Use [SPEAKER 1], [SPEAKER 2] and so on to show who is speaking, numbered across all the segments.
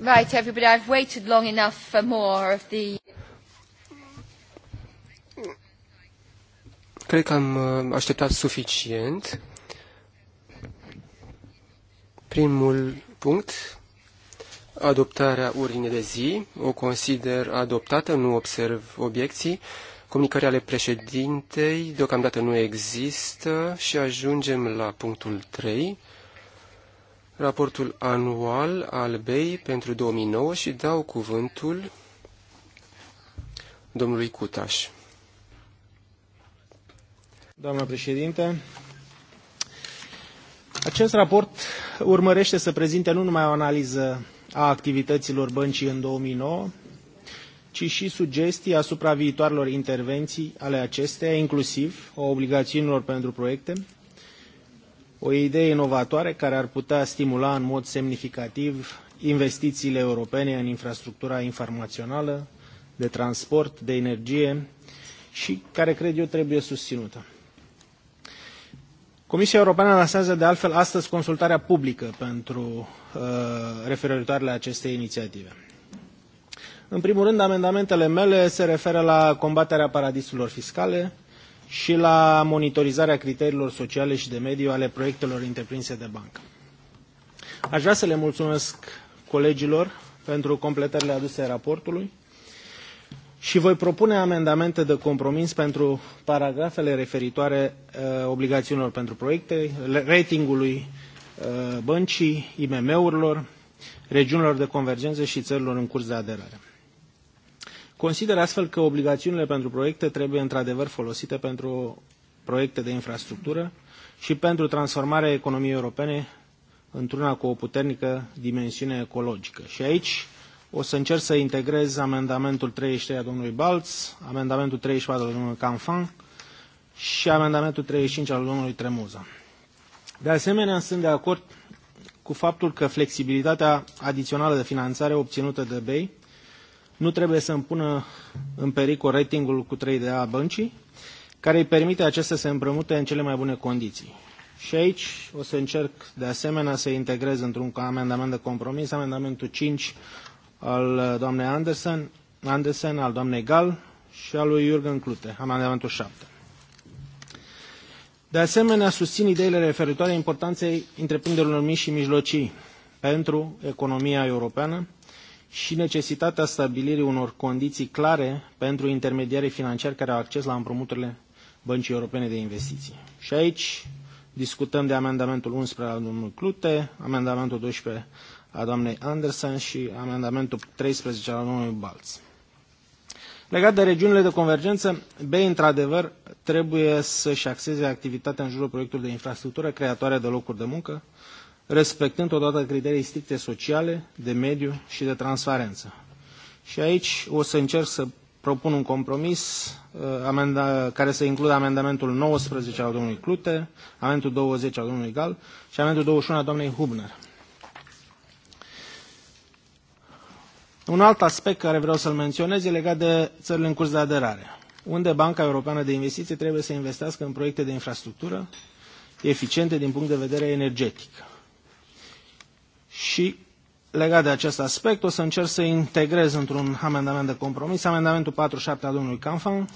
[SPEAKER 1] Right, everybody, I've waited long enough for more of the...
[SPEAKER 2] Cred că am uh, așteptat suficient. Primul punct, adoptarea ordinei de zi, o consider adoptată, nu observ obiecții. Comunicarea ale președintei deocamdată nu există și ajungem la punctul 3 raportul anual al BEI pentru 2009 și dau cuvântul domnului Cutaș.
[SPEAKER 1] Doamna președinte, acest raport urmărește să prezinte nu numai o analiză a activităților băncii în 2009, ci și sugestii asupra viitoarelor intervenții ale acesteia, inclusiv obligațiunilor pentru proiecte, o idee inovatoare care ar putea stimula în mod semnificativ investițiile europene în infrastructura informațională, de transport, de energie și care cred eu trebuie susținută. Comisia Europeană lansează de altfel astăzi consultarea publică pentru uh, referitoare la aceste inițiative. În primul rând, amendamentele mele se referă la combaterea paradisurilor fiscale, și la monitorizarea criteriilor sociale și de mediu ale proiectelor întreprinse de bancă. Aș vrea să le mulțumesc colegilor pentru completările aduse raportului și voi propune amendamente de compromis pentru paragrafele referitoare uh, obligațiunilor pentru proiecte, ratingului uh, băncii, IMM-urilor, regiunilor de convergență și țărilor în curs de aderare. Consider astfel că obligațiunile pentru proiecte trebuie într-adevăr folosite pentru proiecte de infrastructură și pentru transformarea economiei europene într-una cu o puternică dimensiune ecologică. Și aici o să încerc să integrez amendamentul 33 a domnului Balț, amendamentul 34 al domnului Canfan și amendamentul 35 al domnului Tremuza. De asemenea, sunt de acord cu faptul că flexibilitatea adițională de finanțare obținută de BEI nu trebuie să împună în pericol ratingul cu 3 a băncii, care îi permite acestea să se împrămute în cele mai bune condiții. Și aici o să încerc de asemenea să integrez într-un amendament de compromis, amendamentul 5 al doamnei Anderson, Anderson al doamnei Gal și al lui Jurgen Clute, amendamentul 7. De asemenea, susțin ideile referitoare importanței întreprinderilor mici și mijlocii pentru economia europeană, și necesitatea stabilirii unor condiții clare pentru intermediarii financiari care au acces la împrumuturile Băncii Europene de Investiții. Și aici discutăm de amendamentul 11 al domnului Clute, amendamentul 12 a doamnei Anderson și amendamentul 13 al domnului Balț. Legat de regiunile de convergență, BEI, într-adevăr, trebuie să-și axeze activitatea în jurul proiectului de infrastructură creatoare de locuri de muncă, respectând totodată criterii stricte sociale, de mediu și de transparență. Și aici o să încerc să propun un compromis uh, amenda, care să includă amendamentul 19 al domnului Clute, amendamentul 20 al domnului Gal și amendamentul 21 al doamnei Hubner. Un alt aspect care vreau să-l menționez e legat de țările în curs de aderare, unde Banca Europeană de Investiții trebuie să investească în proiecte de infrastructură eficiente din punct de vedere energetic și legat de acest aspect o să încerc să integrez într-un amendament de compromis amendamentul 47 al domnului Canfan,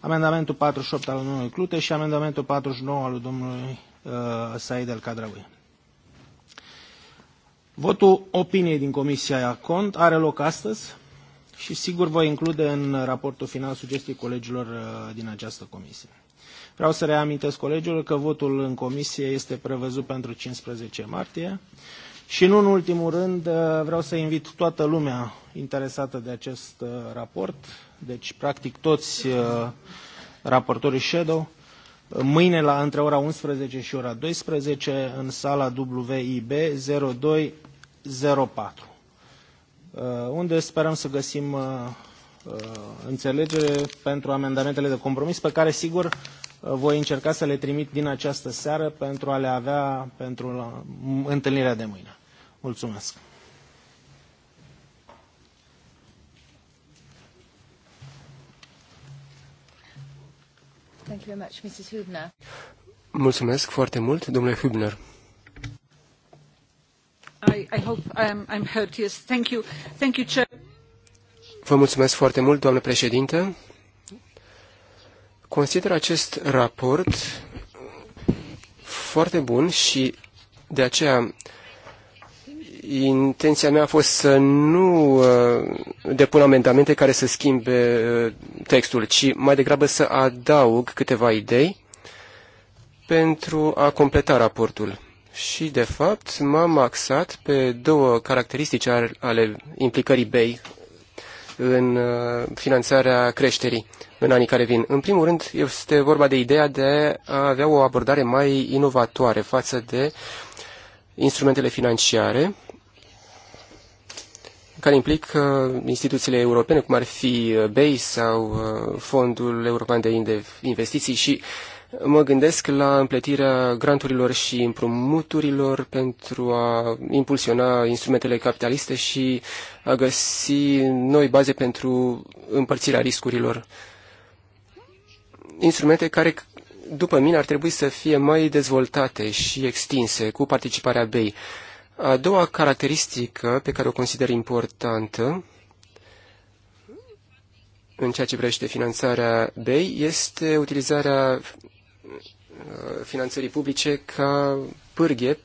[SPEAKER 1] amendamentul 48 al domnului Clute și amendamentul 49 al domnului uh, Said El Cadraui. Votul opiniei din Comisia Cont are loc astăzi și sigur voi include în raportul final sugestii colegilor uh, din această comisie. Vreau să reamintesc colegilor că votul în comisie este prevăzut pentru 15 martie. Și nu în ultimul rând, uh, vreau să invit toată lumea interesată de acest uh, raport, deci practic toți uh, raportorii Shadow, mâine la între ora 11 și ora 12 în sala WIB 0204, unde sperăm să găsim înțelegere pentru amendamentele de compromis pe care sigur voi încerca să le trimit din această seară pentru a le avea pentru întâlnirea de mâine. Mulțumesc! Thank you very much, Mrs. Hübner.
[SPEAKER 2] Mulțumesc foarte mult, domnule Hübner.
[SPEAKER 3] I, I hope I'm, I'm heard. Yes, thank you. Thank you, Chair.
[SPEAKER 2] Vă mulțumesc foarte mult, doamnă președinte. Consider acest raport foarte bun și de aceea intenția mea a fost să nu uh, depun amendamente care să schimbe uh, textul, ci mai degrabă să adaug câteva idei pentru a completa raportul. Și, de fapt, m-am axat pe două caracteristici ale implicării BEI în uh, finanțarea creșterii în anii care vin. În primul rând, este vorba de ideea de a avea o abordare mai inovatoare față de instrumentele financiare care implică uh, instituțiile europene, cum ar fi uh, BEI sau uh, Fondul European de Investiții și mă gândesc la împletirea granturilor și împrumuturilor pentru a impulsiona instrumentele capitaliste și a găsi noi baze pentru împărțirea riscurilor. Instrumente care, după mine, ar trebui să fie mai dezvoltate și extinse cu participarea BEI. A doua caracteristică pe care o consider importantă în ceea ce privește finanțarea BEI este utilizarea uh, finanțării publice ca pârghie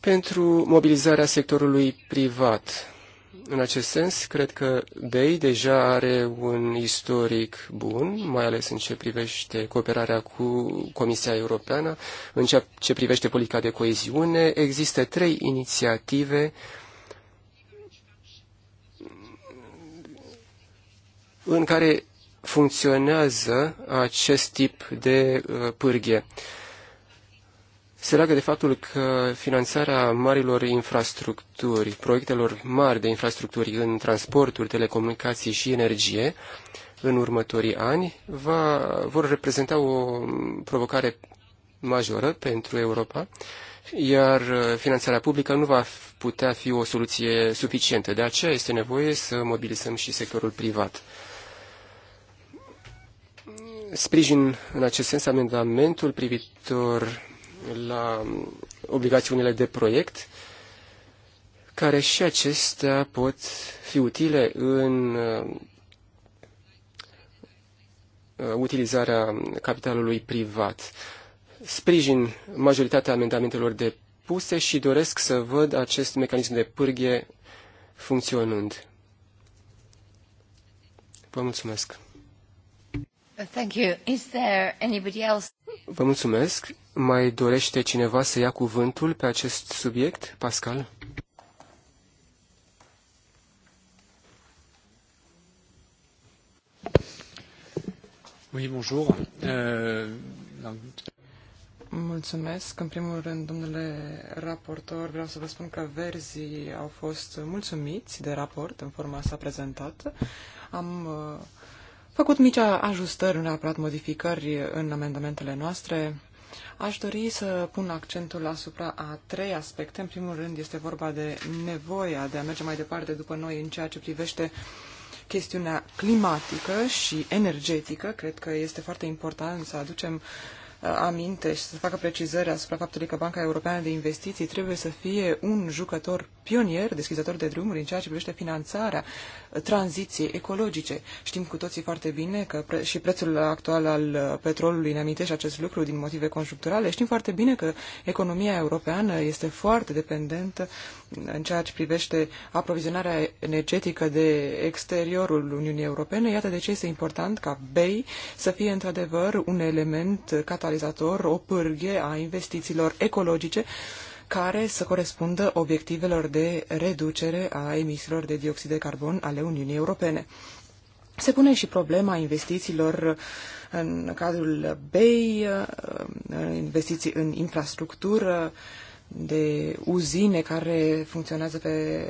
[SPEAKER 2] pentru mobilizarea sectorului privat în acest sens, cred că Bay deja are un istoric bun, mai ales în ce privește cooperarea cu Comisia Europeană, în ceea ce privește politica de coeziune. Există trei inițiative în care funcționează acest tip de uh, pârghie se leagă de faptul că finanțarea marilor infrastructuri, proiectelor mari de infrastructuri în transporturi, telecomunicații și energie, în următorii ani, va, vor reprezenta o provocare majoră pentru Europa, iar finanțarea publică nu va putea fi o soluție suficientă. De aceea este nevoie să mobilizăm și sectorul privat. Sprijin în acest sens amendamentul privitor la obligațiunile de proiect, care și acestea pot fi utile în uh, utilizarea capitalului privat. Sprijin majoritatea amendamentelor depuse și doresc să văd acest mecanism de pârghie funcționând. Vă mulțumesc.
[SPEAKER 1] Thank you. Is there anybody else?
[SPEAKER 2] Vă mulțumesc. Mai dorește cineva să ia cuvântul pe acest subiect, Pascal? Oui, bonjour. Euh,
[SPEAKER 3] Mulțumesc. În primul rând, domnule raportor, vreau să vă spun că verzii au fost mulțumiți de raport în forma sa prezentată. Am uh, făcut mici ajustări, neapărat modificări în amendamentele noastre. Aș dori să pun accentul asupra a trei aspecte. În primul rând este vorba de nevoia de a merge mai departe după noi în ceea ce privește chestiunea climatică și energetică. Cred că este foarte important să aducem uh, Uh, aminte și să facă precizări asupra faptului că Banca Europeană de Investiții trebuie să fie un jucător pionier, deschizător de drumuri în ceea ce privește finanțarea uh, tranziției ecologice. Știm cu toții foarte bine că pre- și prețul actual al uh, petrolului ne amintește acest lucru din motive conjuncturale. Știm foarte bine că economia europeană este foarte dependentă în ceea ce privește aprovizionarea energetică de exteriorul Uniunii Europene. Iată de ce este important ca BEI să fie într-adevăr un element catalizator, o pârghie a investițiilor ecologice care să corespundă obiectivelor de reducere a emisiilor de dioxid de carbon ale Uniunii Europene. Se pune și problema investițiilor în cadrul BEI, investiții în infrastructură, de uzine care funcționează pe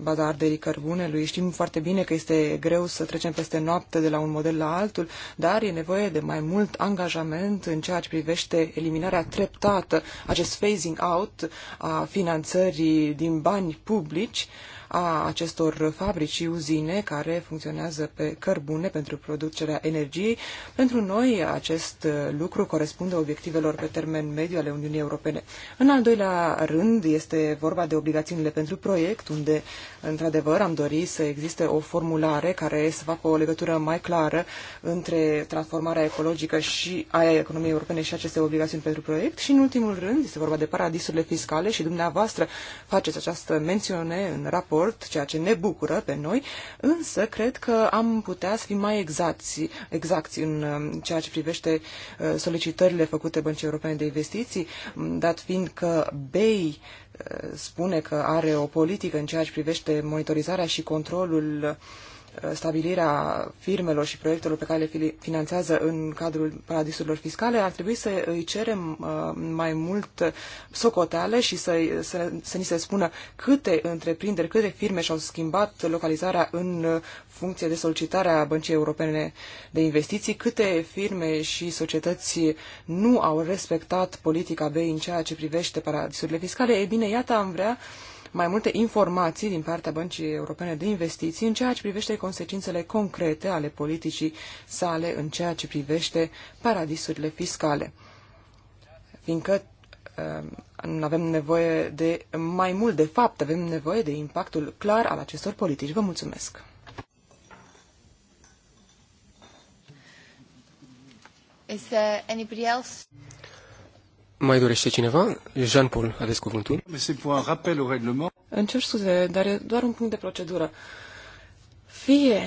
[SPEAKER 3] baza arderii cărbunelui. Știm foarte bine că este greu să trecem peste noapte de la un model la altul, dar e nevoie de mai mult angajament în ceea ce privește eliminarea treptată, acest phasing out a finanțării din bani publici, uh, a acestor fabrici și uzine care funcționează pe cărbune pentru producerea energiei. Pentru noi acest lucru corespunde obiectivelor pe termen mediu ale Uniunii Europene. În al doilea rând este vorba de obligațiunile pentru proiect, unde într-adevăr am dorit să existe o formulare care să facă o legătură mai clară între transformarea ecologică și a economiei europene și aceste obligațiuni pentru proiect și, în ultimul rând, este vorba de paradisurile fiscale și dumneavoastră faceți această mențiune în raport acord, ceea ce ne bucură pe noi, însă cred că am putea să fim mai exacti, exacti în um, ceea ce privește uh, solicitările făcute Băncii Europene de Investiții, um, dat fiind că BEI uh, spune că are o politică în ceea ce privește monitorizarea și controlul uh, stabilirea firmelor și proiectelor pe care le finanțează în cadrul paradisurilor fiscale, ar trebui să îi cerem uh, mai mult socoteale și să, să, să ni se spună câte întreprinderi, câte firme și-au schimbat localizarea în funcție de solicitarea Băncii Europene de Investiții, câte firme și societăți nu au respectat politica BEI în ceea ce privește paradisurile fiscale. E bine, iată, am vrea uh, mai multe informații din partea Băncii Europene de Investiții în ceea ce privește consecințele concrete ale politicii sale în ceea ce privește paradisurile fiscale. Fiindcă nu um, avem nevoie de mai mult, de fapt, avem nevoie de impactul clar al acestor politici. Vă mulțumesc!
[SPEAKER 1] Is there anybody else?
[SPEAKER 2] Mai dorește cineva? Jean-Paul, aveți
[SPEAKER 1] cuvântul.
[SPEAKER 3] Îmi cer scuze, dar e doar un punct de procedură. Fie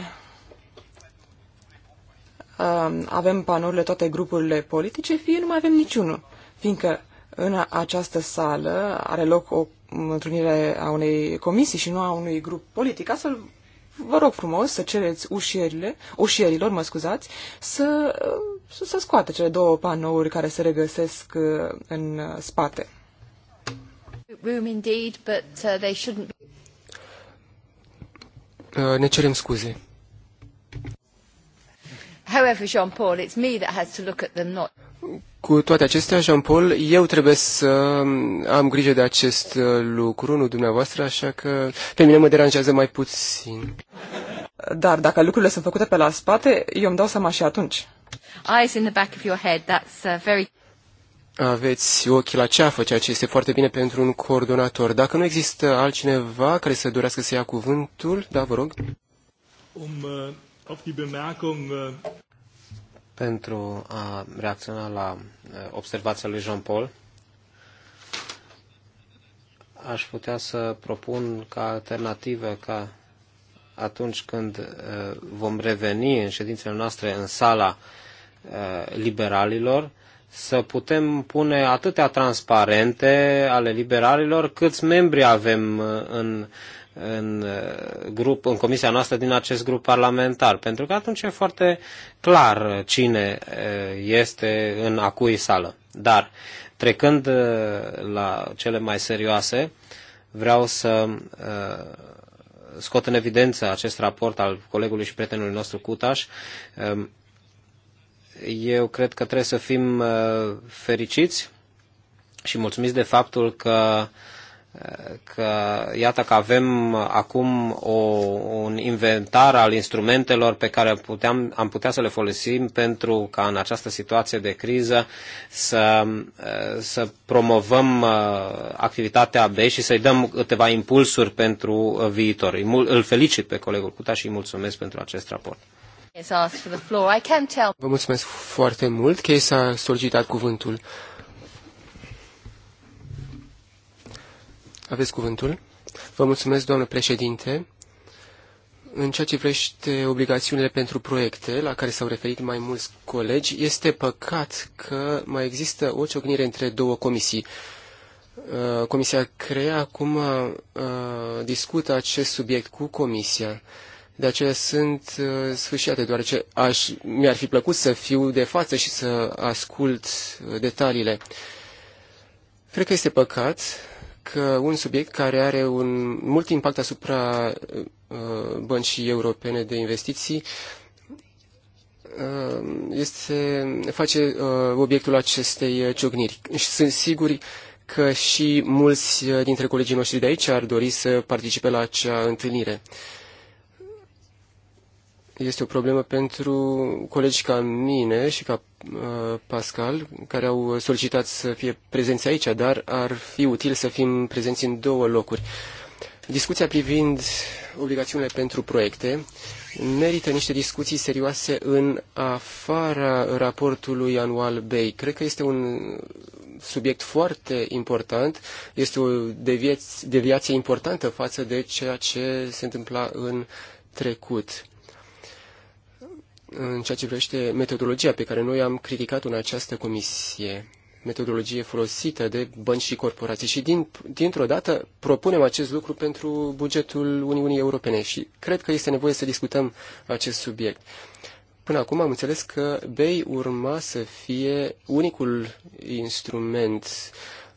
[SPEAKER 3] uh, avem panourile toate grupurile politice, fie nu mai avem niciunul, fiindcă în această sală are loc o întrunire a unei comisii și nu a unui grup politic. Astfel vă rog frumos să cereți ușierile, ușierilor, mă scuzați, să, să, să scoate cele două panouri care se regăsesc uh, în uh, spate.
[SPEAKER 1] Room indeed, but uh, they shouldn't be...
[SPEAKER 2] Uh, ne cerem scuze.
[SPEAKER 1] However, Jean-Paul, it's me that has to look at them, not...
[SPEAKER 2] Cu toate acestea, Jean-Paul, eu trebuie să am grijă de acest uh, lucru, nu dumneavoastră, așa că pe mine mă deranjează mai puțin.
[SPEAKER 3] Dar dacă lucrurile sunt făcute pe la spate, eu îmi dau seama și atunci.
[SPEAKER 1] Eyes in the back of your head, that's uh, very...
[SPEAKER 2] Aveți ochii la ceafă, ceea ce este foarte bine pentru un coordonator. Dacă nu există altcineva care să dorească să ia cuvântul, da, vă rog.
[SPEAKER 1] Um, uh, auf die Bemerkung, uh
[SPEAKER 4] pentru a reacționa la uh, observația lui Jean-Paul. Aș putea să propun ca alternativă ca atunci când uh, vom reveni în ședințele noastre în sala uh, liberalilor, să putem pune atâtea transparente ale liberalilor câți membri avem în uh, în, uh, grup, în comisia noastră din acest grup parlamentar, pentru că atunci e foarte clar uh, cine uh, este în acui sală. Dar, trecând la cele mai serioase, vreau să scot în evidență acest raport al colegului și prietenului nostru Cutaș. Um, eu cred că trebuie să fim fericiți și mulțumiți de faptul că uh, că iată că avem acum o, un inventar al instrumentelor pe care puteam, am putea să le folosim pentru ca în această situație de criză să, să promovăm uh, activitatea B și să-i dăm câteva impulsuri pentru uh, viitor. Îl felicit pe colegul Cuta și îi mulțumesc pentru acest raport. Vă mulțumesc foarte
[SPEAKER 2] mult că s-a solicitat cuvântul. Aveți cuvântul. Vă mulțumesc, doamnă președinte. În ceea ce privește obligațiunile pentru proiecte, la care s-au referit mai mulți colegi, este păcat că mai există o ciocnire între două comisii. Uh, comisia CREA acum uh, discută acest subiect cu Comisia. De aceea sunt uh, sfârșiate, deoarece aș, mi-ar fi plăcut să fiu de față și să ascult uh, detaliile. Cred că este păcat că un subiect care are un mult impact asupra uh, băncii europene de investiții uh, este, face uh, obiectul acestei ciogniri. Și sunt siguri că și mulți dintre colegii noștri de aici ar dori să participe la acea întâlnire este o problemă pentru colegi ca mine și ca uh, Pascal, care au solicitat să fie prezenți aici, dar ar fi util să fim prezenți în două locuri. Discuția privind obligațiunile pentru proiecte merită niște discuții serioase în afara raportului anual BEI. Cred că este un subiect foarte important, este o deviație, deviație importantă față de ceea ce se întâmpla în trecut în ceea ce privește metodologia pe care noi am criticat-o în această comisie, metodologie folosită de bănci și corporații și din, dintr-o dată propunem acest lucru pentru bugetul Uniunii Europene și cred că este nevoie să discutăm acest subiect. Până acum am înțeles că BEI urma să fie unicul instrument,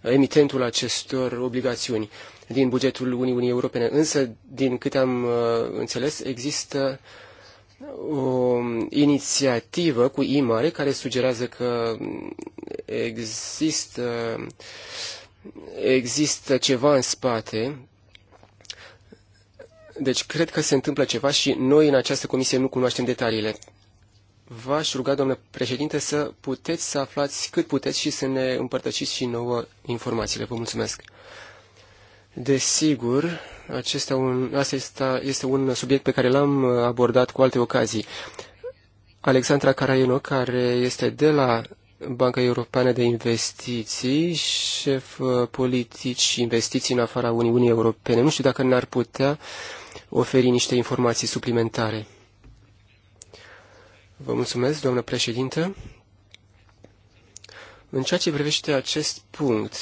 [SPEAKER 2] emitentul acestor obligațiuni din bugetul Uniunii Europene, însă, din câte am uh, înțeles, există uh, o um, inițiativă cu I mare care sugerează că există, există ceva în spate. Deci cred că se întâmplă ceva și noi în această comisie nu cunoaștem detaliile. V-aș ruga, domnule președinte, să puteți să aflați cât puteți și să ne împărtășiți și nouă informațiile. Vă mulțumesc. Desigur, acesta un, asta este un subiect pe care l-am abordat cu alte ocazii. Alexandra Caraino, care este de la Banca Europeană de Investiții, șef uh, politici și investiții în afara Uniunii Europene. Nu știu dacă n-ar putea oferi niște informații suplimentare. Vă mulțumesc, doamnă președintă. În ceea ce privește acest punct,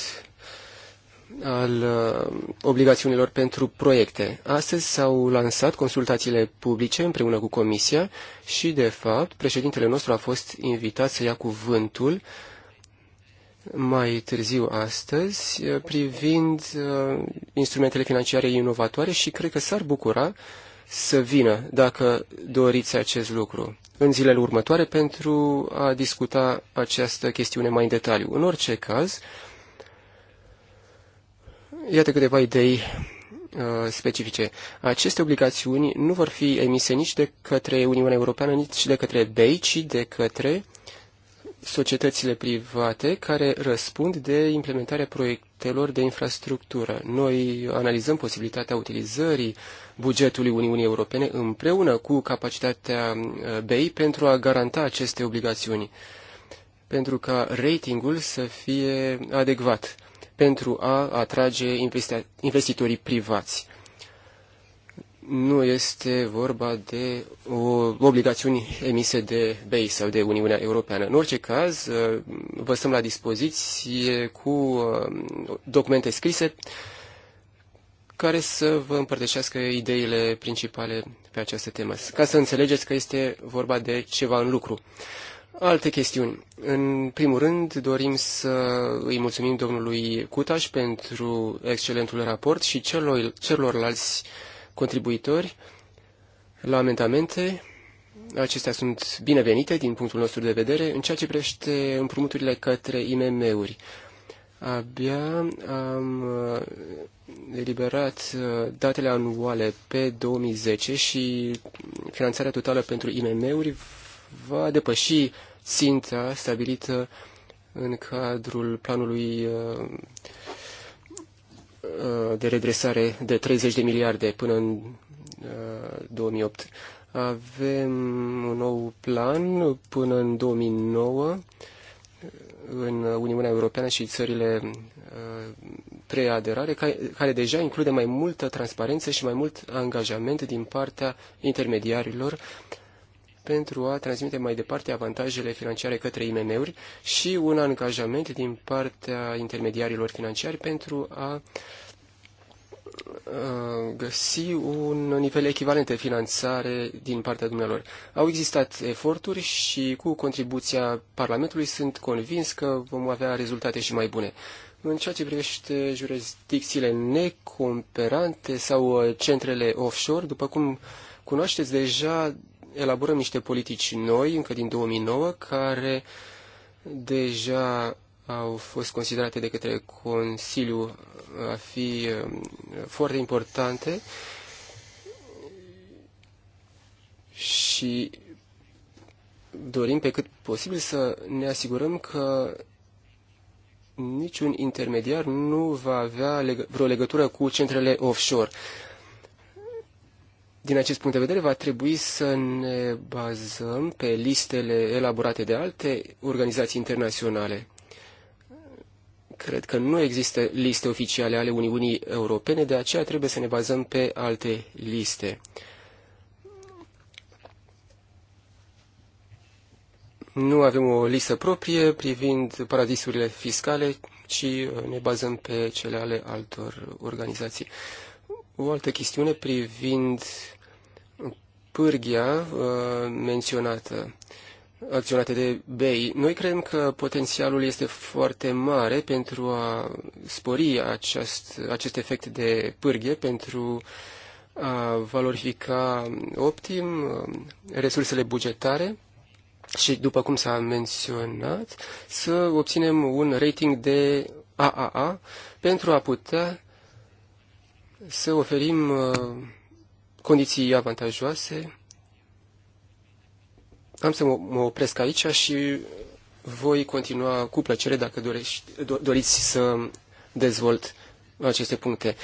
[SPEAKER 2] al uh, obligațiunilor pentru proiecte. Astăzi s-au lansat consultațiile publice împreună cu Comisia și, de fapt, președintele nostru a fost invitat să ia cuvântul mai târziu astăzi uh, privind uh, instrumentele financiare inovatoare și cred că s-ar bucura să vină dacă doriți acest lucru în zilele următoare pentru a discuta această chestiune mai în detaliu. În orice caz, Iată câteva idei uh, specifice. Aceste obligațiuni nu vor fi emise nici de către Uniunea Europeană, nici de către BEI, ci de către societățile private care răspund de implementarea proiectelor de infrastructură. Noi analizăm posibilitatea utilizării bugetului Uniunii Europene împreună cu capacitatea uh, BEI pentru a garanta aceste obligațiuni, pentru ca ratingul să fie adecvat pentru a atrage investitorii privați. Nu este vorba de o obligațiuni emise de BEI sau de Uniunea Europeană. În orice caz, uh, vă stăm la dispoziție cu uh, documente scrise care să vă împărtășească ideile principale pe această temă, ca să înțelegeți că este vorba de ceva în lucru. Alte chestiuni. În primul rând, dorim să îi mulțumim domnului Cutaș pentru excelentul raport și celor, celorlalți contribuitori la amendamente. Acestea sunt binevenite din punctul nostru de vedere în ceea ce privește împrumuturile către IMM-uri. Abia am uh, eliberat uh, datele anuale pe 2010 și finanțarea totală pentru IMM-uri va depăși ținta stabilită în cadrul planului uh, de redresare de 30 de miliarde până în 2008. Uh, Avem un nou plan până în 2009 în Uniunea Europeană și țările uh, preaderare, care deja include mai multă transparență și mai mult angajament din partea intermediarilor pentru a transmite mai departe avantajele financiare către IMM-uri și un angajament din partea intermediarilor financiari pentru a găsi un nivel echivalent de finanțare din partea dumnealor. Au existat eforturi și cu contribuția Parlamentului sunt convins că vom avea rezultate și mai bune. În ceea ce privește jurisdicțiile necomperante sau uh, centrele offshore, după cum cunoașteți deja, elaborăm niște politici noi, încă din 2009, care deja au fost considerate de către Consiliu a fi uh, foarte importante și dorim pe cât posibil să ne asigurăm că niciun intermediar nu va avea leg- vreo legătură cu centrele offshore. Din acest punct de vedere, va trebui să ne bazăm pe listele elaborate de alte organizații internaționale. Cred că nu există liste oficiale ale Uniunii Europene, de aceea trebuie să ne bazăm pe alte liste. Nu avem o listă proprie privind paradisurile fiscale, ci uh, ne bazăm pe cele ale altor organizații. O altă chestiune privind pârghia uh, menționată acționată de BEI. Noi credem că potențialul este foarte mare pentru a spori acest, acest efect de pârghie, pentru a valorifica optim uh, resursele bugetare și, după cum s-a menționat, să obținem un rating de AAA pentru a putea să oferim uh, condiții avantajoase. Am să mă opresc aici și voi continua cu plăcere dacă dorești, do, doriți să dezvolt aceste puncte.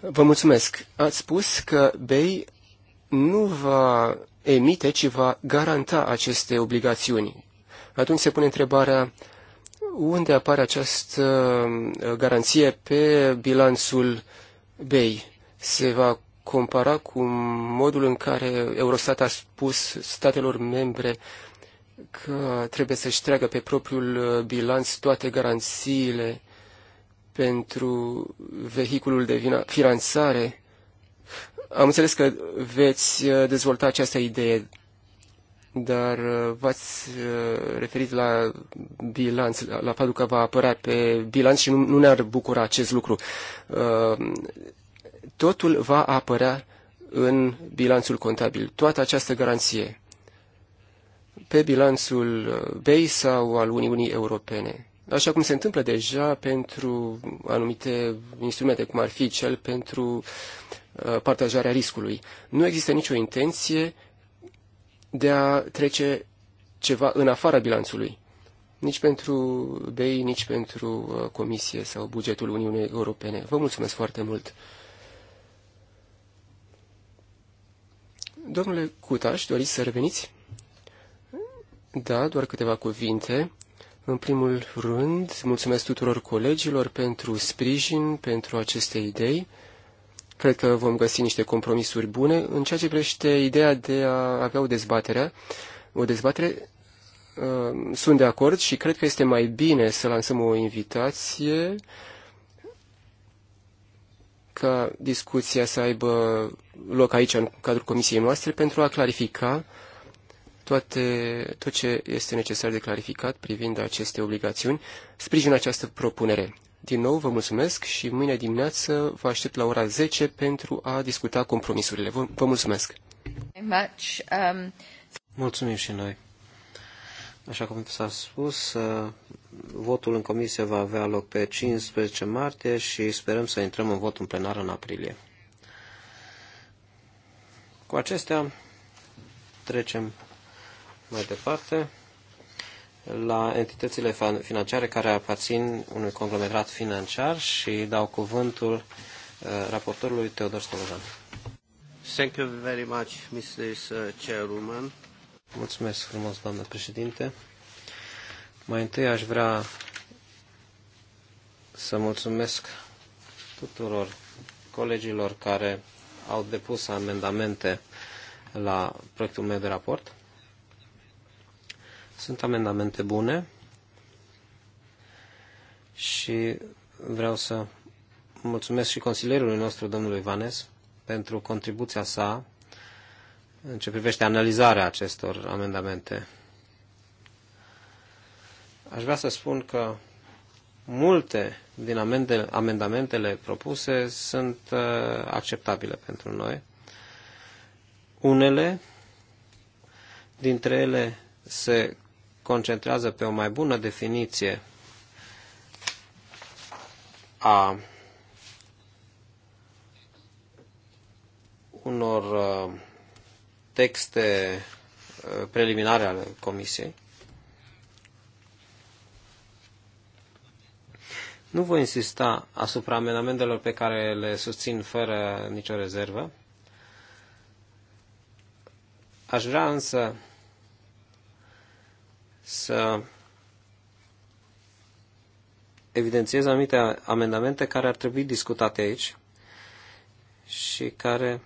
[SPEAKER 2] Vă mulțumesc. Ați spus că BEI nu va emite, ci va garanta aceste obligațiuni. Atunci se pune întrebarea unde apare această uh, garanție pe bilanțul BEI. Se va compara cu modul în care Eurostat a spus statelor membre că trebuie să-și treagă pe propriul uh, bilanț toate garanțiile pentru vehiculul de finanțare. Am înțeles că veți uh, dezvolta această idee, dar uh, v-ați referit la bilanț, la faptul că va apărea pe bilanț și nu, nu ne-ar bucura acest lucru totul va apărea în bilanțul contabil, toată această garanție, pe bilanțul BEI sau al Uniunii Europene, așa cum se întâmplă deja pentru anumite instrumente, cum ar fi cel pentru uh, partajarea riscului. Nu există nicio intenție de a trece ceva în afara bilanțului, nici pentru BEI, nici pentru uh, Comisie sau bugetul Uniunii Europene. Vă mulțumesc foarte mult! Domnule Cutaș, doriți să reveniți? Da, doar câteva cuvinte. În primul rând, mulțumesc tuturor colegilor pentru sprijin, pentru aceste idei. Cred că vom găsi niște compromisuri bune. În ceea ce privește ideea de a avea o dezbatere, o dezbatere, uh, sunt de acord și cred că este mai bine să lansăm o invitație ca discuția să aibă loc aici, în cadrul comisiei noastre, pentru a clarifica toate, tot ce este necesar de clarificat privind aceste obligațiuni. Sprijin această propunere. Din nou, vă mulțumesc și mâine dimineață vă aștept la ora 10 pentru a discuta compromisurile. Vă, vă mulțumesc!
[SPEAKER 4] Mulțumim și noi! Așa cum s-a spus, votul în comisie va avea loc pe 15 martie și sperăm să intrăm în vot în plenar în aprilie. Cu acestea trecem mai departe la entitățile financiare care aparțin unui conglomerat financiar și dau cuvântul uh, raportorului Teodor Stolojan. Thank you very much, Mr. Uh, Chairwoman. Mulțumesc frumos, doamnă președinte. Mai întâi aș vrea să mulțumesc tuturor colegilor care au depus amendamente la proiectul meu de raport. Sunt amendamente bune și vreau să mulțumesc și consilierului nostru, domnului Vanes, pentru contribuția sa în ce privește analizarea acestor amendamente aș vrea să spun că multe din amendamentele propuse sunt uh, acceptabile pentru noi. Unele dintre ele se concentrează pe o mai bună definiție a unor uh, texte uh, preliminare ale Comisiei. Nu voi insista asupra amendamentelor pe care le susțin fără nicio rezervă. Aș vrea însă să evidențiez anumite amendamente care ar trebui discutate aici și care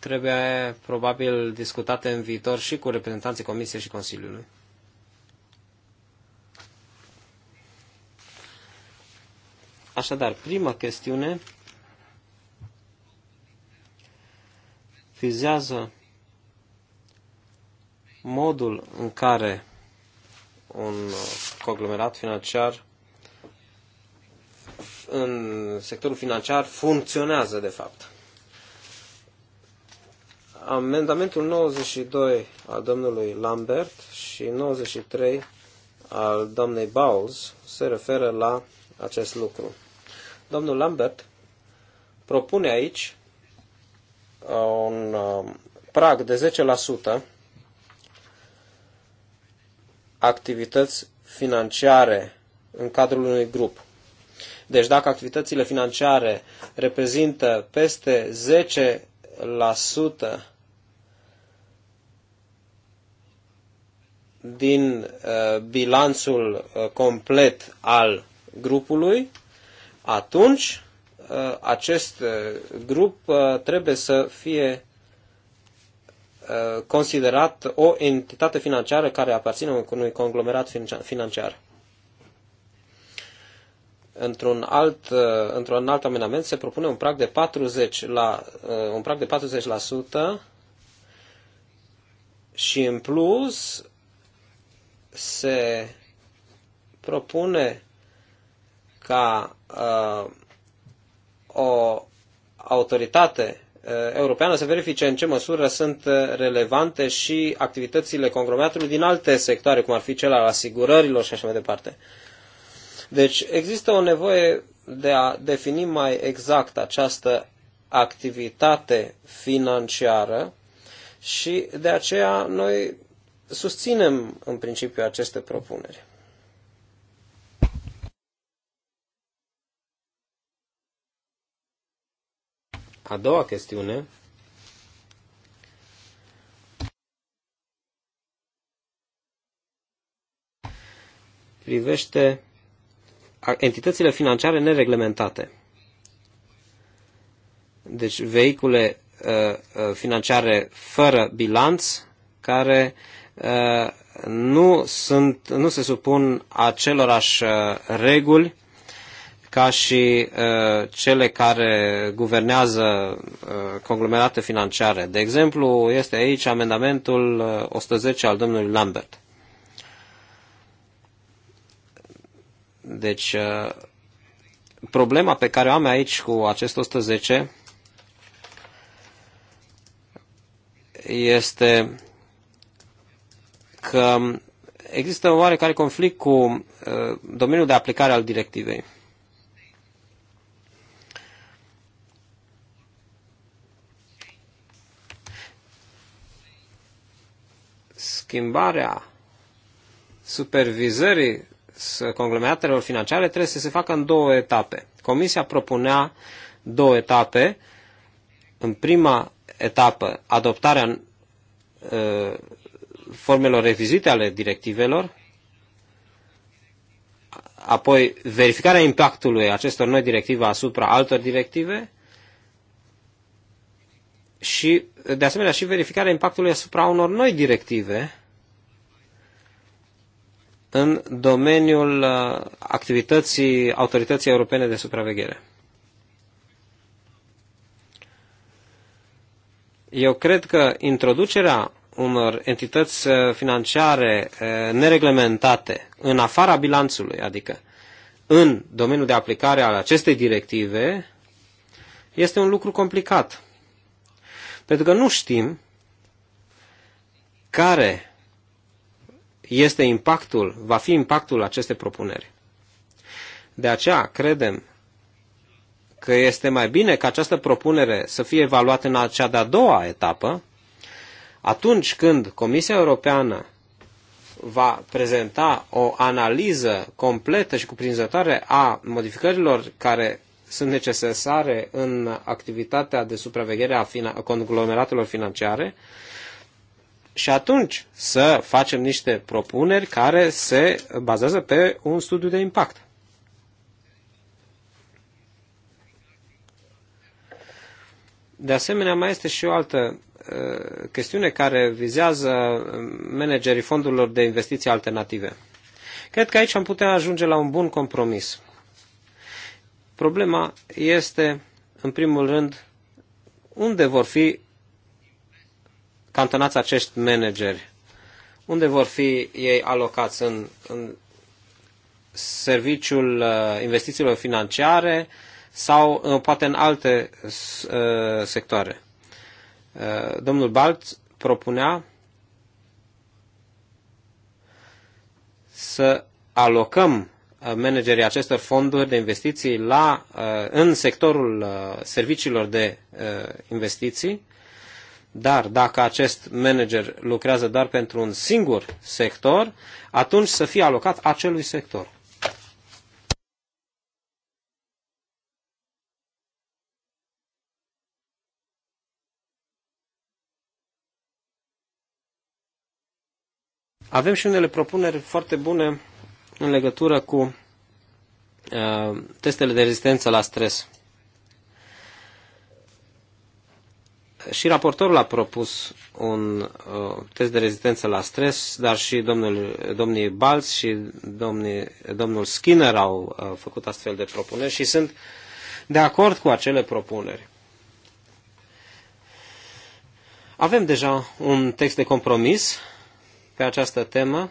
[SPEAKER 4] trebuie probabil discutate în viitor și cu reprezentanții Comisiei și Consiliului. Așadar, prima chestiune vizează modul în care un conglomerat financiar în sectorul financiar funcționează de fapt. Amendamentul 92 al domnului Lambert și 93 al doamnei Bowles se referă la acest lucru. Domnul Lambert propune aici uh, un uh, prag de 10% activități financiare în cadrul unui grup. Deci dacă activitățile financiare reprezintă peste 10% din uh, bilanțul complet al grupului, atunci uh, acest uh, grup uh, trebuie să fie considerat o entitate financiară care aparține unui conglomerat financiar. Într-un alt, într-un alt amendament se propune un prag de 40 la, un prag de 40% și în plus se propune ca uh, o autoritate uh, europeană să verifice în ce măsură sunt uh, relevante și activitățile conglomeratului din alte sectoare, cum ar fi cel al asigurărilor și așa mai departe. Deci există o nevoie de a defini mai exact această activitate financiară și de aceea noi susținem în principiu aceste propuneri. A doua chestiune privește entitățile financiare nereglementate. Deci vehicule uh, uh, financiare fără bilanț care uh, nu, sunt, nu se supun acelorași uh, reguli ca și uh, cele care guvernează uh, conglomerate financiare. De exemplu, este aici amendamentul 110 uh, al domnului Lambert. Deci, uh, problema pe care o am aici cu acest 110 este că există oarecare conflict cu uh, domeniul de aplicare al directivei. schimbarea supervizării conglomeratelor financiare trebuie să se facă în două etape. Comisia propunea două etape. În prima etapă, adoptarea uh, formelor revizuite ale directivelor, apoi verificarea impactului acestor noi directive asupra altor directive și, de asemenea, și verificarea impactului asupra unor noi directive în domeniul uh, activității Autorității Europene de Supraveghere. Eu cred că introducerea unor entități uh, financiare uh, nereglementate în afara bilanțului, adică în domeniul de aplicare al acestei directive, este un lucru complicat. Pentru că nu știm care este impactul, va fi impactul acestei propuneri. De aceea credem că este mai bine ca această propunere să fie evaluată în cea de-a doua etapă, atunci când Comisia Europeană va prezenta o analiză completă și cuprinzătoare a modificărilor care sunt necesare în activitatea de supraveghere a, a conglomeratelor financiare și atunci să facem niște propuneri care se bazează pe un studiu de impact. De asemenea, mai este și o altă uh, chestiune care vizează um, managerii fondurilor de investiții alternative. Cred că aici am putea ajunge la un bun compromis. Problema este, în primul rând, unde vor fi cantonați acești manageri? Unde vor fi ei alocați în, în serviciul uh, investițiilor financiare sau uh, poate în alte uh, sectoare? Domnul Balt propunea să alocăm Uh, managerii acestor fonduri de investiții la, uh, în sectorul uh, serviciilor de investiții, dar dacă acest manager lucrează doar pentru un singur sector, atunci să fie alocat acelui sector. Avem și unele propuneri foarte bune în legătură cu uh, testele de rezistență la stres. Și raportorul a propus un uh, test de rezistență la stres, dar și domnul, domnii Balz și domnii, domnul Skinner au uh, făcut astfel de propuneri și sunt de acord cu acele propuneri. Avem deja un text de compromis pe această temă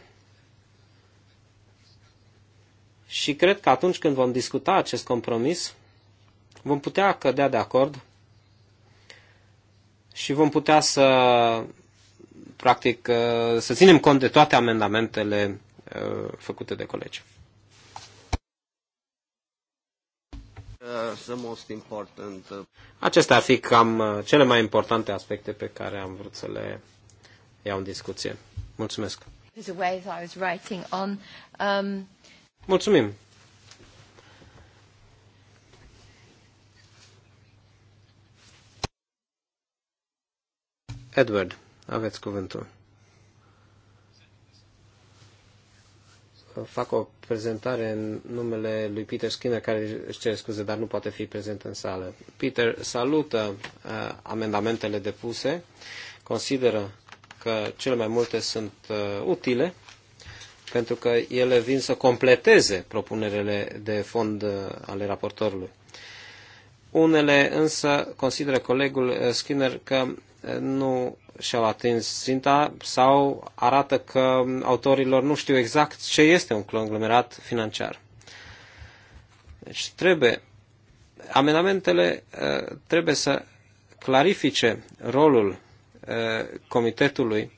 [SPEAKER 4] și cred că atunci când vom discuta acest compromis, vom putea cădea de acord și vom putea să, practic, uh, să ținem cont de toate amendamentele uh, făcute de colegi. Uh, Acestea ar fi cam cele mai importante aspecte pe care am vrut să le iau în discuție. Mulțumesc. Mulțumim! Edward, aveți cuvântul. Fac o prezentare în numele lui Peter Skinner, care își cere scuze, dar nu poate fi prezent în sală. Peter salută uh, amendamentele depuse, consideră că cele mai multe sunt uh, utile pentru că ele vin să completeze propunerele de fond uh, ale raportorului. Unele însă consideră colegul uh, Skinner că uh, nu și-au atins ținta sau arată că autorilor nu știu exact ce este un conglomerat financiar. Deci trebuie, amendamentele trebuie să clarifice rolul comitetului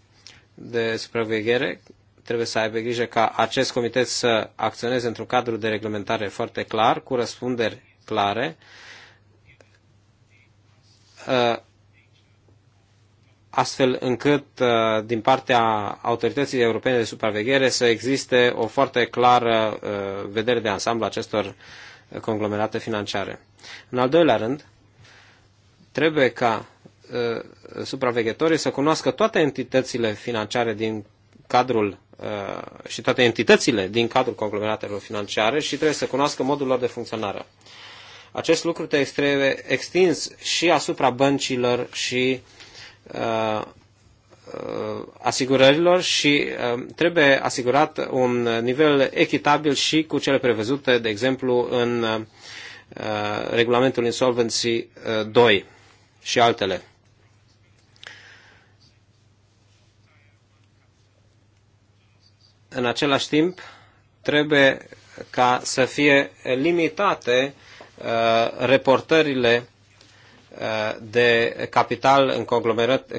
[SPEAKER 4] de supraveghere trebuie să aibă grijă ca acest comitet să acționeze într-un cadru de reglementare foarte clar, cu răspunderi clare. Uh, astfel încât uh, din partea autorității europene de supraveghere să existe o foarte clară uh, vedere de ansamblu acestor conglomerate financiare. În al doilea rând, trebuie ca supraveghetorii să cunoască toate entitățile financiare din cadrul uh, și toate entitățile din cadrul conglomeratelor financiare și trebuie să cunoască modul lor de funcționare. Acest lucru trebuie extins și asupra băncilor și uh, uh, asigurărilor și uh, trebuie asigurat un nivel echitabil și cu cele prevăzute, de exemplu, în uh, regulamentul Insolvency 2 și altele. în același timp, trebuie ca să fie limitate uh, reportările uh, de capital în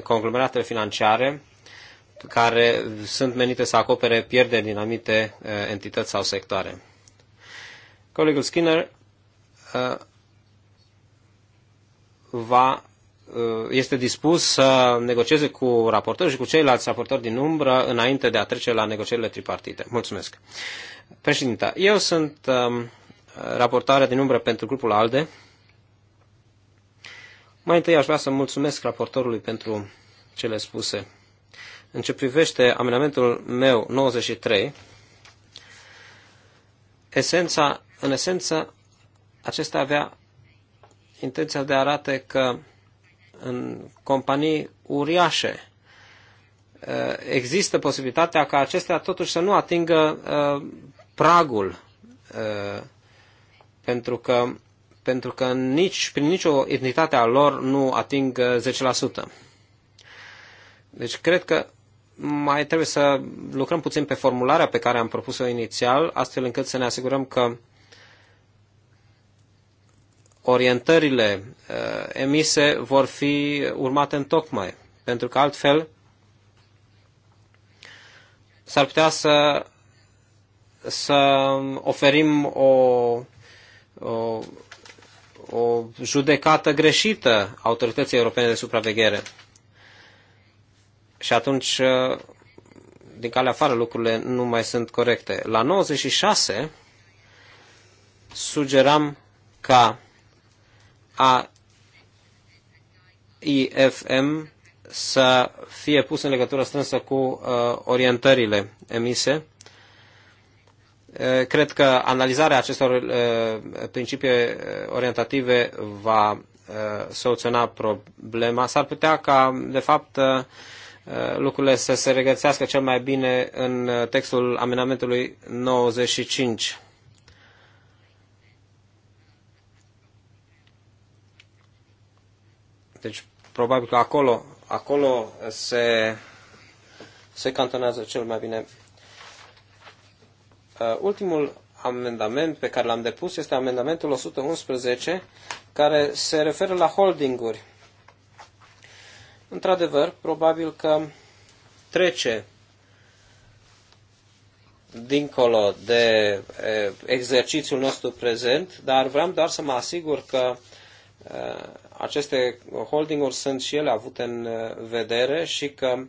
[SPEAKER 4] conglomeratele financiare care sunt menite să acopere pierderi din anumite uh, entități sau sectoare. Colegul Skinner va Uh, este dispus să negocieze cu raportorul și cu ceilalți raportori din umbră înainte de a trece la negocierile tripartite. Mulțumesc. Președinta, eu sunt um, raportarea din umbră pentru grupul ALDE. Mai întâi aș vrea să mulțumesc raportorului pentru cele spuse. În ce privește amendamentul meu 93, esența, în esență, acesta avea intenția de a arate că în companii uriașe, uh, există posibilitatea ca acestea totuși să nu atingă uh, pragul, uh, pentru că, pentru că nici, prin nicio etnitate a lor nu ating 10%. Deci cred că mai trebuie să lucrăm puțin pe formularea pe care am propus-o inițial, astfel încât să ne asigurăm că orientările uh, emise vor fi urmate în tocmai, pentru că altfel s-ar putea să, să oferim o, o, o judecată greșită autorității europene de supraveghere. Și atunci, uh, din calea afară, lucrurile nu mai sunt corecte. La 96 sugeram ca AIFM să fie pus în legătură strânsă cu uh, orientările emise. Uh, cred că analizarea acestor uh, principii uh, orientative va soluționa problema. S-ar putea ca, de fapt, lucrurile să se regăsească cel mai bine în textul amenamentului 95. Deci, probabil că acolo, acolo se, se cantonează cel mai bine. Uh, ultimul amendament pe care l-am depus este amendamentul 111, care se referă la holdinguri. Într-adevăr, probabil că trece dincolo de exercițiul nostru prezent, dar vreau doar să mă asigur că aceste holdinguri sunt și ele avute în vedere și că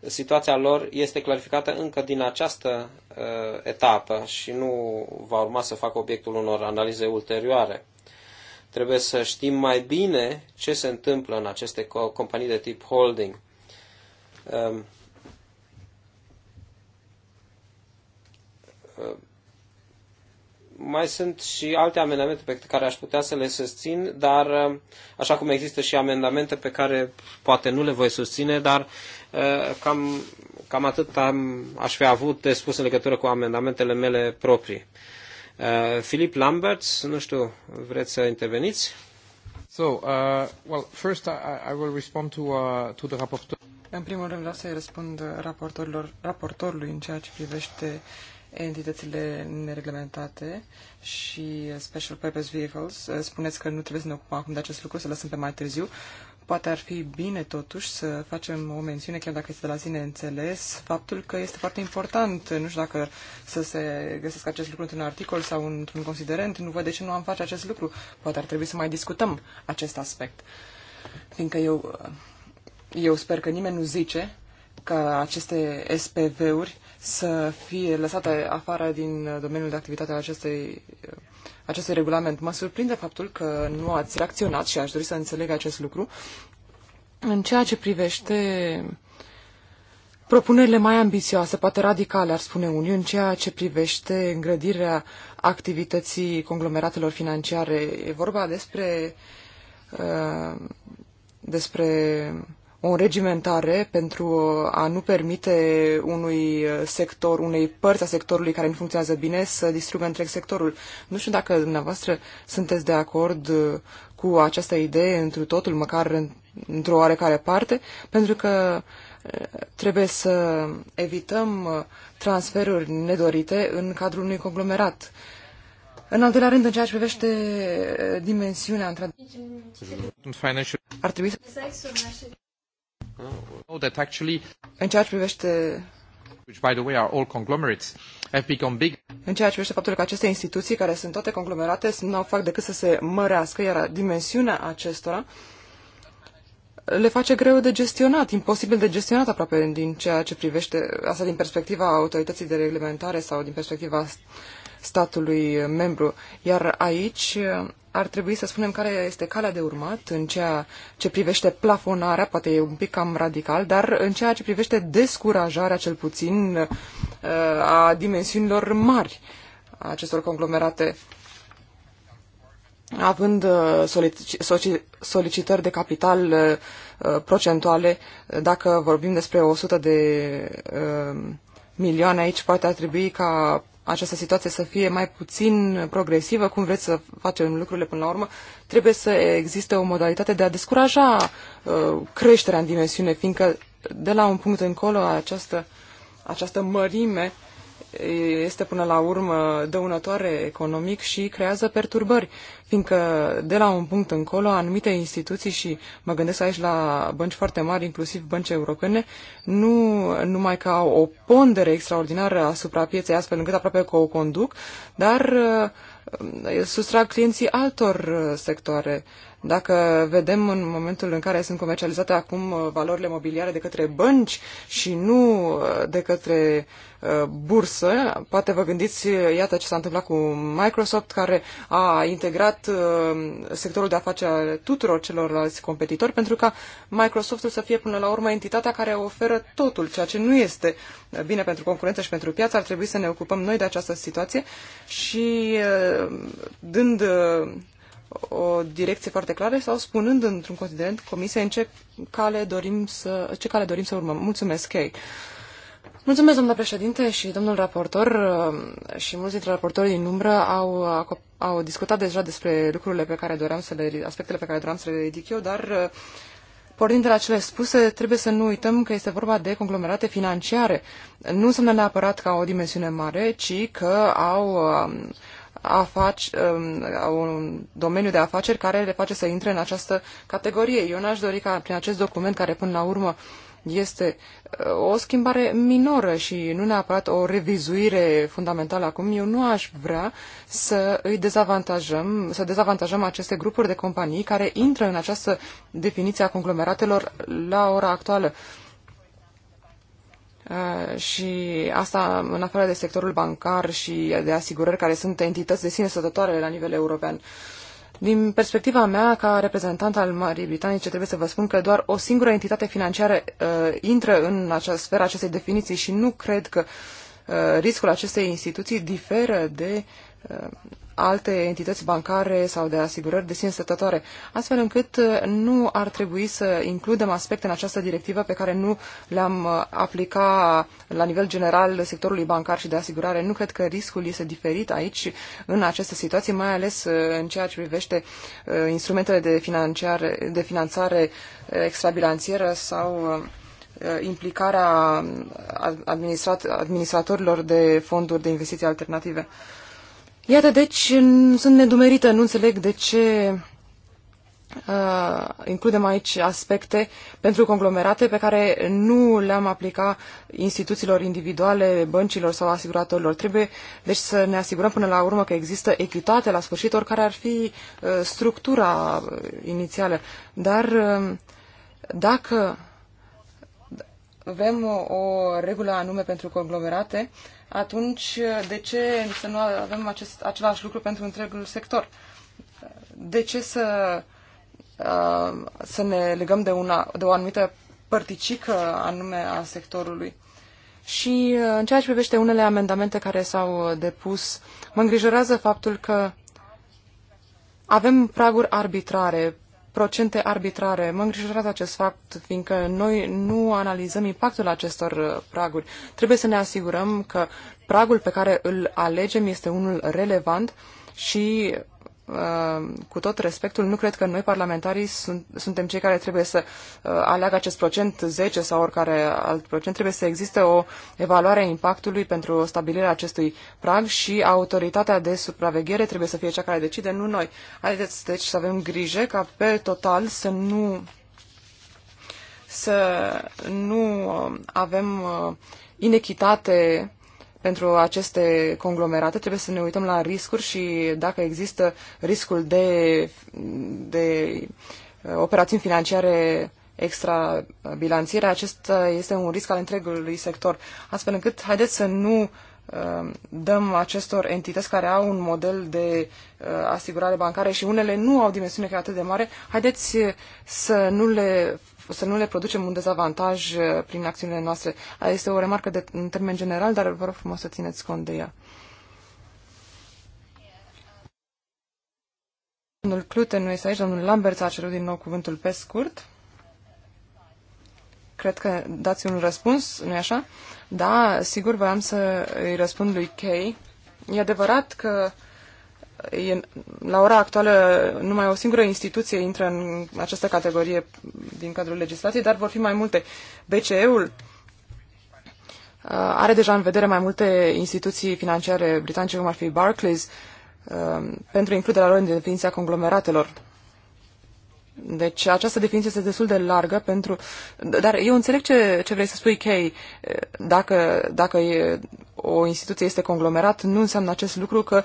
[SPEAKER 4] situația lor este clarificată încă din această uh, etapă și nu va urma să facă obiectul unor analize ulterioare. Trebuie să știm mai bine ce se întâmplă în aceste companii de tip holding. Um, uh, mai sunt și alte amendamente pe care aș putea să le susțin, dar uh, așa cum există și amendamente pe care poate nu le voi susține, dar uh, cam, cam atât am, aș fi avut de spus în legătură cu amendamentele mele proprii. Uh, Filip Lambert, nu știu, vreți să interveniți?
[SPEAKER 3] So, uh,
[SPEAKER 2] well, first I, I will respond to, uh, to the rapporteur.
[SPEAKER 3] În primul rând vreau să-i răspund raportorilor, raportorului în ceea ce privește uh, entitățile nereglementate și Special Purpose Vehicles. Uh, spuneți că nu trebuie să ne ocupăm acum de acest lucru, să lăsăm pe mai târziu. Poate ar fi bine, totuși, să facem o mențiune, chiar dacă este de la sine înțeles, faptul că este foarte important, nu știu dacă să se găsească acest lucru într-un articol sau într-un considerent, nu văd de ce nu am face acest lucru. Poate ar trebui să mai discutăm acest aspect. Fiindcă eu, eu sper că nimeni nu zice ca aceste SPV-uri să fie lăsate afară din domeniul de activitate al acestei, acestui regulament. Mă surprinde faptul că nu ați reacționat și aș dori să înțeleg acest lucru. În ceea ce privește propunerile mai ambițioase, poate radicale, ar spune unii, în ceea ce privește îngrădirea activității conglomeratelor financiare, e vorba despre, uh, despre o regimentare pentru a nu permite unui sector, unei părți a sectorului care nu funcționează bine să distrugă întreg sectorul. Nu știu dacă dumneavoastră sunteți de acord cu această idee întru totul, măcar într-o oarecare parte, pentru că eh, trebuie să evităm eh, transferuri nedorite în cadrul unui conglomerat. În al doilea rând, în ceea ce privește eh, dimensiunea,
[SPEAKER 4] ar trebui să... That actually, în ceea ce privește which by the way are all conglomerates, have become big. În ceea
[SPEAKER 3] ce privește faptul că aceste instituții, care sunt toate conglomerate, nu fac decât să se mărească, iar dimensiunea acestora le face greu de gestionat, imposibil de gestionat aproape din ceea ce privește asta din perspectiva autorității de reglementare sau din perspectiva statului membru. Iar aici ar trebui să spunem care este calea de urmat în ceea ce privește plafonarea, poate e un pic cam radical, dar în ceea ce privește descurajarea, cel puțin, uh, a dimensiunilor mari a acestor conglomerate având uh, solicitări de capital uh, procentuale, dacă vorbim despre 100 de milioane aici, poate ar trebui ca această situație să fie mai puțin progresivă, cum vreți să facem lucrurile până la urmă, trebuie să existe o modalitate de a descuraja uh, creșterea în dimensiune, fiindcă de la un punct încolo această, această mărime uh, este până la urmă dăunătoare economic și creează perturbări, fiindcă de la un punct încolo anumite instituții și mă gândesc aici la bănci foarte mari, inclusiv bănci europene, nu numai că au o pondere extraordinară asupra pieței astfel încât aproape că o conduc, dar eh, sustrag clienții altor eh, sectoare dacă vedem în momentul în care sunt comercializate acum uh, valorile mobiliare de către bănci și nu uh, de către uh, bursă, poate vă gândiți, iată ce s-a întâmplat cu Microsoft, care a integrat sectorul de afaceri al tuturor celorlalți competitori, pentru ca Microsoftul să fie până la urmă entitatea care oferă totul, ceea ce nu este bine pentru concurență și pentru piață. Ar trebui să ne ocupăm noi de această situație și dând o direcție foarte clară sau spunând într-un considerent comisiei în ce cale dorim să, ce cale dorim să urmăm. Mulțumesc, Kay. Mulțumesc, domnule președinte și domnul raportor uh, și mulți dintre raportorii din umbră au, au discutat deja despre lucrurile pe care doream să le, aspectele pe care doream să le ridic eu, dar uh, Pornind de la cele spuse, trebuie să nu uităm că este vorba de conglomerate financiare. Nu înseamnă neapărat ca o dimensiune mare, ci că au um, afaci, um, un domeniu de afaceri care le face să intre în această categorie. Eu n-aș dori ca prin acest document care până la urmă este uh, o schimbare minoră și nu neapărat o revizuire fundamentală acum. Eu nu aș vrea să îi dezavantajăm, să dezavantajăm aceste grupuri de companii care intră în această definiție a conglomeratelor la ora actuală. Uh, Uh, și asta în afară de sectorul bancar și de asigurări, care sunt entități de sine stătătoare la nivel european. Din perspectiva mea, ca reprezentant al Marii Britanice, trebuie să vă spun că doar o singură entitate financiară uh, intră în această sferă acestei definiții și nu cred că uh, riscul acestei instituții diferă de uh, alte entități bancare sau de asigurări de sine stătătoare, astfel încât uh, nu ar trebui să includem aspecte în această directivă pe care nu le-am uh, aplica la nivel general sectorului bancar și de asigurare. Nu cred că riscul este diferit aici în aceste situații, mai ales uh, în ceea ce privește instrumentele de, de finanțare extrabilanțieră sau implicarea administrat, administratorilor de fonduri de investiții alternative. Iată, deci, sunt nedumerită, nu înțeleg de ce uh, includem aici aspecte pentru conglomerate pe care nu le-am aplica instituțiilor individuale, băncilor sau asiguratorilor. Trebuie deci să ne asigurăm până la urmă că există echitate la sfârșit, oricare ar fi uh, structura uh, inițială. Dar uh, dacă avem o, o regulă anume pentru conglomerate, uh, atunci de ce să nu avem acest, același lucru pentru întregul sector? De ce să, să ne legăm de, una, de o anumită părticică anume a sectorului? Și în ceea ce privește unele amendamente care s-au depus, mă îngrijorează faptul că avem praguri arbitrare procente arbitrare. Mă îngrijorat acest fapt, fiindcă noi nu analizăm impactul acestor uh, praguri. Trebuie să ne asigurăm că pragul pe care îl alegem este unul relevant și Uh, cu tot respectul, nu cred că noi, parlamentarii, sunt, suntem cei care trebuie să uh, aleagă acest procent 10 sau oricare alt procent. Trebuie să existe o evaluare a impactului pentru stabilirea acestui prag și autoritatea de supraveghere trebuie să fie cea care decide, nu noi. Haideți, deci, să avem grijă ca pe total să nu să nu uh, avem inechitate pentru aceste conglomerate trebuie să ne uităm la riscuri și dacă există riscul de, de uh, operațiuni financiare bilanțiere, acesta este un risc al întregului sector, astfel încât haideți să nu uh, dăm acestor entități care au un model de uh, asigurare bancară și unele nu au dimensiune chiar atât de mare, haideți să nu le să nu le producem un dezavantaj uh, prin acțiunile noastre. Este o remarcă de, în termen general, dar vă rog frumos să țineți cont de ea. Domnul Clute nu este aici, domnul Lambert a cerut din nou cuvântul pe scurt. Cred că dați un răspuns, nu-i așa? Da, sigur, voiam să îi răspund lui Kay. E adevărat că uh, e, la ora actuală numai o singură instituție intră în această categorie din cadrul legislației, dar vor fi mai multe. BCE-ul uh, are deja în vedere mai multe instituții financiare britanice, cum ar fi Barclays, uh, pentru includerea lor în definiția conglomeratelor. Deci această definiție este destul de largă pentru... Dar eu înțeleg ce, ce vrei să spui, Kay. Dacă, dacă e, o instituție este conglomerat, nu înseamnă acest lucru că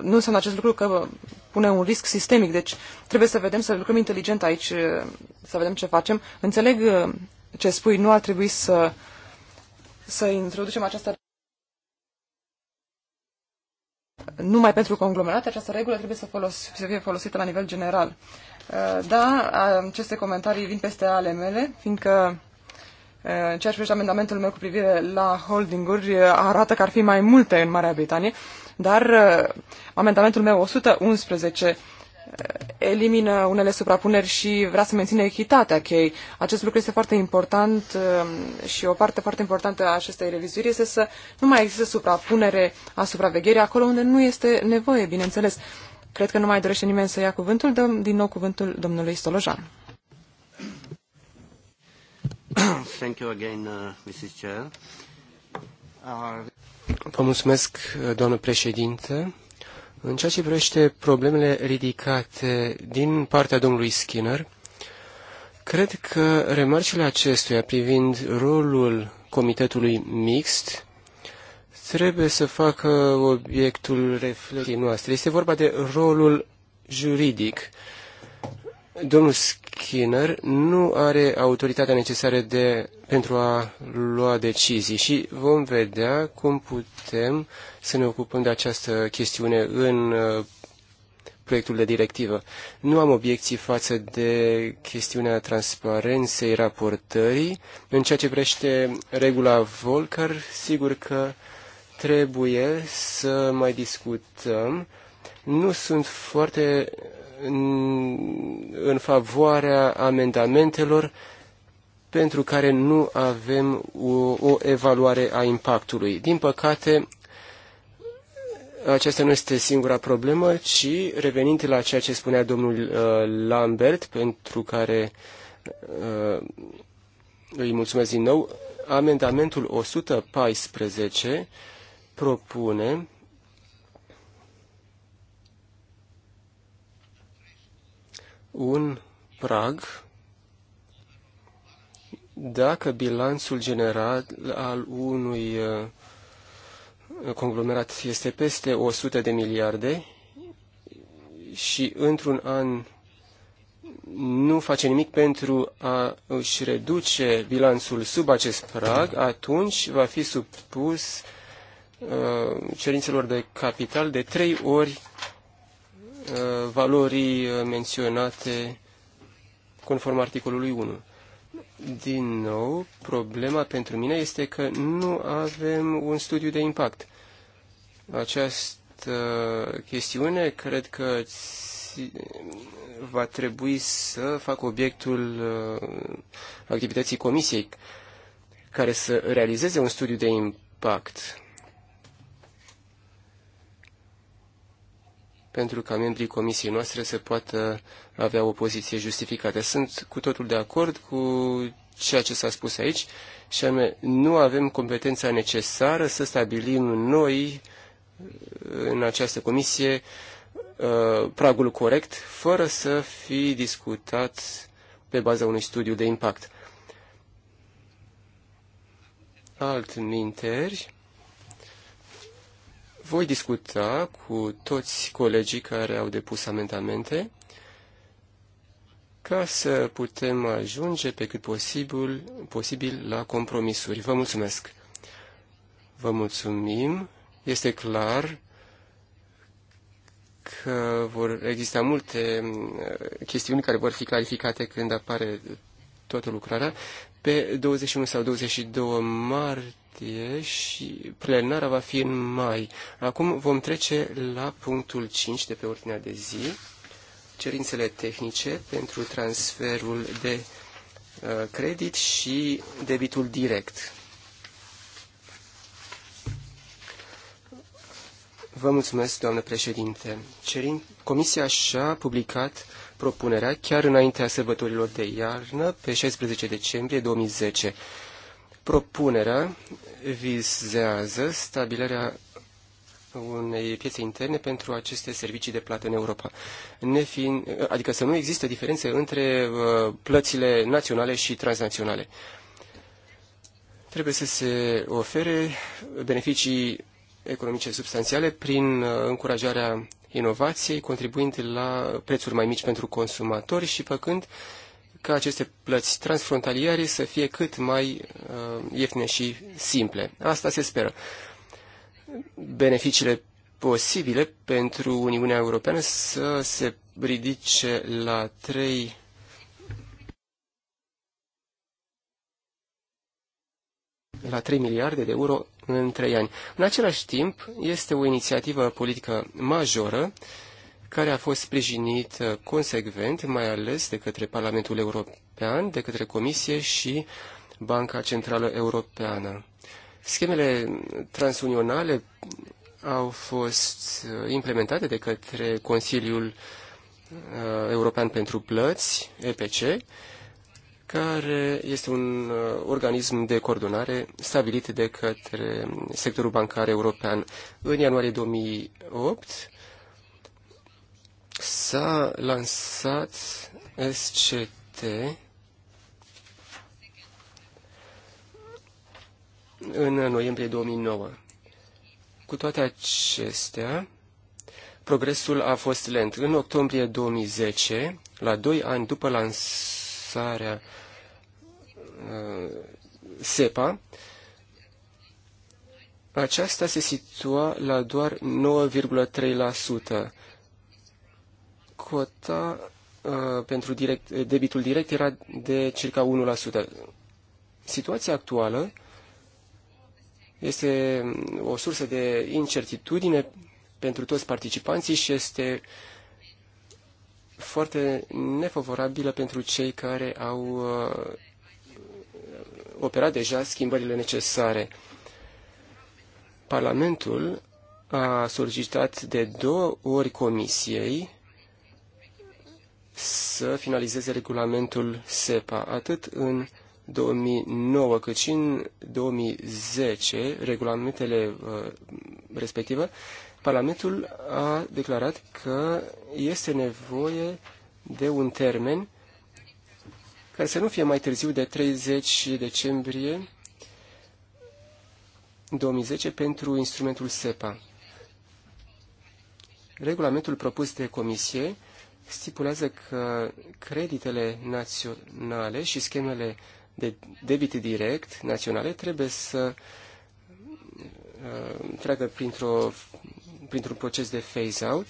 [SPEAKER 3] nu înseamnă acest lucru că pune un risc sistemic. Deci trebuie să vedem, să lucrăm inteligent aici, să vedem ce facem. Înțeleg uh, ce spui, nu ar trebui să, să introducem această numai pentru conglomerate, această regulă trebuie să, folos, să fie folosită la nivel general. Uh, da, aceste comentarii vin peste ale mele, fiindcă uh, ceea ce privește amendamentul meu cu privire la holdinguri uh, arată că ar fi mai multe în Marea Britanie, dar amendamentul meu 111 elimină unele suprapuneri și vrea să menține echitatea chei. Acest lucru este foarte important um, și o parte foarte importantă a acestei revizuiri este să nu mai există suprapunere a supravegherii acolo unde nu este nevoie, bineînțeles. Cred că nu mai dorește nimeni să ia cuvântul. Dăm din nou cuvântul domnului
[SPEAKER 4] Stolojan. Thank you again, uh, Mrs. Chair. Uh...
[SPEAKER 2] Vă mulțumesc, uh, doamnă președinte. În ceea ce privește problemele ridicate din partea domnului Skinner, cred că remarcile acestuia privind rolul comitetului mixt trebuie să facă obiectul reflexiei noastre. Este vorba de rolul juridic Domnul Skinner nu are autoritatea necesară de, pentru a lua decizii și vom vedea cum putem să ne ocupăm de această chestiune în uh, proiectul de directivă. Nu am obiecții față de chestiunea transparenței raportării. În ceea ce privește regula Volcker, sigur că trebuie să mai discutăm. Nu sunt foarte în favoarea amendamentelor pentru care nu avem o, o evaluare a impactului. Din păcate, aceasta nu este singura problemă, ci revenind la ceea ce spunea domnul uh, Lambert, pentru care uh, îi mulțumesc din nou, amendamentul 114 propune un prag dacă bilanțul general al unui uh, conglomerat este peste 100 de miliarde și într-un an nu face nimic pentru a își reduce bilanțul sub acest prag, atunci va fi supus uh, cerințelor de capital de trei ori Uh, valorii uh, menționate conform articolului 1. Din nou, problema pentru mine este că nu avem un studiu de impact. Această chestiune cred că va trebui să fac obiectul uh, activității comisiei care să realizeze un studiu de impact pentru ca membrii comisiei noastre să poată avea o poziție justificată. Sunt cu totul de acord cu ceea ce s-a spus aici, și anume, nu avem competența necesară să stabilim noi, în această comisie, uh, pragul corect, fără să fi discutat pe baza unui studiu de impact. Alt minteri, voi discuta cu toți colegii care au depus amendamente ca să putem ajunge pe cât posibil, posibil la compromisuri. Vă mulțumesc! Vă mulțumim! Este clar că vor exista multe mm, chestiuni care vor fi clarificate când apare toată lucrarea. Pe 21 sau 22 martie martie și plenara va fi în mai. Acum vom trece la punctul 5 de pe ordinea de zi, cerințele tehnice pentru transferul de uh, credit și debitul direct. Vă mulțumesc, doamnă președinte. Cerin... Comisia și-a publicat propunerea chiar înaintea sărbătorilor de iarnă, pe 16 decembrie 2010. Propunerea vizează stabilirea unei piețe interne pentru aceste servicii de plată în Europa. Nefin, adică să nu există diferențe între uh, plățile naționale și transnaționale. Trebuie să se ofere beneficii economice substanțiale prin uh, încurajarea inovației, contribuind la prețuri mai mici pentru consumatori și făcând uh, ca aceste plăți transfrontaliere să fie cât mai uh, ieftine și simple. Asta se speră. Beneficiile posibile pentru Uniunea Europeană să se ridice la 3 la 3 miliarde de euro în 3 ani. În același timp, este o inițiativă politică majoră uh, care a fost sprijinit uh, consecvent, mai ales de către Parlamentul European, de către Comisie și Banca Centrală Europeană. Schemele transunionale au fost uh, implementate de către Consiliul uh, European pentru Plăți, EPC, care este un organism de coordonare stabilit de către sectorul bancar european. În ianuarie 2008, s-a lansat SCT în noiembrie 2009. Cu toate acestea, progresul a fost lent. În octombrie 2010, la doi ani după lansarea uh, SEPA, aceasta se situa la doar 9,3% cota uh, pentru direct, debitul direct era de circa 1%. Situația actuală este o sursă de incertitudine pentru toți participanții și este foarte nefavorabilă pentru cei care au uh, operat deja schimbările necesare. Parlamentul a solicitat de două ori comisiei să finalizeze regulamentul SEPA, atât în 2009 cât și în 2010, regulamentele uh, respective, Parlamentul a declarat că este nevoie de un termen care să nu fie mai târziu de 30 decembrie 2010 pentru instrumentul SEPA. Regulamentul propus de Comisie stipulează că creditele naționale și schemele de debit direct naționale trebuie să uh, treacă printr-o, printr-un proces de phase-out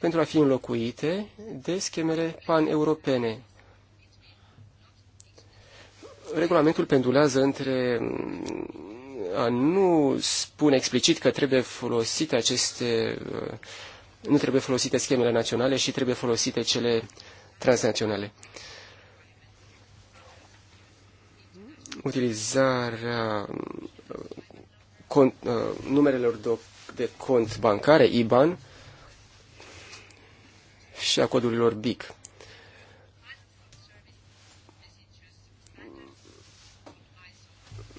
[SPEAKER 2] pentru a fi înlocuite de schemele pan-europene. Regulamentul pendulează între uh, a nu spune explicit că trebuie folosite aceste uh, nu trebuie folosite schemele naționale și trebuie folosite cele transnaționale. Utilizarea uh, cont, uh, numerelor de, de cont bancare, IBAN, și a codurilor BIC.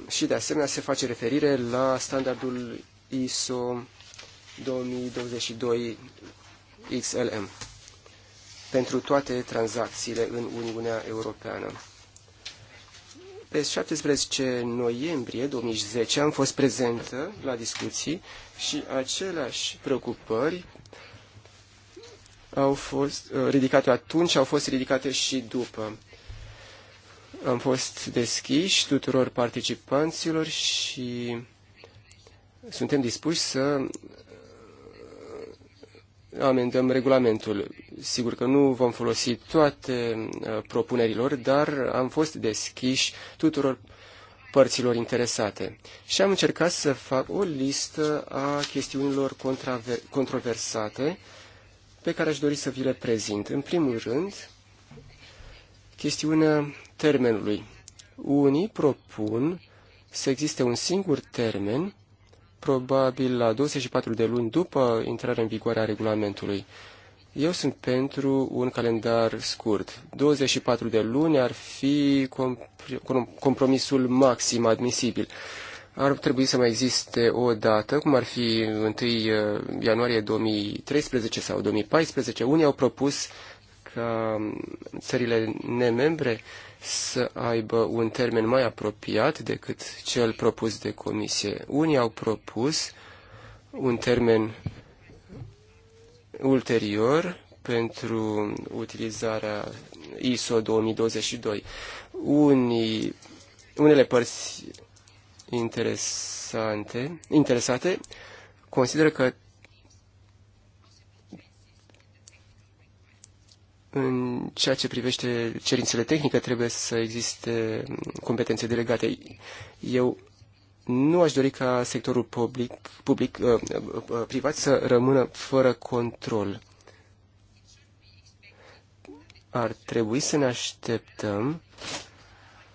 [SPEAKER 2] Și de asemenea se face referire la standardul ISO 2022 XLM pentru toate tranzacțiile în Uniunea Europeană. Pe 17 noiembrie 2010 am fost prezentă la discuții și aceleași preocupări au fost uh, ridicate atunci, au fost ridicate și după. Am fost deschiși tuturor participanților și suntem dispuși să amendăm regulamentul. Sigur că nu vom folosi toate uh, propunerilor, dar am fost deschiși tuturor părților interesate. Și am încercat să fac o listă a chestiunilor controversate pe care aș dori să vi le prezint. În primul rând, chestiunea termenului. Unii propun să existe un singur termen probabil la 24 de luni după intrarea în vigoare a regulamentului. Eu sunt pentru un calendar scurt. 24 de luni ar fi compromisul maxim admisibil. Ar trebui să mai existe o dată, cum ar fi 1 uh, ianuarie 2013 sau 2014. Unii au propus ca um, țările nemembre să aibă un termen mai apropiat decât cel propus de comisie. Unii au propus un termen ulterior pentru utilizarea ISO 2022. Unii, unele părți interesante, interesate consideră că În ceea ce privește cerințele tehnice, trebuie să existe competențe delegate. Eu nu aș dori ca sectorul public, public uh, uh, privat să rămână fără control. Ar trebui să ne așteptăm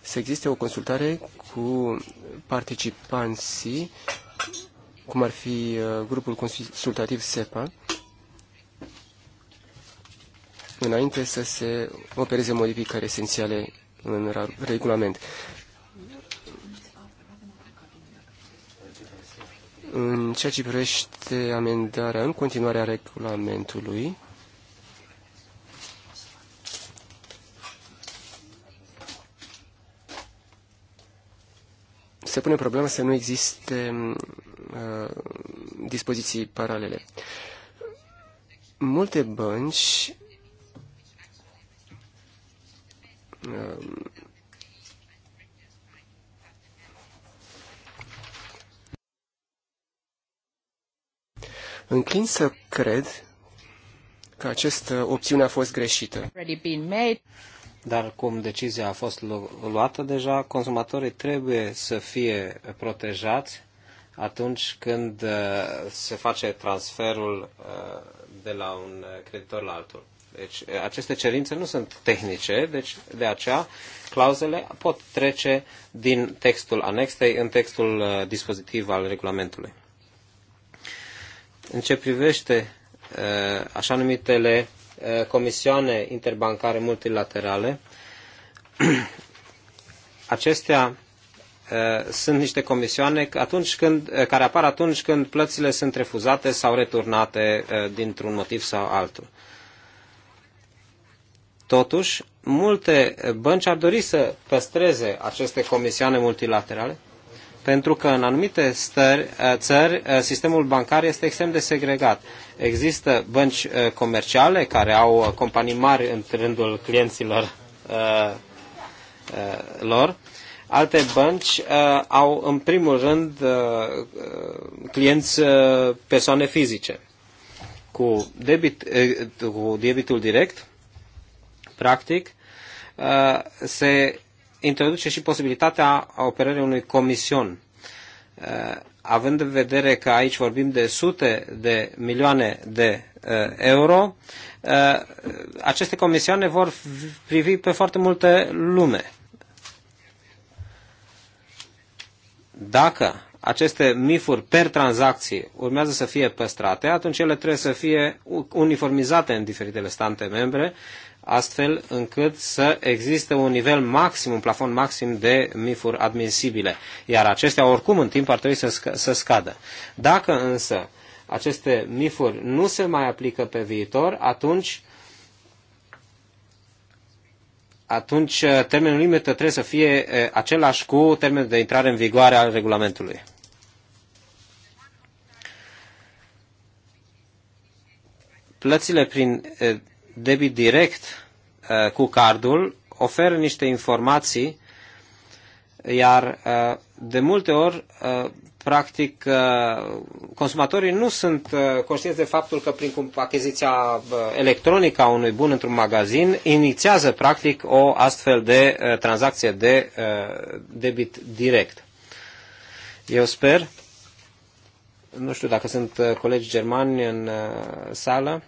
[SPEAKER 2] să existe o consultare cu participanții, cum ar fi uh, grupul consultativ SEPA, înainte să se opereze modificări esențiale în regulament. În ceea ce privește amendarea în continuare a regulamentului, se pune problema să nu existe uh, dispoziții paralele. Multe bănci Um,
[SPEAKER 4] înclin să cred că această opțiune a fost greșită. Dar cum decizia a fost lu luată deja, consumatorii trebuie să fie protejați atunci când uh, se face transferul uh, de la un creditor la altul. Deci aceste cerințe nu sunt tehnice, deci de aceea clauzele pot trece din textul anexei în textul uh, dispozitiv al regulamentului. În ce privește uh, așa numitele uh, comisioane interbancare multilaterale, acestea sunt niște comisioane atunci când, care apar atunci când plățile sunt refuzate sau returnate dintr-un motiv sau altul. Totuși, multe bănci ar dori să păstreze aceste comisioane multilaterale, pentru că în anumite stări, eh, țări eh, sistemul bancar este extrem de segregat. Există bănci eh, comerciale care au companii mari în rândul clienților lor. Alte bănci uh, au în primul rând clienți persoane fizice cu, debit, cu debitul direct Practic, uh, se introduce și posibilitatea operării unui comision. Uh, având în vedere că aici vorbim de sute de milioane de uh, euro, aceste comisioane vor privi pe foarte multe lume. Dacă aceste mifuri per tranzacție urmează să fie păstrate, atunci ele trebuie să fie uniformizate în diferitele state membre astfel încât să existe un nivel maxim, un plafon maxim de mifuri admisibile, iar acestea oricum în timp ar trebui să, sc- să scadă. Dacă însă aceste mifuri nu se mai aplică pe viitor, atunci atunci uh, termenul limită trebuie să fie uh, același cu termenul de intrare în vigoare al regulamentului. Plățile prin uh, debit direct uh, cu cardul oferă niște informații, iar uh, de multe ori, uh, practic, consumatorii nu sunt conștienți de faptul că prin achiziția electronică a unui bun într-un magazin inițiază, practic, o astfel de tranzacție de debit direct. Eu sper, nu știu dacă sunt colegi germani în sală,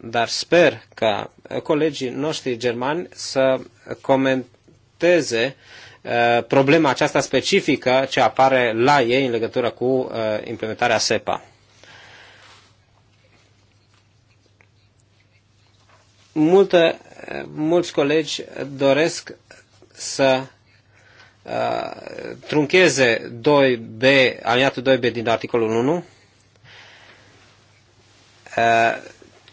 [SPEAKER 4] dar sper ca colegii noștri germani să comenteze uh, problema aceasta specifică ce apare la ei în legătură cu uh, implementarea SEPA. Multă, uh, mulți colegi doresc să uh, truncheze 2B, aliniatul 2B din articolul 1, uh,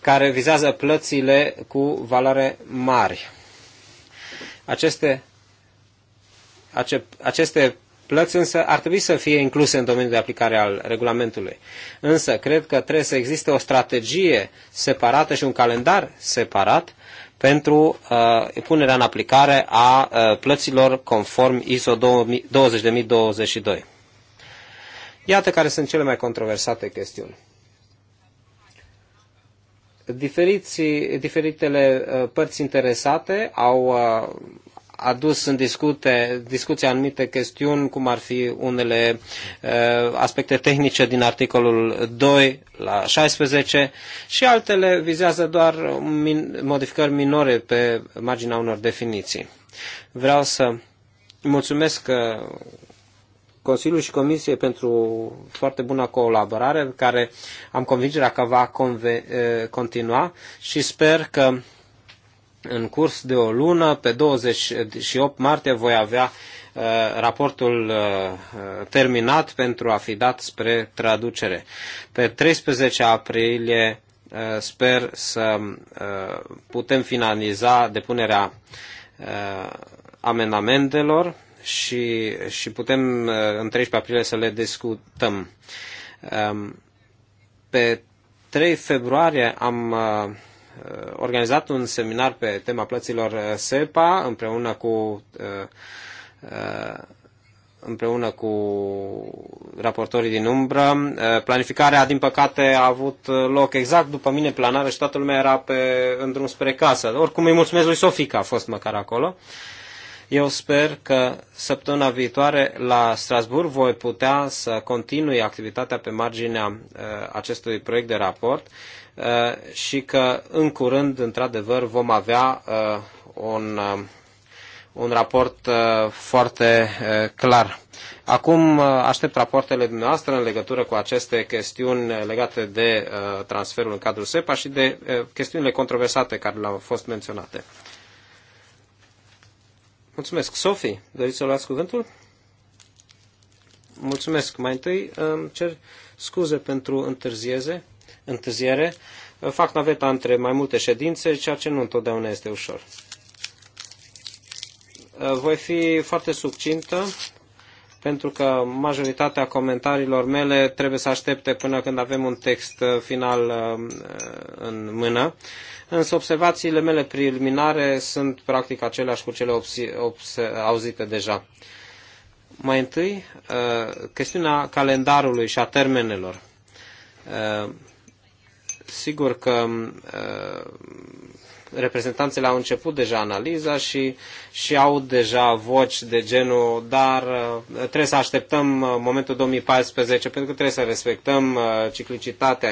[SPEAKER 4] care vizează plățile cu valoare mari. Aceste, ace, aceste plăți însă ar trebui să fie incluse în domeniul de aplicare al regulamentului. Însă cred că trebuie să existe o strategie separată și un calendar separat pentru uh, punerea în aplicare a uh, plăților conform ISO 20022. Iată care sunt cele mai controversate chestiuni. Diferiți, diferitele uh, părți interesate au uh, adus în discute, discuție anumite chestiuni, cum ar fi unele uh, aspecte tehnice din articolul 2 la 16 și altele vizează doar min, modificări minore pe marginea unor definiții. Vreau să mulțumesc Consiliului și Comisiei pentru foarte bună colaborare, în care am convingerea că va continua și sper că în curs de o lună, pe 28 martie, voi avea raportul terminat pentru a fi dat spre traducere. Pe 13 aprilie sper să putem finaliza depunerea amendamentelor și, și putem uh, în 13 aprilie să le discutăm. Um, pe 3 februarie am uh, uh, organizat un seminar pe tema plăților SEPA împreună cu împreună cu raportorii din umbră. Planificarea, din păcate, a avut loc exact după mine planare. și toată lumea era pe, în drum spre casă. Oricum îi mulțumesc lui Sofica, a fost măcar acolo. Uh, eu sper că săptămâna viitoare la Strasburg voi putea să continui activitatea pe marginea uh, acestui proiect de raport uh, și că în curând, într-adevăr, vom avea uh, un, un raport foarte clar. Acum aștept rapoartele dumneavoastră în legătură cu aceste chestiuni legate de transferul în cadrul SEPA și de chestiunile controversate care le-au fost menționate. Mulțumesc. Sofie, doriți să luați cuvântul? Mulțumesc. Mai întâi îmi cer scuze pentru întârzieze, întârziere. Fac naveta între mai multe ședințe, ceea ce nu întotdeauna este ușor. Voi fi foarte succintă pentru că majoritatea comentariilor mele trebuie să aștepte până când avem un text uh, final uh, uh, în mână. Însă observațiile mele preliminare sunt practic aceleași cu cele auzite deja. Mai întâi, chestiunea calendarului și a termenelor. Sigur că reprezentanțele au început deja analiza și, și au deja voci de genul, dar uh, trebuie să așteptăm uh, momentul 2014 pentru că trebuie să respectăm uh, ciclicitatea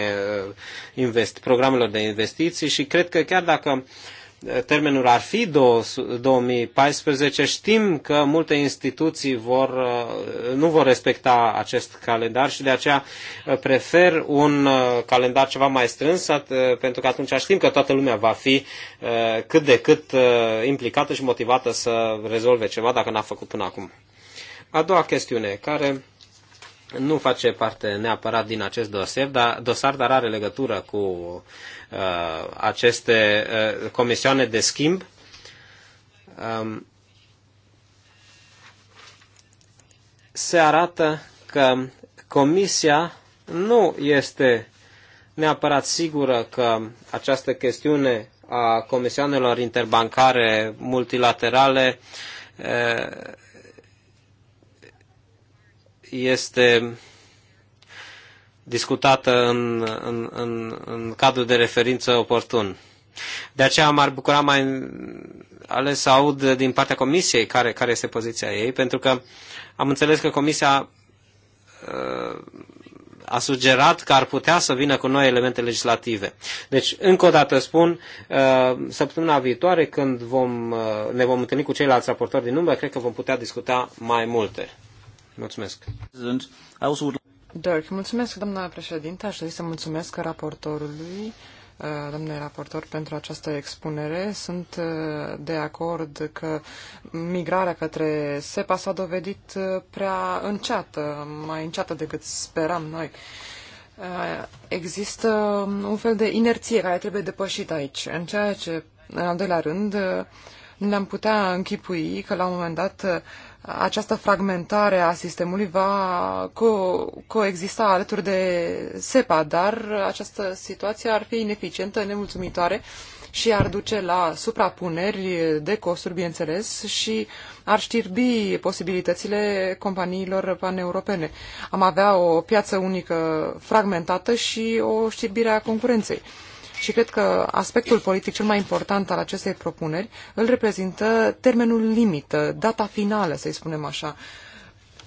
[SPEAKER 4] invest, programelor de investiții și cred că chiar dacă termenul ar fi 2014, știm că multe instituții vor, uh, nu vor respecta acest calendar și de aceea uh, prefer un uh, calendar ceva mai strâns, pentru că atunci știm că toată lumea va fi cât de cât implicată și motivată să rezolve ceva dacă n-a făcut până acum. A doua chestiune care nu face parte neapărat din acest dosar, dar, dosar, dar are legătură cu uh, aceste uh, comisioane de schimb. Um, se arată că Comisia nu este neapărat sigură că această chestiune a comisioanelor interbancare multilaterale uh, este discutată în, în, în, în cadrul de referință oportun. De aceea m-ar bucura mai ales să aud din partea Comisiei care, care este poziția ei, pentru că am înțeles că Comisia uh, a sugerat că ar putea să vină cu noi elemente legislative. Deci, încă o dată spun, uh, săptămâna viitoare, când vom, uh, ne vom întâlni cu ceilalți raportori din număr, cred că vom putea discuta mai multe. Mulțumesc.
[SPEAKER 3] Dirk, mulțumesc, doamna președinte. Aș dori să mulțumesc raportorului, uh, domnule raportor, pentru această expunere. Sunt uh, de acord că migrarea către SEPA s-a dovedit uh, prea înceată, mai înceată decât speram noi. Există un fel de inerție care trebuie depășit aici, în ceea ce, în al doilea rând, ne-am putea închipui că la un moment dat această fragmentare a sistemului va co- coexista alături de SEPA, dar această situație ar fi ineficientă, nemulțumitoare și ar duce la suprapuneri de costuri, bineînțeles, și ar știrbi posibilitățile companiilor paneuropene. Am avea o piață unică fragmentată și o știrbire a concurenței. Și cred că aspectul politic cel mai important al acestei propuneri îl reprezintă termenul limită, data finală, să-i spunem așa.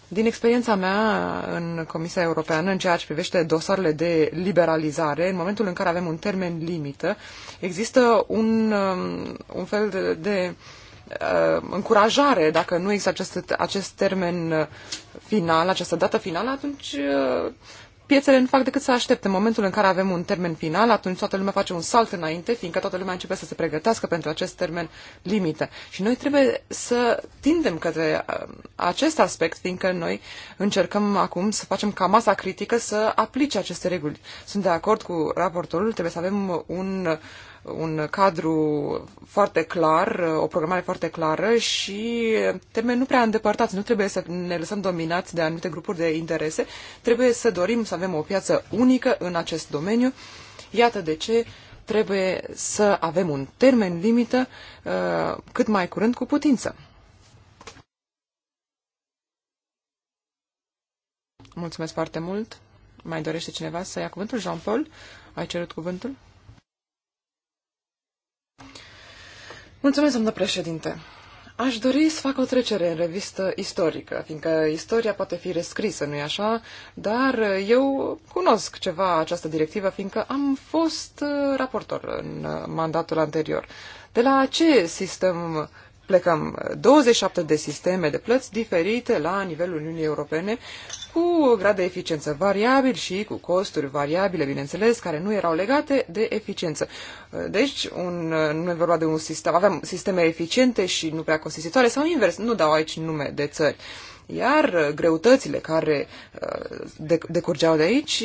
[SPEAKER 3] Din experiența mea în Comisia Europeană, în ceea ce privește dosarele de liberalizare, în momentul în care avem un termen limită, există un, um, un fel de, de uh, încurajare, dacă nu există acest, acest termen uh, final, această dată finală, atunci uh, piețele nu fac decât să aștepte momentul în care avem un termen final, atunci toată lumea face un salt înainte, fiindcă toată lumea începe să se pregătească pentru acest termen limită. Și noi trebuie să tindem către uh, acest aspect, fiindcă noi încercăm acum să facem ca masa critică să aplice aceste reguli. Sunt de acord cu raportorul, trebuie să avem un uh, un cadru foarte clar, o programare foarte clară și termeni nu prea îndepărtați. Nu trebuie să ne lăsăm dominați de anumite grupuri de interese. Trebuie să dorim să avem o piață unică în acest domeniu. Iată de ce trebuie să avem un termen limită uh, cât mai curând cu putință. Mulțumesc foarte mult. Mai dorește cineva să ia cuvântul? Jean-Paul, ai cerut cuvântul? Mulțumesc, doamnă președinte. Aș dori să fac o trecere în revistă istorică, fiindcă istoria poate fi rescrisă, nu-i așa? Dar eu cunosc ceva această directivă, fiindcă am fost uh, raportor în uh, mandatul anterior. De la ce sistem plecăm 27 de sisteme de plăți diferite la nivelul Uniunii Europene cu grad de eficiență variabil și cu costuri variabile, bineînțeles, care nu erau legate de eficiență. Deci, un, nu e vorba de un sistem, aveam sisteme eficiente și nu prea costisitoare sau invers, nu dau aici nume de țări. Iar greutățile care uh, decurgeau de aici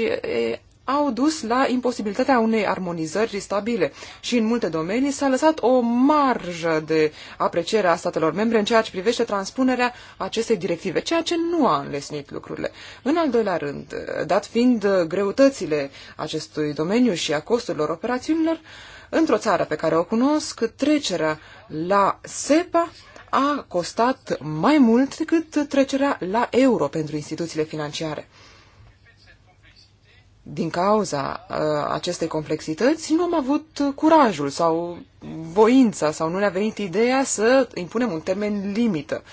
[SPEAKER 3] au dus la imposibilitatea unei armonizări stabile și în multe domenii s-a lăsat o marjă de apreciere a statelor membre în ceea ce privește transpunerea acestei directive, ceea ce nu a înlesnit lucrurile. În al doilea rând, dat fiind greutățile acestui domeniu și a costurilor operațiunilor, într-o țară pe care o cunosc, trecerea la SEPA a costat mai mult decât trecerea la euro pentru instituțiile financiare din cauza uh, acestei complexități, nu am avut curajul sau voința sau nu ne-a venit ideea să impunem un termen limită.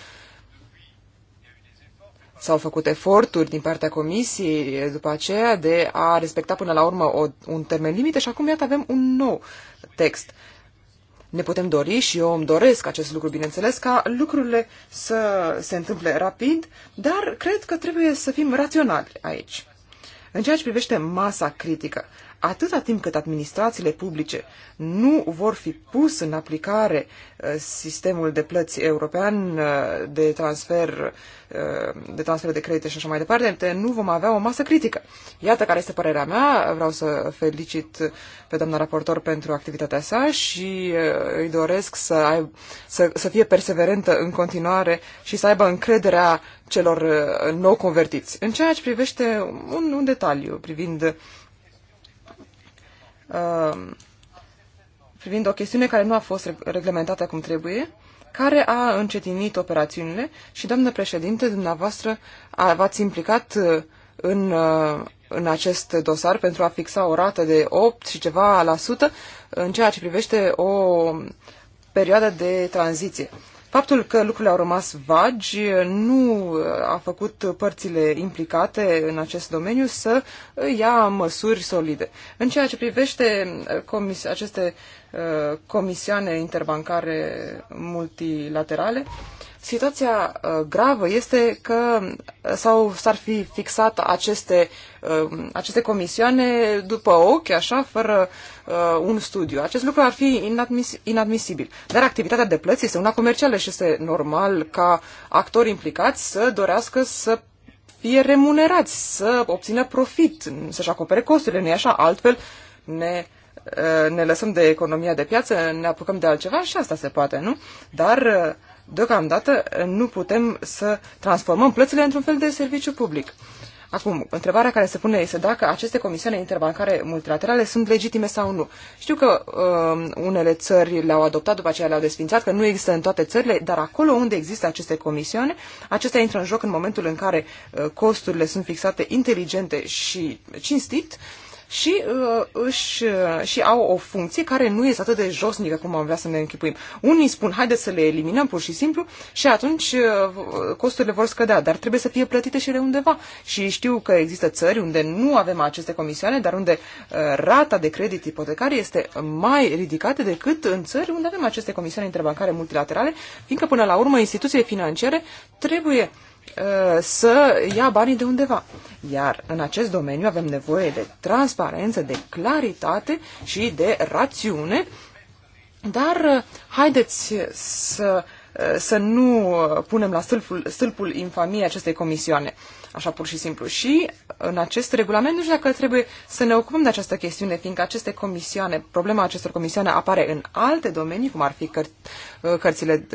[SPEAKER 3] S-au făcut eforturi din partea comisiei după aceea de a respecta până la urmă o, un termen limită și acum iată avem un nou text. Ne putem dori și eu îmi doresc acest lucru, bineînțeles, ca lucrurile să se întâmple rapid, dar cred că trebuie să fim raționali aici. În ceea ce privește masa critică, Atâta timp cât administrațiile publice nu vor fi pus în aplicare uh, sistemul de plăți european uh, de transfer, uh, de transfer de credite și așa mai departe, nu vom avea o masă critică. Iată care este părerea mea. Vreau să felicit pe doamna raportor pentru activitatea sa și îi doresc să, ai, să, să fie perseverentă în continuare și să aibă încrederea celor nou convertiți. În ceea ce privește un, un detaliu privind Um, privind o chestiune care nu a fost reglementată cum trebuie, care a încetinit operațiunile și, doamnă președinte, dumneavoastră v-ați implicat uh, în, uh, în acest dosar pentru a fixa o rată de 8 și ceva la sută în ceea ce privește o perioadă de tranziție. Faptul că lucrurile au rămas vagi nu uh, a făcut părțile implicate în acest domeniu să ia măsuri solide. În ceea ce privește uh, comis- aceste uh, comisioane interbancare multilaterale, Situația uh, gravă este că uh, sau s-ar fi fixat aceste, uh, aceste comisioane după ochi, așa, fără un studiu. Acest lucru ar fi inadmis- inadmisibil. Dar activitatea de plăți este una comercială și este normal ca actori implicați să dorească să fie remunerați, să obțină profit, să-și acopere costurile, nu-i așa? Altfel ne ne lăsăm de economia de piață, ne apucăm de altceva și asta se poate, nu? Dar deocamdată eh, nu putem să transformăm plățile într-un fel de serviciu public. Acum, întrebarea care se pune este dacă aceste comisioane interbancare multilaterale sunt legitime sau nu. Știu că um, unele țări le-au adoptat, după aceea le-au desfințat, că nu există în toate țările, dar acolo unde există aceste comisioane, acestea intră în joc în momentul în care uh, costurile sunt fixate inteligente și cinstit și, uh, își, uh, și au o funcție care nu este atât de josnică cum am vrea să ne închipuim. Unii spun, haideți să le eliminăm pur și simplu și atunci uh, costurile vor scădea, dar trebuie să fie plătite și de undeva. Și știu că există țări unde nu avem aceste comisioane, dar unde uh, rata de credit ipotecar este mai ridicată decât în țări unde avem aceste comisioane interbancare multilaterale, fiindcă până la urmă instituțiile financiare trebuie uh, Uh, să ia banii de undeva. Iar în acest domeniu avem nevoie de transparență, de claritate și de rațiune, dar uh, haideți să, uh, să nu punem la stâlpul, stâlpul infamiei acestei comisioane. Uh, așa pur și simplu. Și în acest regulament nu știu dacă trebuie să ne ocupăm de această chestiune, fiindcă aceste comisioane, problema acestor comisioane apare în alte domenii, cum ar fi căr- cărțile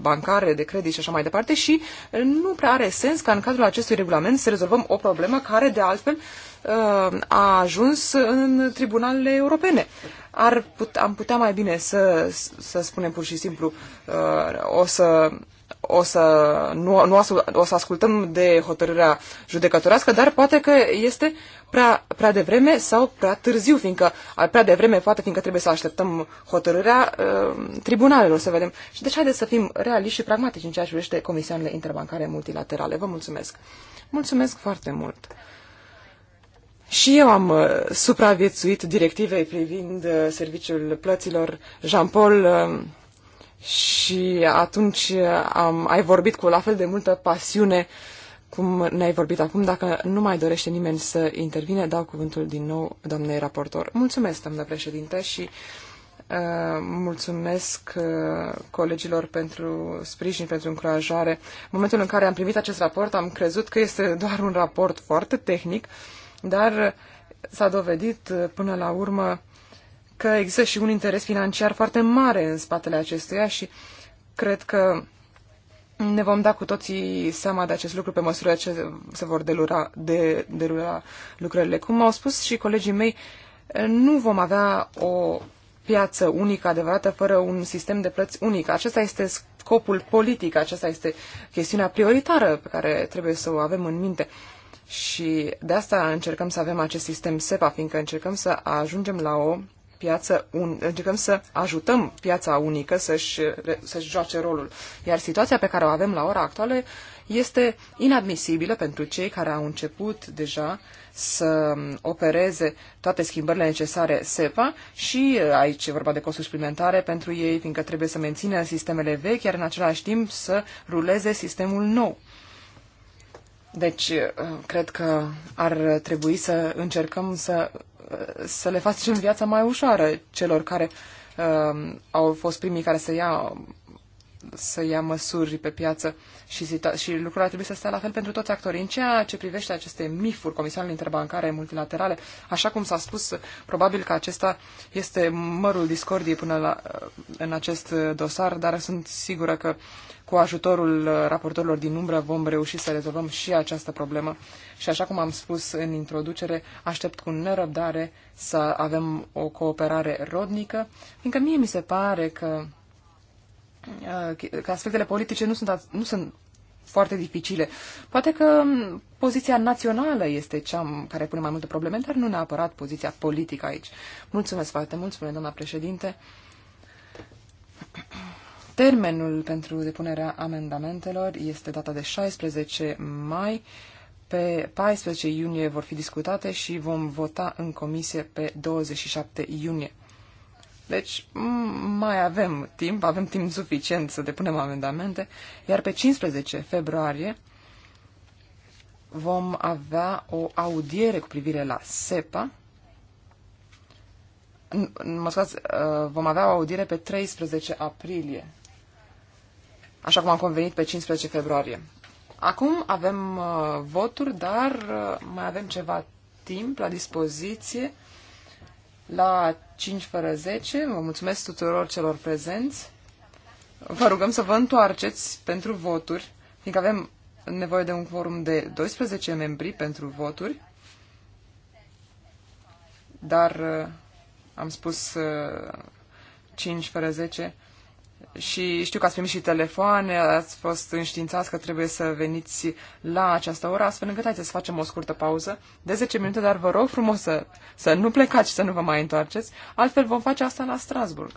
[SPEAKER 3] bancare, de credit și așa mai departe, și nu prea are sens ca în cadrul acestui regulament să rezolvăm o problemă care, de altfel, uh, a ajuns în tribunalele europene. Ar put, am putea mai bine să, să spunem pur și simplu, uh, o să o să, nu, nu o să ascultăm de hotărârea judecătorească, dar poate că este prea, prea devreme sau prea târziu, fiindcă prea devreme poate fiindcă trebuie să așteptăm hotărârea uh, tribunalelor, să vedem. Și deci haideți să fim realiști și pragmatici în ceea ce privește comisioanele interbancare multilaterale. Vă mulțumesc! Mulțumesc foarte mult! Și eu am ă, supraviețuit directivei privind ă, serviciul plăților. Jean-Paul, uh, și atunci am, ai vorbit cu la fel de multă pasiune cum ne-ai vorbit acum. Dacă nu mai dorește nimeni să intervine, dau cuvântul din nou doamnei raportor. Mulțumesc, doamnă președinte, și uh, mulțumesc uh, colegilor pentru sprijin, pentru încurajare. În momentul în care am primit acest raport, am crezut că este doar un raport foarte tehnic, dar s-a dovedit uh, până la urmă că există și un interes financiar foarte mare în spatele acestuia și cred că ne vom da cu toții seama de acest lucru pe măsură ce se vor delura, de, derula lucrările. Cum au spus și colegii mei, nu vom avea o piață unică adevărată fără un sistem de plăți unic. Acesta este scopul politic, aceasta este chestiunea prioritară pe care trebuie să o avem în minte. Și de asta încercăm să avem acest sistem SEPA, fiindcă încercăm să ajungem la o piață un, încercăm să ajutăm piața unică să-și, să-și joace rolul. Iar situația pe care o avem la ora actuală este inadmisibilă pentru cei care au început deja să opereze toate schimbările necesare SEPA și uh, aici e vorba de costuri suplimentare pentru ei, fiindcă trebuie să mențină sistemele vechi, iar în același timp să ruleze sistemul nou. Deci, uh, cred că ar trebui să încercăm să să le facem viața mai ușoară celor care uh, au fost primii care să ia să ia măsuri pe piață și, și lucrurile ar trebui să stea la fel pentru toți actorii. În ceea ce privește aceste mifuri, uri Interbancare Multilaterale, așa cum s-a spus, probabil că acesta este mărul discordiei până la, în acest dosar, dar sunt sigură că cu ajutorul uh, raportorilor din umbră vom reuși să rezolvăm și această problemă. Și așa cum am spus în introducere, aștept cu nerăbdare să avem o cooperare rodnică, fiindcă mie mi se pare că, uh, că aspectele politice nu sunt, nu sunt foarte dificile. Poate că poziția națională este cea care pune mai multe probleme, dar nu neapărat poziția politică aici. Mulțumesc foarte mult, spune doamna președinte. Termenul pentru depunerea amendamentelor este data de 16 mai. Pe 14 iunie vor fi discutate și vom vota în comisie pe 27 iunie. Deci mai avem timp, avem timp suficient să depunem amendamente, iar pe 15 februarie vom avea o audiere cu privire la SEPA. Mă scuzați, uh, vom avea o audiere pe 13 aprilie așa cum am convenit pe 15 februarie. Acum avem uh, voturi, dar uh, mai avem ceva timp la dispoziție la 5 fără 10. Vă mulțumesc tuturor celor prezenți. Vă rugăm să vă întoarceți pentru voturi, fiindcă avem nevoie de un quorum de 12 membri pentru voturi. Dar uh, am spus uh, 5 fără 10 și știu că ați primit și telefoane, ați fost înștiințați că trebuie să veniți la această oră, astfel încât haideți să facem o scurtă pauză de 10 minute, dar vă rog frumos să, să nu plecați și să nu vă mai întoarceți, altfel vom face asta la Strasburg.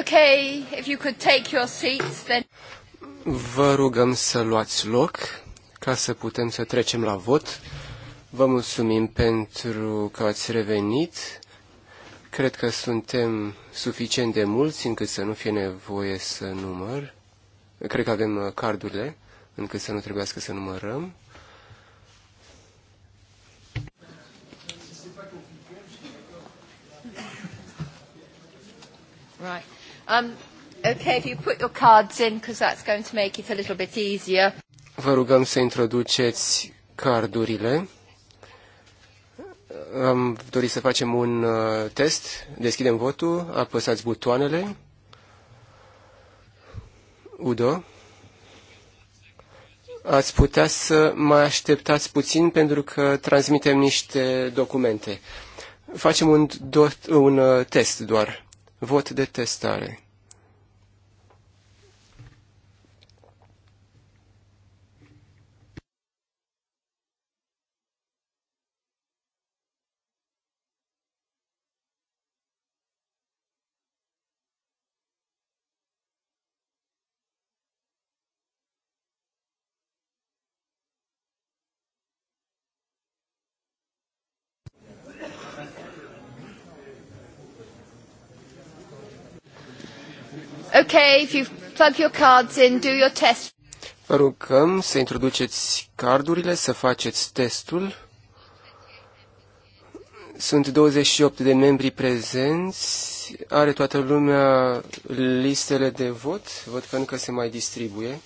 [SPEAKER 1] Okay, if you could take your seats, then...
[SPEAKER 2] Vă rugăm să luați loc ca să putem să trecem la vot. Vă mulțumim pentru că ați revenit. Cred că suntem suficient de mulți încât să nu fie nevoie să număr. Cred că avem uh, cardurile încât să nu trebuiască să numărăm.
[SPEAKER 1] cards in because that's going to make it a little bit easier.
[SPEAKER 2] Vă rugăm să introduceți cardurile. Am dorit să facem un uh, test. Deschidem votul, apăsați butoanele. Udo, ați putea să mai așteptați puțin pentru că transmitem niște documente. Facem un, do- un uh, test doar. Vot de testare.
[SPEAKER 1] okay if you plug your cards in, do your test.
[SPEAKER 2] Vă rugăm să introduceți cardurile, să faceți testul. Sunt 28 de membri prezenți. Are toată lumea listele de vot. Văd că încă se mai distribuie.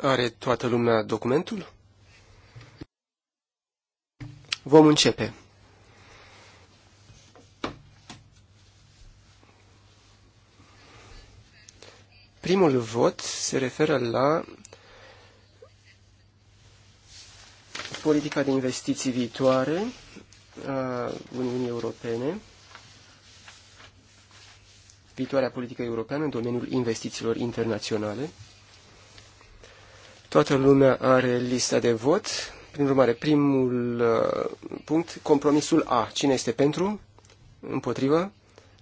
[SPEAKER 2] Are toată lumea documentul? Vom începe. Primul vot se referă la politica de investiții viitoare a Uniunii Europene, viitoarea politică europeană în domeniul investițiilor internaționale. Toată lumea are lista de vot. Prin urmare, primul uh, punct, compromisul A. Cine este pentru? Împotrivă?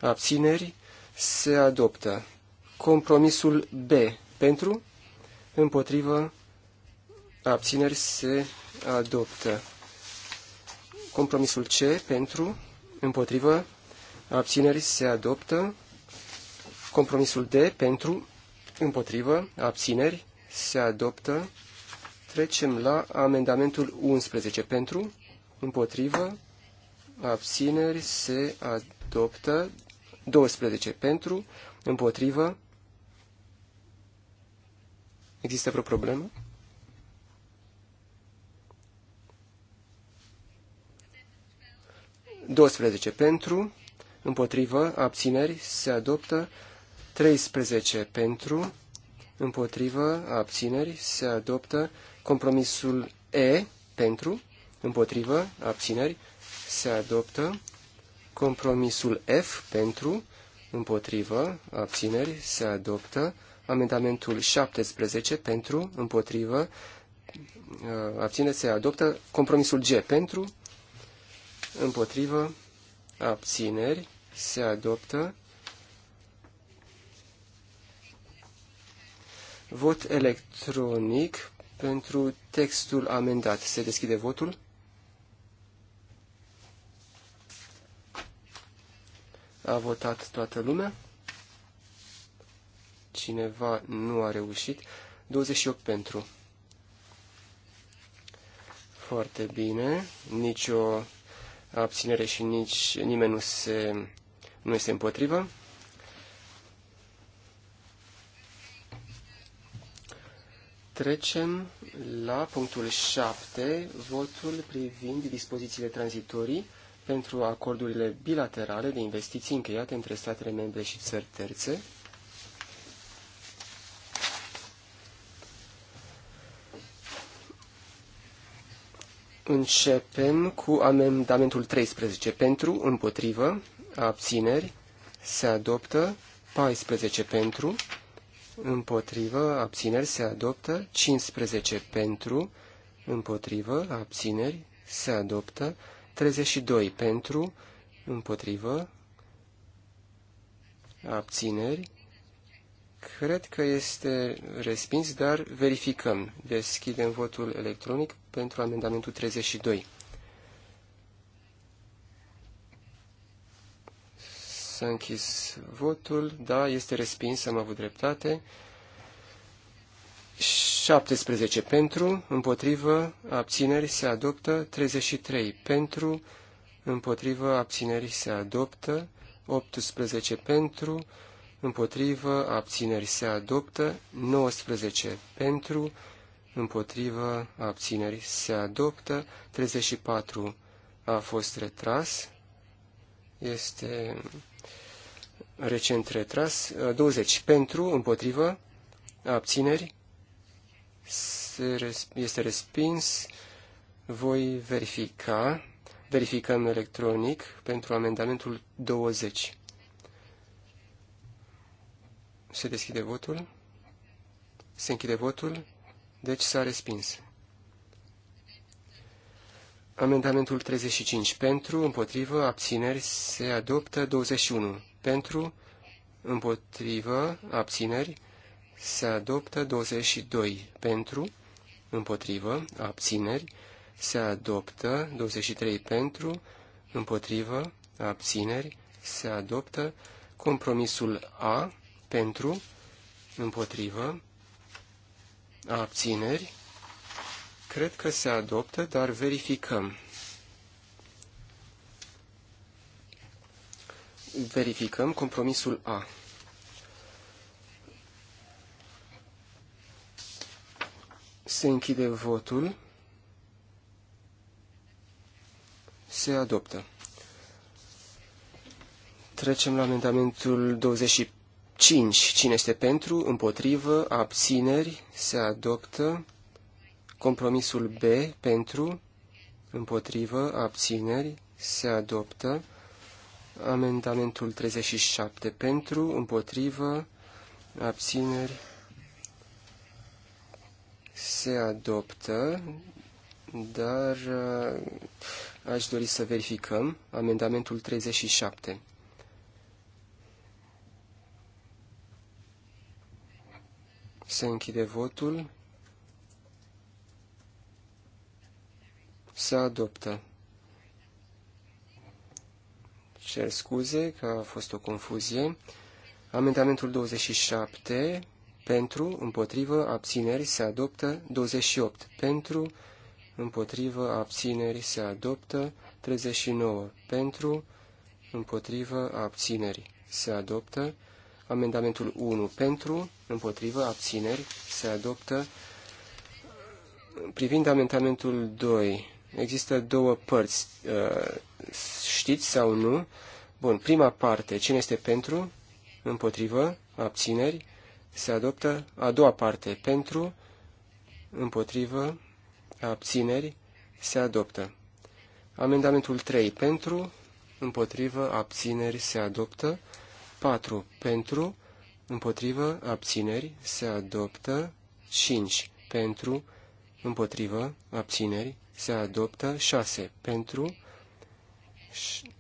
[SPEAKER 2] Abțineri? Se adoptă. Compromisul B. Pentru? Împotrivă? Abțineri? Se adoptă. Compromisul C. Pentru? Împotrivă? Abțineri? Se adoptă. Compromisul D. Pentru? Împotrivă? Abțineri? se adoptă. Trecem la amendamentul 11. Pentru, împotrivă, abțineri, se adoptă. 12. Pentru, împotrivă. Există vreo problemă? Douăsprezece. pentru, împotrivă, abțineri, se adoptă. 13 pentru, împotrivă, abțineri, se adoptă compromisul E, pentru, împotrivă, abțineri, se adoptă compromisul F, pentru, împotrivă, abțineri, se adoptă amendamentul 17, pentru, împotrivă, uh, abțineri, se adoptă compromisul G, pentru, împotrivă, abțineri, se adoptă Vot electronic pentru textul amendat. Se deschide votul. A votat toată lumea. Cineva nu a reușit. 28 pentru. Foarte bine. Nici o abținere și nici nimeni nu, se, nu este împotrivă. Trecem la punctul 7, votul privind dispozițiile tranzitorii pentru acordurile bilaterale de investiții încheiate între statele membre și țări terțe. Începem cu amendamentul 13. Pentru, împotrivă, abțineri, se adoptă 14 pentru, împotrivă, abțineri se adoptă, 15 pentru, împotrivă, abțineri se adoptă, 32 pentru, împotrivă, abțineri, cred că este respins, dar verificăm. Deschidem votul electronic pentru amendamentul 32. S-a închis votul. Da, este respins, am avut dreptate. 17 pentru, împotrivă, abțineri se adoptă. 33 pentru, împotrivă, abțineri se adoptă. 18 pentru, împotrivă, abțineri se adoptă. 19 pentru, împotrivă, abțineri se adoptă. 34 a fost retras. Este recent retras, 20 uh, pentru, împotrivă, abțineri, este respins, voi verifica, verificăm electronic pentru amendamentul 20. Se deschide votul, se închide votul, deci s-a respins. Amendamentul 35 pentru, împotrivă, abțineri, se adoptă 21 pentru, împotrivă, abțineri, se adoptă 22 pentru, împotrivă, abțineri, se adoptă 23 pentru, împotrivă, abțineri, se adoptă compromisul A pentru, împotrivă, abțineri, cred că se adoptă, dar verificăm. verificăm compromisul A. Se închide votul. Se adoptă. Trecem la amendamentul 25. Cine este pentru? Împotrivă? Abțineri? Se adoptă. Compromisul B pentru? Împotrivă? Abțineri? Se adoptă. Amendamentul 37 pentru, împotrivă, abțineri, se adoptă, dar uh, aș dori să verificăm amendamentul 37. Se închide votul. Se adoptă cer scuze că a fost o confuzie. Amendamentul 27 pentru, împotrivă, abțineri se adoptă 28 pentru, împotrivă, abțineri se adoptă 39 pentru, împotrivă, abțineri se adoptă amendamentul 1 pentru, împotrivă, abțineri se adoptă privind amendamentul 2 Există două părți. Uh, știți sau nu? Bun, prima parte. Cine este pentru? Împotrivă? Abțineri? Se adoptă. A doua parte. Pentru? Împotrivă? Abțineri? Se adoptă. Amendamentul 3. Pentru? Împotrivă? Abțineri? Se adoptă. 4. Pentru? Împotrivă? Abțineri? Se adoptă. 5. Pentru? împotrivă, abțineri, se adoptă 6 pentru,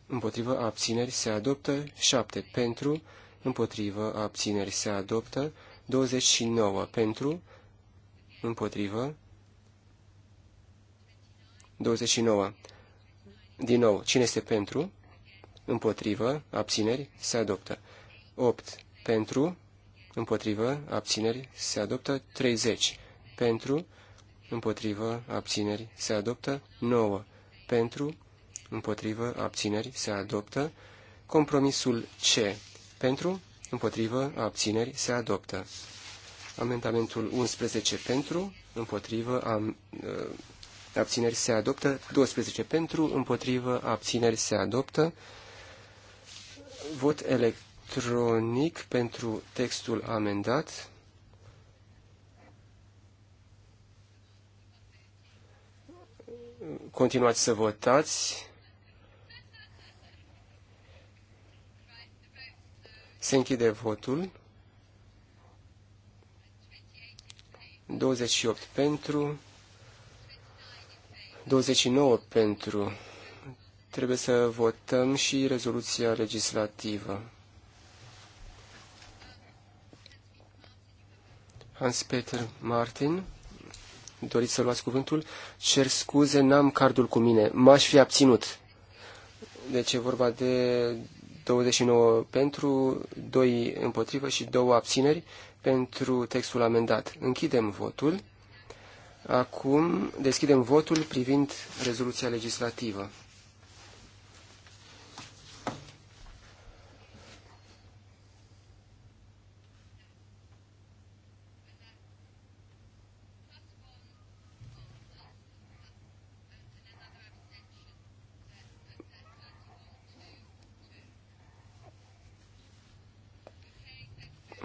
[SPEAKER 2] împotrivă, abțineri, se adoptă 7 pentru, împotrivă, abțineri, se adoptă 29 pentru, împotrivă, 29. Din nou, cine este pentru, împotrivă, abțineri, se adoptă. 8 pentru, împotrivă, abțineri, se adoptă 30 pentru, împotrivă, abțineri, se adoptă. 9. Pentru, împotrivă, abțineri, se adoptă. Compromisul C. Pentru, împotrivă, abțineri, se adoptă. Amendamentul 11 pentru, împotrivă, am, uh, abțineri se adoptă. 12 pentru, împotrivă, abțineri se adoptă. Vot electronic pentru textul amendat. continuați să votați. Se închide votul. 28 pentru, 29 pentru. Trebuie să votăm și rezoluția legislativă. Hans-Peter Martin doriți să luați cuvântul? Cer scuze, n-am cardul cu mine. M-aș fi abținut. Deci e vorba de 29 pentru, 2 împotrivă și 2 abțineri pentru textul amendat. Închidem votul. Acum deschidem votul privind rezoluția legislativă.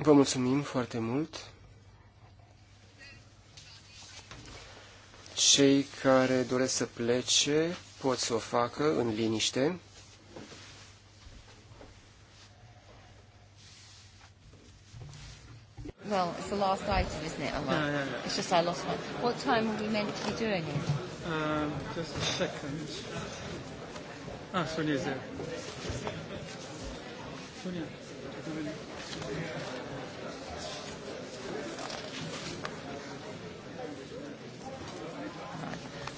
[SPEAKER 2] Vă mulțumim foarte mult. Cei care doresc să plece pot să o facă în liniște.
[SPEAKER 3] Well, it's the last item, isn't it? No, no, no. It's just I lost one. What time were we meant to be doing it? Um, just a second. Ah, Sonia's there. Sonia.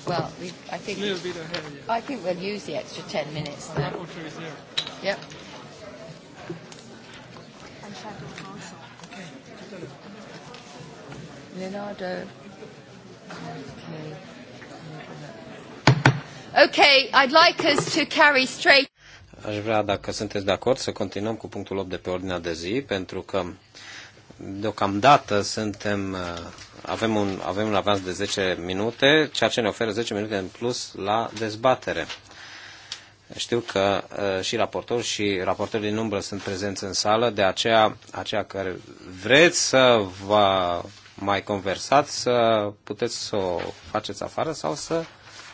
[SPEAKER 1] Well, we, I think a little bit ahead. Yeah. I think we'll use the extra 10 minutes. The rapporteur there. Yep.
[SPEAKER 3] And shadow
[SPEAKER 1] Leonardo. Okay. okay, I'd like us to carry straight.
[SPEAKER 4] Aș vrea, dacă sunteți de acord, să continuăm cu punctul 8 de pe ordinea de zi, pentru că deocamdată suntem uh, avem un, avem un avans de 10 minute, ceea ce ne oferă 10 minute în plus la dezbatere. Știu că uh, și raportori și raportori din umbră sunt prezenți în sală, de aceea, aceea care vreți să vă mai conversați, să puteți să o faceți afară sau să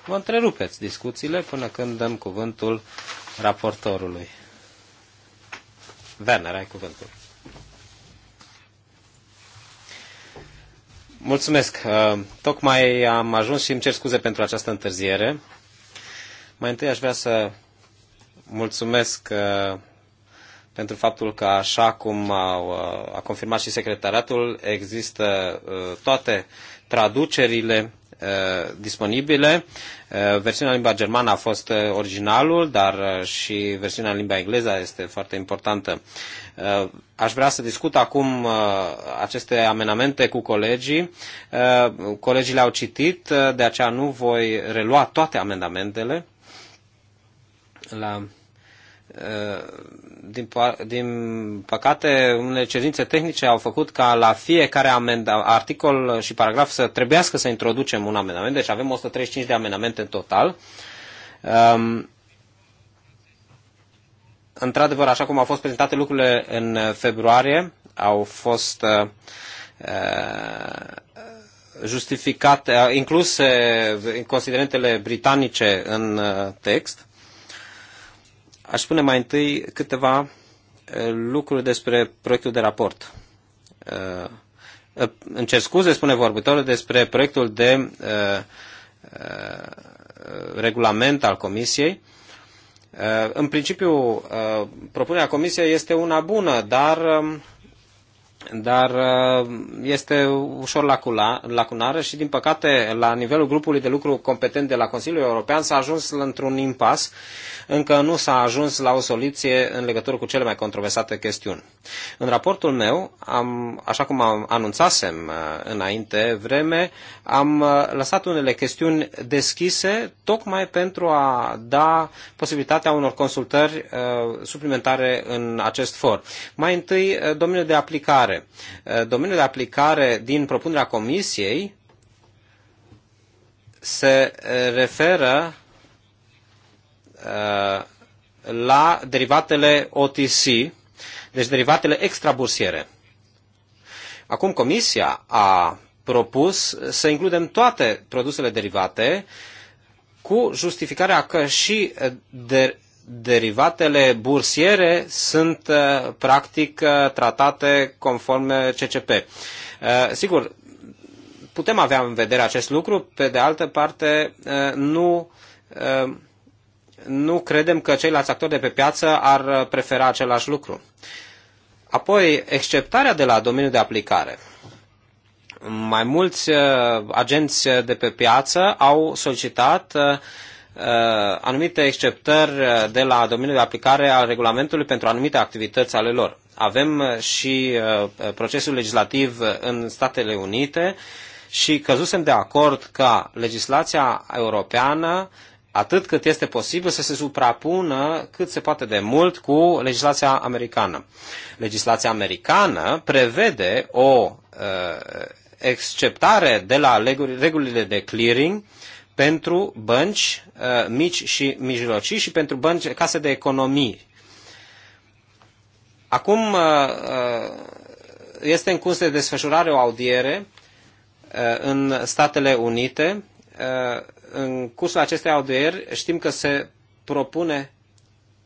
[SPEAKER 4] vă întrerupeți discuțiile până când dăm cuvântul raportorului. Werner, ai cuvântul. Mulțumesc. Uh, tocmai am ajuns și îmi cer scuze pentru această întârziere. Mai întâi aș vrea să mulțumesc uh, pentru faptul că, așa cum au, uh, a confirmat și secretariatul, există toate traducerile Uh, disponibile. Uh, versiunea în limba germană a fost uh, originalul, dar și versiunea în limba engleză este foarte importantă. Aș vrea să discut acum aceste amenamente cu colegii. Colegii le-au citit, de aceea nu voi relua toate amendamentele la Uh, din, din păcate, unele cerințe tehnice au făcut ca la fiecare amenda, articol și paragraf să trebuiască să introducem un amendament, deci avem 135 de amendamente în total. Um, într-adevăr, așa cum au fost prezentate lucrurile în februarie, au fost uh, uh justificate, uh, incluse considerentele britanice în text Aș spune mai întâi câteva uh, lucruri despre proiectul de raport. Uh, uh, în cer scuze, spune vorbitorul, despre proiectul de regulament al Comisiei. În principiu, propunerea Comisiei este una bună, dar um, dar uh, este ușor lacunară și, din păcate, la nivelul grupului de lucru competent de la Consiliul European s-a ajuns într-un impas, încă nu s-a ajuns la o soluție în legătură cu cele mai controversate chestiuni. În raportul meu, am, așa cum am anunțasem uh, înainte vreme, am uh, lăsat unele chestiuni deschise tocmai pentru a da posibilitatea unor consultări uh, suplimentare în acest for. Mai întâi, domeniul de aplicare aplicare. Eh, domeniul de aplicare din propunerea Comisiei se eh, referă eh, la derivatele OTC, deci derivatele extrabursiere. Acum Comisia a propus să includem toate produsele derivate cu justificarea că și de derivatele bursiere sunt uh, practic uh, tratate conform uh, CCP. Sigur, putem avea în vedere acest lucru, pe de altă parte nu, nu credem că ceilalți actori de pe piață ar prefera același lucru. Apoi, exceptarea de la domeniul de aplicare. Mai mulți agenți de pe piață au solicitat uh, Uh, anumite exceptări uh, de la domeniul de aplicare al regulamentului pentru anumite activități ale lor. Avem uh, și procesul legislativ în Statele Unite și căzusem de acord ca legislația europeană atât cât este posibil să se suprapună cât se poate de mult cu legislația americană. Legislația americană prevede o uh, exceptare de la regulile de clearing uh, pentru bănci uh, mici și mijlocii și pentru bănci, case de economii. Acum uh, uh, este în curs de desfășurare o audiere în Statele Unite. în cursul acestei audieri știm că se propune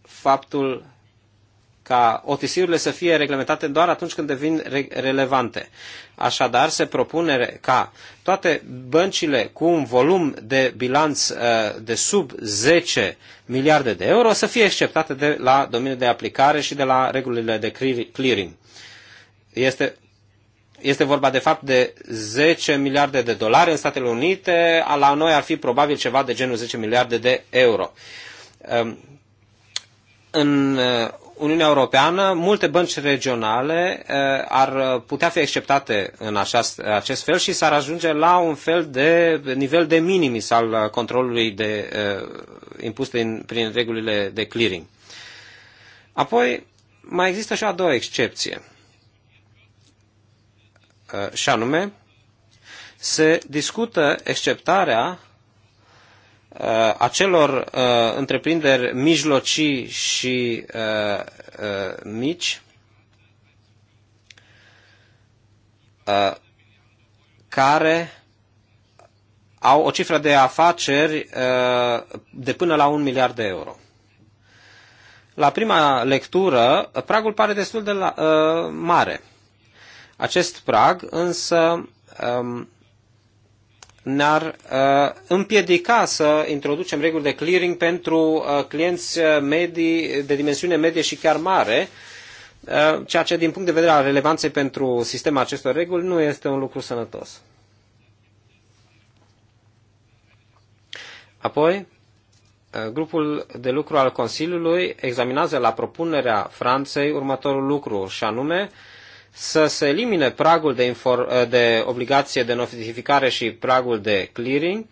[SPEAKER 4] faptul ca OTC-urile să fie reglementate doar atunci când devin re- relevante. Așadar, se propune ca toate băncile cu un volum de bilanț uh, de sub 10 miliarde de euro să fie exceptate de la domeniul de aplicare și de la regulile de clearing. Este este vorba de fapt de 10 miliarde de dolari în Statele Unite, la noi ar fi probabil ceva de genul 10 miliarde de euro. Um, în uh, Uniunea Europeană, multe bănci regionale eh, ar putea fi acceptate în aceast, acest fel și s-ar ajunge la un fel de nivel de minimis al controlului de, eh, impus din, prin regulile de clearing. Apoi, mai există și a doua excepție. Eh, și anume, se discută exceptarea Uh, acelor uh, întreprinderi mijlocii și uh, mici care au o cifră de afaceri de până la un miliard de euro. La prima lectură, pragul pare destul de la, mare. Acest prag însă um, ne-ar uh, împiedica să introducem reguli de clearing pentru uh, clienți uh, medii, de dimensiune medie și chiar mare, uh, ceea ce din punct de vedere al relevanței pentru sistemul acestor reguli nu este un lucru sănătos. Apoi, uh, grupul de lucru al Consiliului examinează la propunerea Franței următorul lucru, și anume uh, să se elimine pragul de, inform- de obligație de notificare și pragul de clearing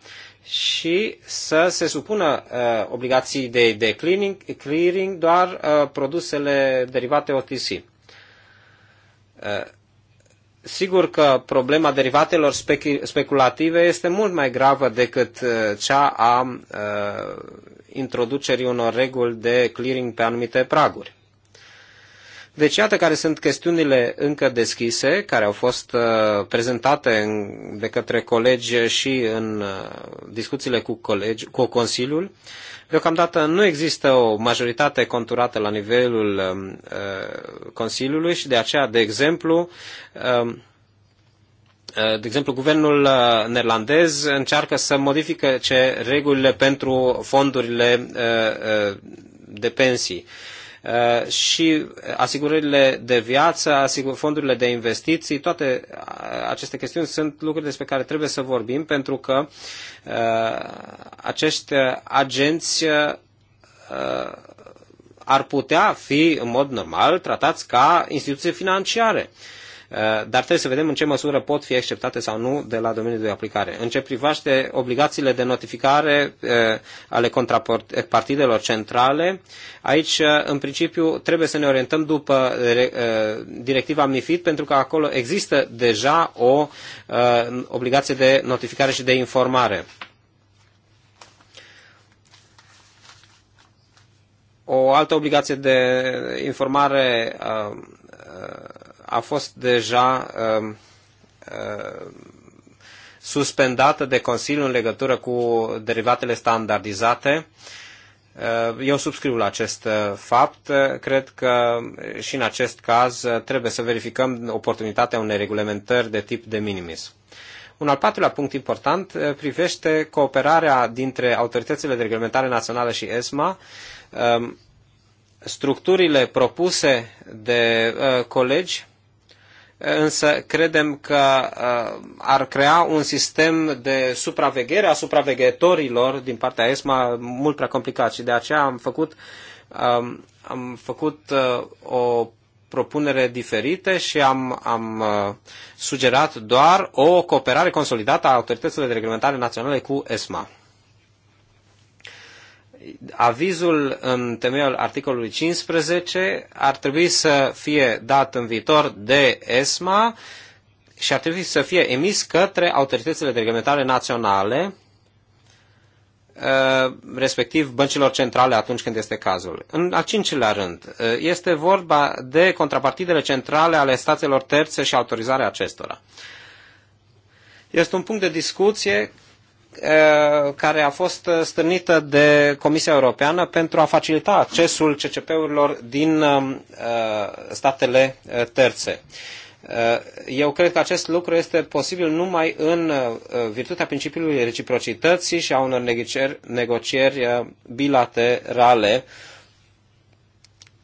[SPEAKER 4] și să se supună uh, obligații de, de clearing, clearing doar uh, produsele derivate OTC. Uh, sigur că problema derivatelor speculative este mult mai gravă decât uh, cea a uh, introducerii unor reguli de clearing pe anumite praguri. Deci iată care sunt chestiunile încă deschise, care au fost uh, prezentate de către colegi și în uh, discuțiile cu, colegi, cu Consiliul. Deocamdată nu există o majoritate conturată la nivelul um, uh, Consiliului și de aceea, de exemplu, um, de exemplu, guvernul neerlandez încearcă să modifice regulile pentru fondurile de pensii. Uh, și asigurările de viață, asigur, fondurile de investiții, toate uh, aceste chestiuni sunt lucruri despre care trebuie să vorbim pentru că uh, acești agenți ar putea fi în mod normal tratați ca instituții financiare. Uh, Eh, dar trebuie să vedem în ce măsură pot fi acceptate sau nu de la domeniul de aplicare. În ce privește obligațiile de notificare eh, ale contrapartidelor eh, centrale, aici, în principiu, trebuie să ne orientăm după directiva MIFID, pentru că acolo există deja o obligație de notificare și de informare. O altă obligație de informare a fost deja um, uh, suspendată de Consiliu în legătură cu derivatele standardizate. Uh, eu subscriu la acest uh, fapt. Cred că și în acest caz trebuie să verificăm oportunitatea unei reglementări de tip de minimis. Un al patrulea punct important privește cooperarea dintre autoritățile de reglementare națională și ESMA. Um, structurile propuse de colegi însă credem că uh, ar crea un sistem de supraveghere a supraveghetorilor din partea ESMA mult prea complicat și de aceea am făcut, um, am făcut uh, o propunere diferite și am, am uh, sugerat doar o cooperare consolidată a autorităților de reglementare naționale cu ESMA avizul în temeiul articolului 15 ar trebui să fie dat în viitor de ESMA și ar trebui să fie emis către autoritățile de reglementare naționale, ă, respectiv băncilor centrale atunci când este cazul. În al cincilea rând, ă, este vorba de contrapartidele centrale ale statelor terțe și autorizarea acestora. Este un punct de discuție Eh, care a fost stârnită de Comisia Europeană pentru a facilita accesul CCP-urilor din eh, statele eh, terțe. Eu cred că acest lucru este posibil numai în virtutea principiului reciprocității și a unor negocieri bilaterale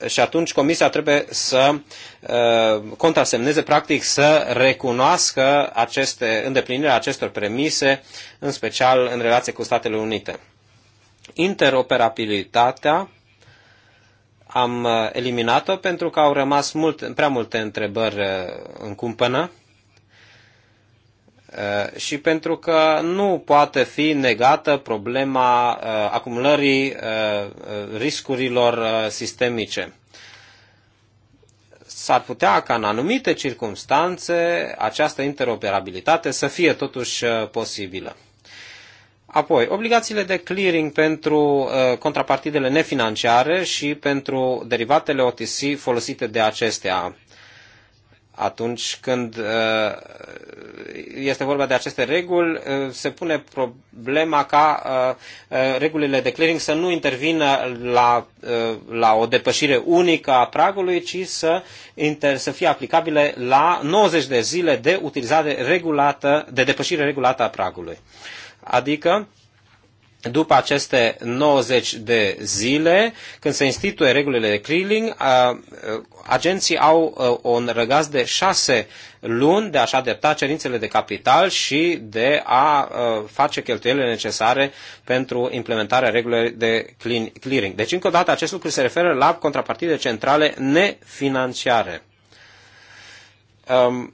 [SPEAKER 4] și atunci comisia trebuie să uh, contrasemneze, practic să recunoască aceste, îndeplinirea acestor premise, în special în relație cu Statele Unite. Interoperabilitatea am uh, eliminat-o pentru că au rămas mult, prea multe întrebări uh, în cumpănă Uh, și pentru că nu poate fi negată problema uh, acumulării uh, riscurilor sistemice. S-ar putea ca în anumite circunstanțe această interoperabilitate să fie totuși posibilă. Apoi, obligațiile de clearing pentru uh, contrapartidele nefinanciare și pentru derivatele OTC folosite de acestea atunci când uh, este vorba de aceste reguli, uh, se pune problema ca uh, regulile de clearing să nu intervină la, la o depășire unică a pragului, ci să, inter, să fie aplicabile la 90 de zile de utilizare regulată, de depășire regulată a pragului. Adică, după aceste 90 de zile, când se instituie regulile de clearing, agenții au un răgaz de 6 luni de a-și adepta cerințele de capital și de a face cheltuielile necesare pentru implementarea regulilor de clearing. Deci, încă o dată, acest lucru se referă la contrapartide centrale nefinanciare. Um,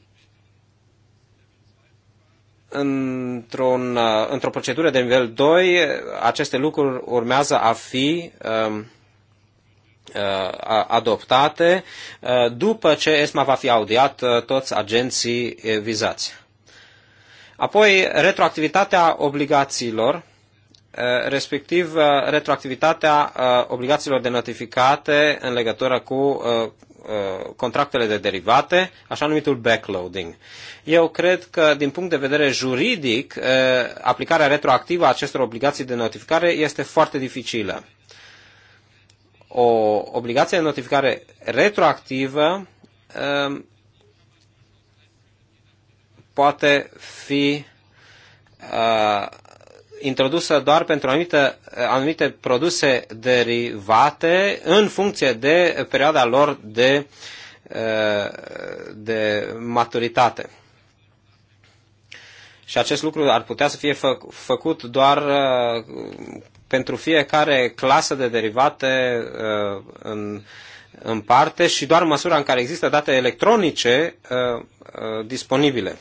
[SPEAKER 4] într-un, uh, într-o procedură de nivel 2, aceste lucruri urmează a fi um, uh, adoptate uh, după ce ESMA va fi audiat toți agenții vizați. Apoi, retroactivitatea obligațiilor, respectiv retroactivitatea obligațiilor de notificate în legătură cu Uh, contractele de derivate, așa numitul backloading. Eu cred că, din punct de vedere juridic, uh, aplicarea retroactivă a acestor obligații de notificare este foarte dificilă. O obligație de notificare retroactivă um, poate fi uh, introdusă doar pentru anumite, anumite produse derivate în funcție de perioada lor de, eh, de maturitate. Și acest lucru ar putea să fie fă, făcut doar eh, pentru fiecare clasă de derivate eh, în, în parte și doar în măsura în care există date electronice disponibile.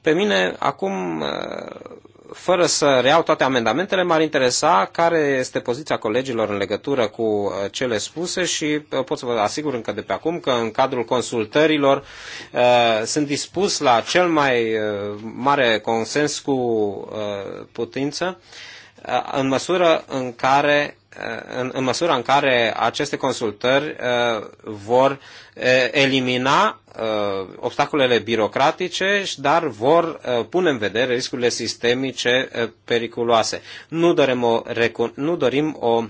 [SPEAKER 4] Pe mine acum fără să reau toate amendamentele, m-ar interesa care este poziția colegilor în legătură cu uh, cele spuse și uh, pot să vă asigur încă de pe acum că în cadrul consultărilor uh, sunt dispus la cel mai mare consens cu putință în măsură în care în, în măsura în care aceste consultări uh, vor uh, elimina uh, obstacolele birocratice, dar vor uh, pune în vedere riscurile sistemice uh, periculoase. Nu dorim o, nu dorim o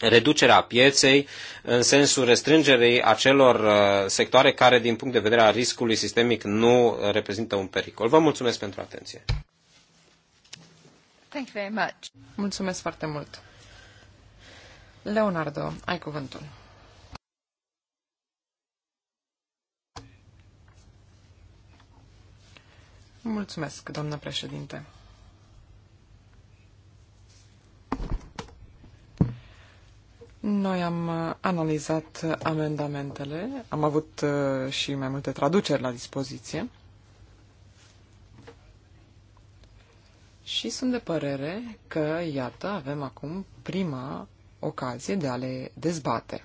[SPEAKER 4] reducerea pieței în sensul restrângerii acelor uh, sectoare care, din punct de vedere al riscului sistemic, nu reprezintă un pericol. Vă mulțumesc pentru atenție.
[SPEAKER 1] Thank you very
[SPEAKER 3] much. Mulțumesc foarte mult. Leonardo, ai cuvântul. Mulțumesc, doamnă președinte. Noi am analizat amendamentele, am avut uh, și mai multe traduceri la dispoziție. Și sunt de părere că, iată, avem acum prima ocazie de a le dezbate.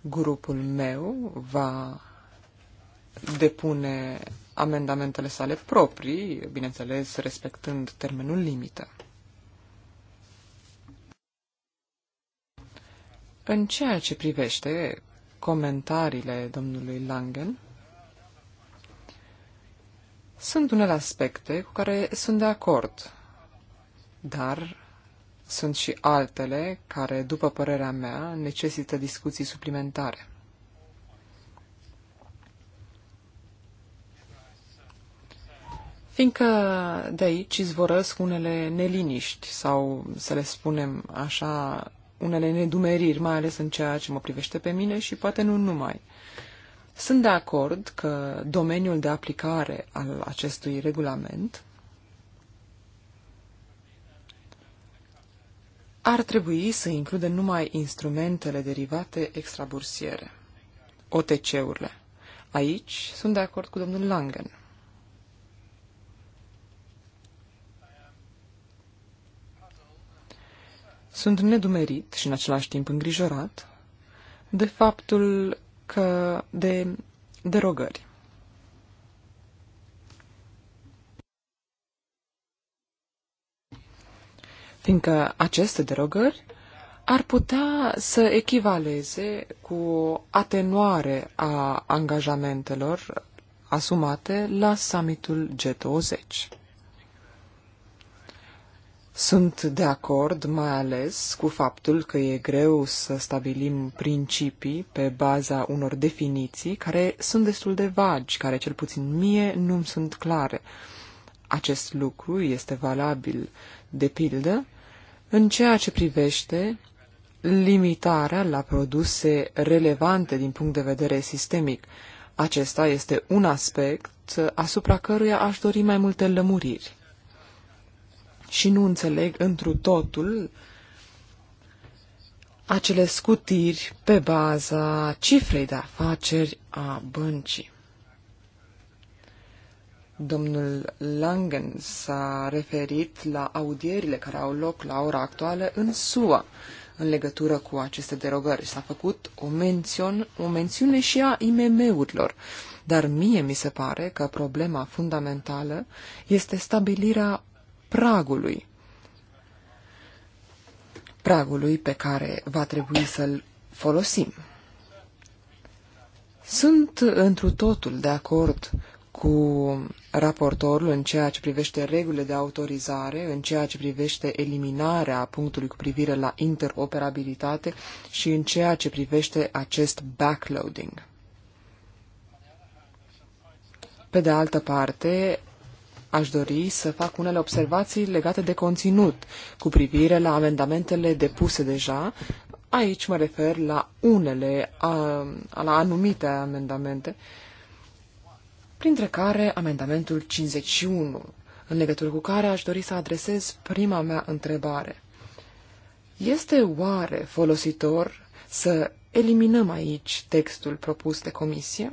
[SPEAKER 3] Grupul meu va depune amendamentele sale proprii, bineînțeles respectând termenul limită. În ceea ce privește comentariile domnului Langen, sunt unele aspecte cu care sunt de acord, dar sunt și altele care, după părerea mea, necesită discuții suplimentare. Fiindcă de aici izvorăsc unele neliniști sau, să le spunem așa, unele nedumeriri, mai ales în ceea ce mă privește pe mine și poate nu numai. Sunt de acord că domeniul de aplicare al acestui regulament ar trebui să includă numai instrumentele derivate extrabursiere, OTC-urile. Aici sunt de acord cu domnul Langen. Sunt nedumerit și în același timp îngrijorat de faptul că de derogări. Fiindcă aceste derogări ar putea să echivaleze cu o atenuare a angajamentelor asumate la summitul G20. Sunt de acord mai ales cu faptul că e greu să stabilim principii pe baza unor definiții care sunt destul de vagi, care cel puțin mie nu-mi sunt clare. Acest lucru este valabil, de pildă, în ceea ce privește limitarea la produse relevante din punct de vedere sistemic. Acesta este un aspect asupra căruia aș dori mai multe lămuriri și nu înțeleg întru totul acele scutiri pe baza cifrei de afaceri a băncii. Domnul Langen s-a referit la audierile care au loc la ora actuală în SUA în legătură cu aceste derogări. S-a făcut o, mențion, o mențiune și a IMM-urilor, dar mie mi se pare că problema fundamentală este stabilirea pragului. Pragului pe care va trebui să-l folosim. Sunt întru totul de acord cu raportorul în ceea ce privește regulile de autorizare, în ceea ce privește eliminarea punctului cu privire la interoperabilitate și în ceea ce privește acest backloading. Pe de altă parte, aș dori să fac unele observații legate de conținut cu privire la amendamentele depuse deja. Aici mă refer la unele, a, la anumite amendamente, printre care amendamentul 51, în legătură cu care aș dori să adresez prima mea întrebare. Este oare folositor să eliminăm aici textul propus de comisie?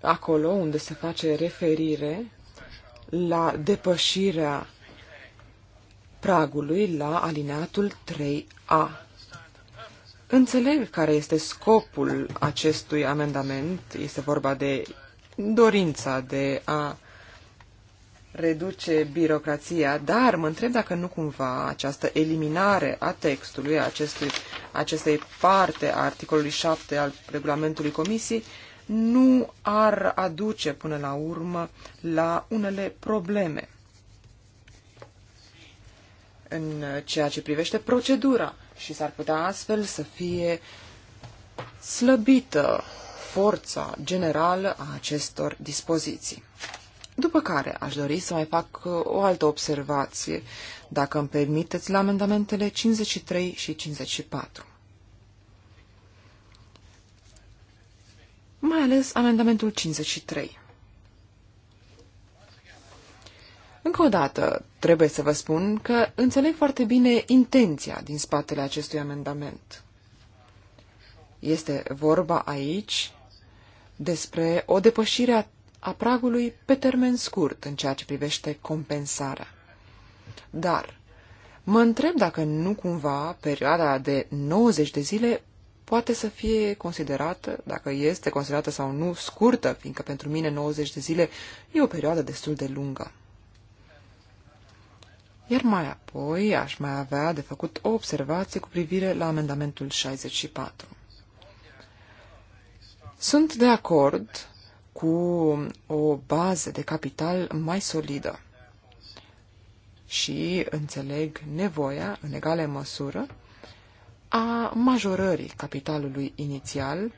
[SPEAKER 3] acolo unde se face referire la depășirea pragului la alineatul 3A. Înțeleg care este scopul acestui amendament. Este vorba de dorința de a reduce birocrația, dar mă întreb dacă nu cumva această eliminare a textului, acestui, acestei parte a articolului 7 al regulamentului comisiei, nu ar aduce până la urmă la unele probleme în ceea ce privește procedura și s-ar putea astfel să fie slăbită forța generală a acestor dispoziții. După care aș dori să mai fac o altă observație, dacă îmi permiteți, la amendamentele 53 și 54. mai ales amendamentul 53. Încă o dată, trebuie să vă spun că înțeleg foarte bine intenția din spatele acestui amendament. Este vorba aici despre o depășire a pragului pe termen scurt în ceea ce privește compensarea. Dar mă întreb dacă nu cumva perioada de 90 de zile poate să fie considerată, dacă este considerată sau nu, scurtă, fiindcă pentru mine 90 de zile e o perioadă destul de lungă. Iar mai apoi aș mai avea de făcut o observație cu privire la amendamentul 64. Sunt de acord cu o bază de capital mai solidă și înțeleg nevoia, în egală măsură, a majorării capitalului inițial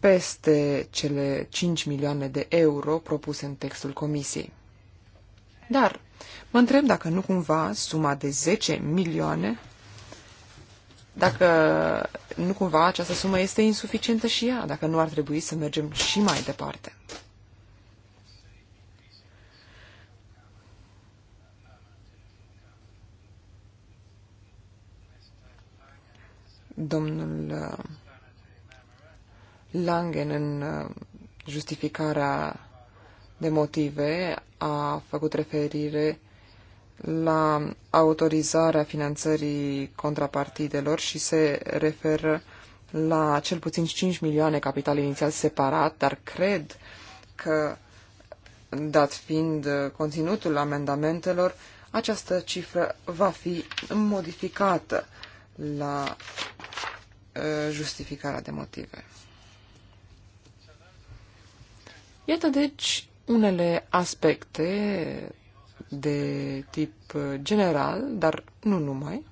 [SPEAKER 3] peste cele 5 milioane de euro propuse în textul comisiei. Dar mă întreb dacă nu cumva suma de 10 milioane, dacă nu cumva această sumă este insuficientă și ea, dacă nu ar trebui să mergem și mai departe. domnul uh, Langen în uh, justificarea de motive a făcut referire la autorizarea finanțării contrapartidelor și se referă la cel puțin 5 milioane capital inițial separat, dar cred că, dat fiind uh, conținutul amendamentelor, această cifră va fi modificată la uh, justificarea de motive. Iată, deci, unele aspecte de tip general, dar nu numai.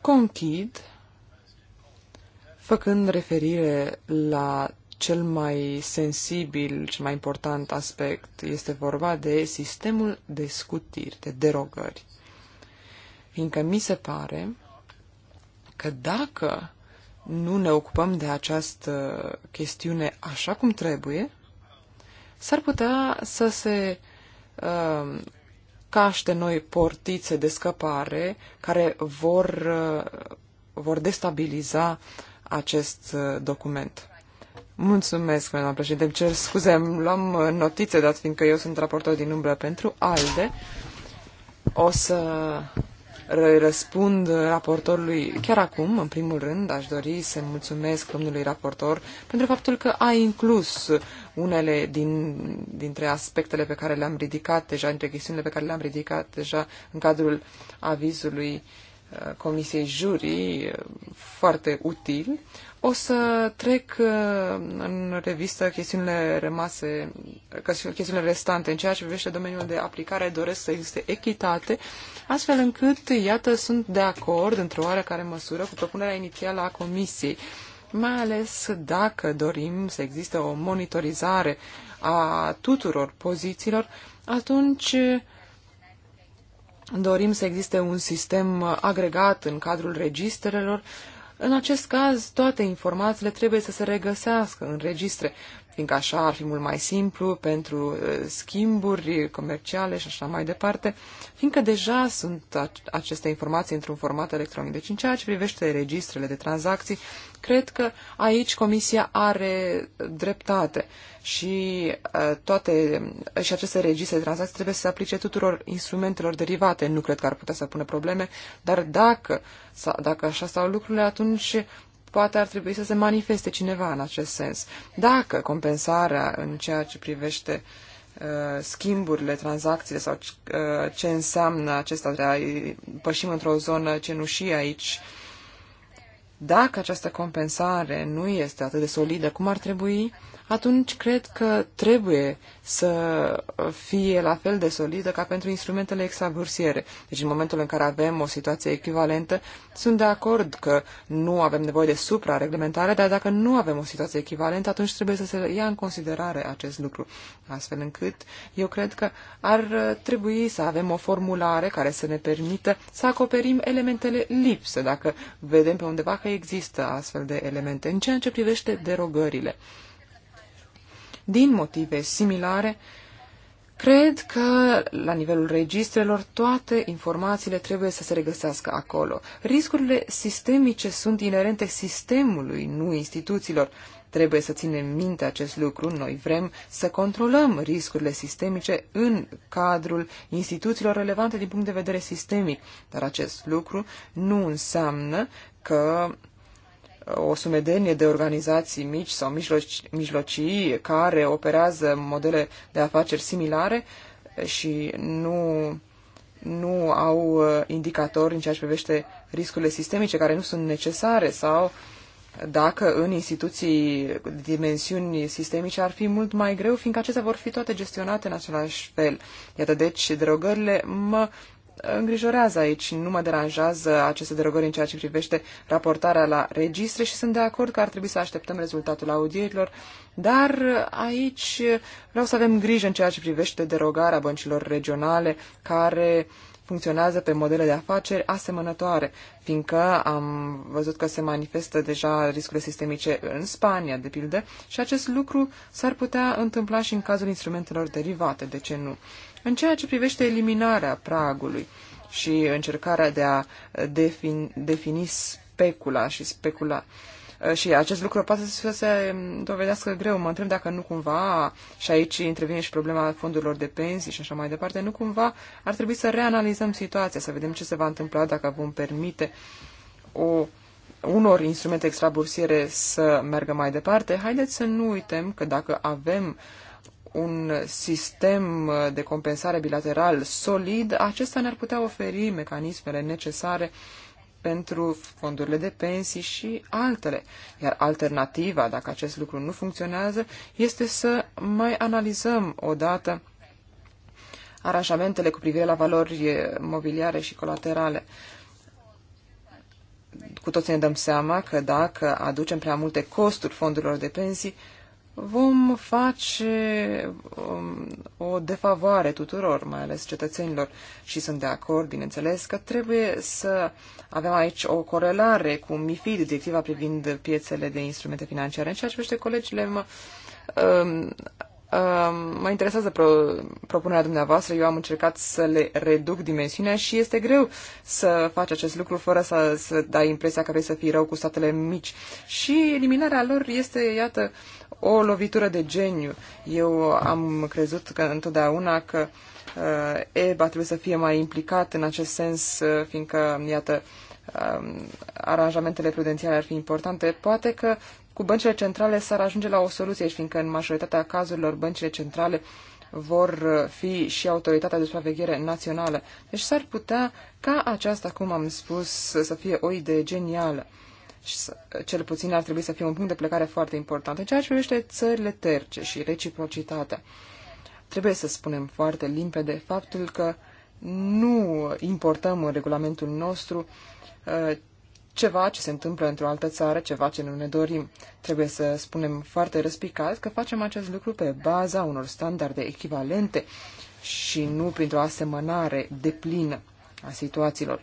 [SPEAKER 3] Conchid, făcând referire la cel mai sensibil, cel mai important aspect este vorba de sistemul de scutiri, de derogări. Fiindcă mi se pare că dacă nu ne ocupăm de această chestiune așa cum trebuie, s-ar putea să se uh, caște noi portițe de scăpare care vor, uh, vor destabiliza acest uh, document. Mulțumesc, doamna președinte. Cer scuze, luam uh, notițe, dat fiindcă eu sunt raportor din umbră pentru ALDE. O să răspund uh, raportorului chiar acum, în primul rând, aș dori să mulțumesc domnului raportor pentru faptul că a inclus unele din, dintre aspectele pe care le-am ridicat deja, dintre chestiunile pe care le-am ridicat deja în cadrul avizului uh, Comisiei Jurii, foarte util. O să trec uh, în revistă chestiunile rămase, chestiunile restante. În ceea ce privește domeniul de aplicare, doresc să existe echitate, astfel încât, iată, sunt de acord, într-o oarecare măsură, cu propunerea inițială a Comisiei, mai ales dacă dorim să existe o monitorizare a tuturor pozițiilor, atunci dorim să existe un sistem uh, agregat în cadrul registrelor. În acest caz, toate informațiile trebuie să se regăsească în registre, fiindcă așa ar fi mult mai simplu pentru uh, schimburi comerciale și așa mai departe, fiindcă deja sunt aceste informații într-un format electronic. Deci, în ceea ce privește registrele de tranzacții, Cred că aici Comisia are dreptate și uh, toate și aceste registre de tranzacții trebuie să se aplice tuturor instrumentelor derivate. Nu cred că ar putea să pună probleme, dar dacă, dacă așa stau lucrurile, atunci poate ar trebui să se manifeste cineva în acest sens. Dacă compensarea în ceea ce privește uh, schimburile, tranzacțiile sau uh, ce înseamnă acesta, pășim într-o zonă cenușie aici, dacă această compensare nu este atât de solidă cum ar trebui, atunci cred că trebuie să fie la fel de solidă ca pentru instrumentele exabursiere. Deci în momentul în care avem o situație echivalentă, sunt de acord că nu avem nevoie de suprareglementare, dar dacă nu avem o situație echivalentă, atunci trebuie să se ia în considerare acest lucru. Astfel încât eu cred că ar trebui să avem o formulare care să ne permită să acoperim elementele lipsă, dacă vedem pe undeva că există astfel de elemente, în ceea ce privește derogările. Din motive similare, cred că la nivelul registrelor toate informațiile trebuie să se regăsească acolo. Riscurile sistemice sunt inerente sistemului, nu instituțiilor. Trebuie să ținem minte acest lucru. Noi vrem să controlăm riscurile sistemice în cadrul instituțiilor relevante din punct de vedere sistemic. Dar acest lucru nu înseamnă că o sumedenie de organizații mici sau mijloci, mijlocii care operează modele de afaceri similare și nu, nu au uh, indicatori în ceea ce privește riscurile sistemice care nu sunt necesare sau dacă în instituții dimensiuni sistemice ar fi mult mai greu, fiindcă acestea vor fi toate gestionate în același fel. Iată, deci, derogările mă îngrijorează aici. Nu mă deranjează aceste derogări în ceea ce privește raportarea la registre și sunt de acord că ar trebui să așteptăm rezultatul audierilor, dar aici vreau să avem grijă în ceea ce privește derogarea băncilor regionale care funcționează pe modele de afaceri asemănătoare, fiindcă am văzut că se manifestă deja riscurile sistemice în Spania, de pildă, și acest lucru s-ar putea întâmpla și în cazul instrumentelor derivate, de ce nu? În ceea ce privește eliminarea pragului și încercarea de a defini, defini specula și specula uh, și acest lucru poate să se dovedească greu. Mă întreb dacă nu cumva, și aici intervine și problema fondurilor de pensii și așa mai departe, nu cumva ar trebui să reanalizăm situația, să vedem ce se va întâmpla dacă vom permite o, unor instrumente extrabursiere să meargă mai departe. Haideți să nu uităm că dacă avem uh, un sistem de compensare bilateral solid, acesta ne-ar putea oferi mecanismele necesare pentru fondurile de pensii și altele. Iar alternativa, dacă acest lucru nu funcționează, este să mai analizăm odată aranjamentele cu privire la valori mobiliare și colaterale. Cu toții ne dăm seama că dacă aducem prea multe costuri fondurilor de pensii, vom face um, o defavoare tuturor, mai ales cetățenilor. Și sunt de acord, bineînțeles, că trebuie să avem aici o corelare cu MIFID, directiva privind piețele de instrumente financiare. În ceea ce privește colegile, mă, um, um, mă interesează pro, propunerea dumneavoastră. Eu am încercat să le reduc dimensiunea și este greu să faci acest lucru fără să, să dai impresia că vrei să fii rău cu statele mici. Și eliminarea lor este, iată, o lovitură de geniu. Eu am crezut că întotdeauna că uh, EBA trebuie să fie mai implicat în acest sens, uh, fiindcă, iată, uh, aranjamentele prudențiale ar fi importante. Poate că cu băncile centrale s-ar ajunge la o soluție, fiindcă în majoritatea cazurilor băncile centrale vor uh, fi și autoritatea de supraveghere națională. Deci s-ar putea ca aceasta, cum am spus, să fie o idee genială și cel puțin ar trebui să fie un punct de plecare foarte important. În ceea ce privește țările terce și reciprocitatea, trebuie să spunem foarte limpede faptul că nu importăm în regulamentul nostru uh, ceva ce se întâmplă într-o altă țară, ceva ce nu ne dorim. Trebuie să spunem foarte răspicat că facem acest lucru pe baza unor standarde echivalente și nu printr-o asemănare deplină a situațiilor.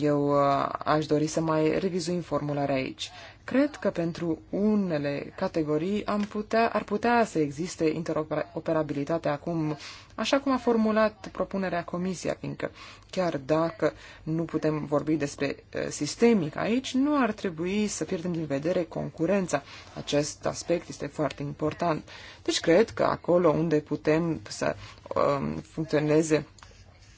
[SPEAKER 3] Eu uh, aș dori să mai revizuim formularea aici. Cred că pentru unele categorii am putea, ar putea să existe interoperabilitate acum, așa cum a formulat propunerea Comisia, fiindcă chiar dacă nu putem vorbi despre uh, sistemic aici, nu ar trebui să pierdem din vedere concurența. Acest aspect este foarte important. Deci cred că acolo unde putem să um, funcționeze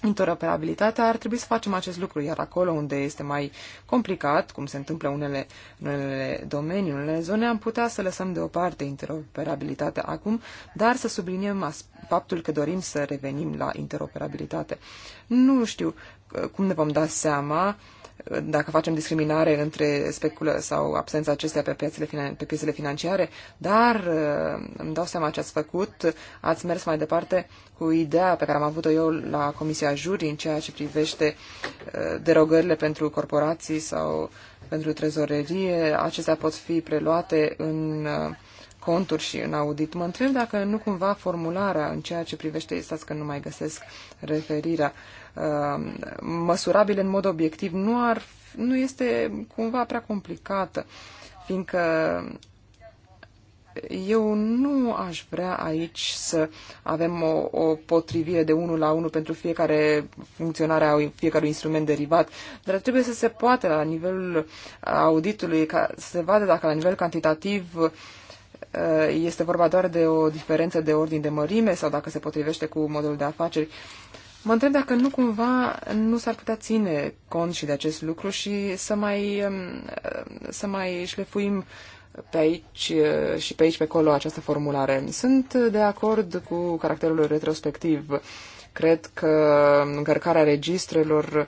[SPEAKER 3] interoperabilitatea, ar trebui să facem acest lucru, iar acolo unde este mai complicat, cum se întâmplă unele, în unele domenii, unele zone, am putea să lăsăm deoparte interoperabilitatea acum, dar să subliniem faptul că dorim să revenim la interoperabilitate. Nu știu uh, cum ne vom da seama uh, dacă facem discriminare între speculă sau absența acestea pe piețele, pe piețele financiare, dar uh, îmi dau seama ce ați făcut, ați mers mai departe cu ideea pe care am avut-o eu la Comisia Juri în ceea ce privește uh, derogările pentru corporații sau pentru trezorerie. Acestea pot fi preluate în uh, conturi și în audit. Mă întreb dacă nu cumva formularea în ceea ce privește, stați că nu mai găsesc referirea, uh, Uh, măsurabile în mod obiectiv nu, ar, nu este cumva prea complicată, fiindcă eu nu aș vrea aici să avem o, o potrivire de 1 la 1 pentru fiecare funcționare a fiecărui instrument derivat, dar trebuie să se poate la nivelul auditului, ca să se vadă dacă la nivel cantitativ uh, este vorba doar de o diferență de ordin de mărime sau dacă se potrivește cu modelul de afaceri. Mă întreb dacă nu cumva nu s-ar putea ține cont și de acest lucru și să mai, um, să mai șlefuim pe aici uh, și pe aici pe acolo această formulare. Sunt de acord cu caracterul retrospectiv. Cred că încărcarea registrelor uh,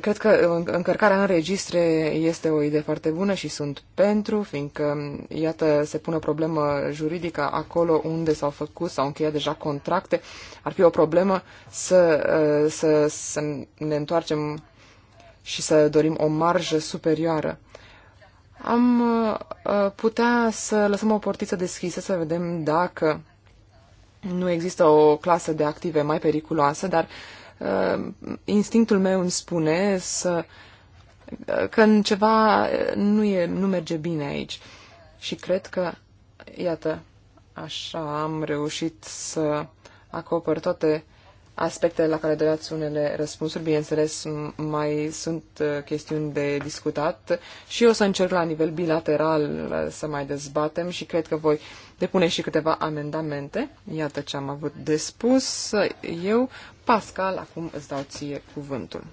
[SPEAKER 3] Cred că încărcarea în registre este o idee foarte bună și sunt pentru, fiindcă, iată, se pune o problemă juridică acolo unde s-au făcut, s-au încheiat deja contracte. Ar fi o problemă să, uh, să, să ne întoarcem și să dorim o marjă superioară. Am uh, putea să lăsăm o portiță deschisă, să vedem dacă nu există o clasă de active mai periculoasă, dar uh, Uh, instinctul meu îmi spune să, uh, că în ceva uh, nu, e, nu merge bine aici. Și cred că, iată, așa am reușit să acopăr toate uh, aspectele la care doreați unele răspunsuri. Bineînțeles, mai sunt uh, chestiuni de discutat și o să încerc la nivel bilateral uh, să mai dezbatem și cred că voi depune și câteva amendamente. Iată ce am avut de spus. Eu, Pascal, acum îți dau ție cuvântul.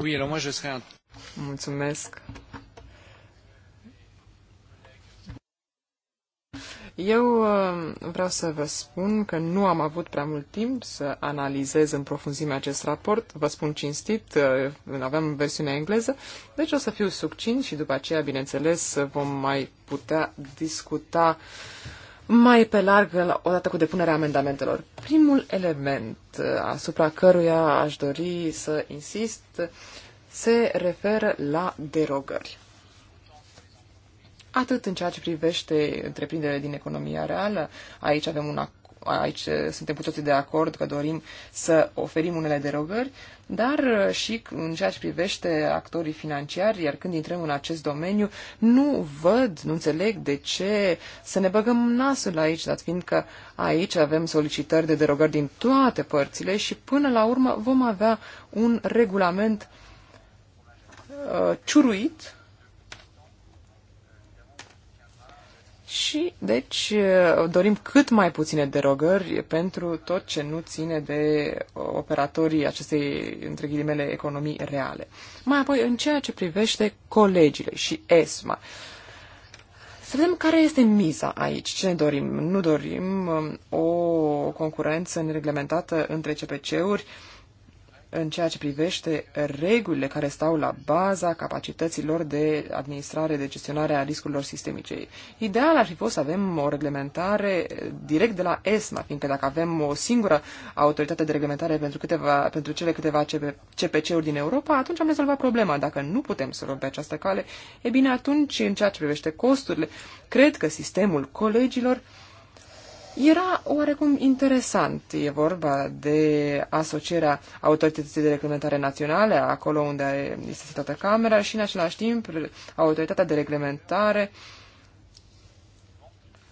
[SPEAKER 3] Oui, alors moi je serais un... Mulțumesc. Eu uh, vreau să vă spun că nu am avut prea mult timp să analizez în profunzime acest raport. Vă spun cinstit, uh, avem versiunea engleză, deci o să fiu succint și după aceea, bineînțeles, vom mai putea discuta mai pe larg odată cu depunerea amendamentelor. Primul element uh, asupra căruia aș dori să insist se referă la derogări atât în ceea ce privește întreprinderile din economia reală, aici avem un aici eh, suntem cu toții de acord că dorim să oferim unele derogări, dar eh, și în ceea ce privește actorii financiari, iar când intrăm în acest domeniu, nu văd, nu înțeleg de ce să ne băgăm nasul aici, dat fiindcă aici avem solicitări de derogări din toate părțile și până la urmă vom avea un regulament uh, ciuruit Și, deci, uh, dorim cât mai puține derogări pentru tot ce nu ține de uh, operatorii acestei, între ghilimele, economii reale. Mai apoi, în ceea ce privește colegiile și ESMA, să vedem care este miza aici, ce ne dorim. Nu dorim um, o concurență nereglementată între CPC-uri în ceea ce privește regulile care stau la baza capacităților de administrare, de gestionare a riscurilor sistemice. Ideal ar fi fost să avem o reglementare direct de la ESMA, fiindcă dacă avem o singură autoritate de reglementare pentru, câteva, pentru cele câteva CPC-uri din Europa, atunci am rezolvat problema. Dacă nu putem să luăm pe această cale, e bine, atunci, în ceea ce privește costurile, cred că sistemul colegilor era oarecum interesant. E vorba de asocierea autorității de reglementare naționale, acolo unde este setată camera, și în același timp autoritatea de reglementare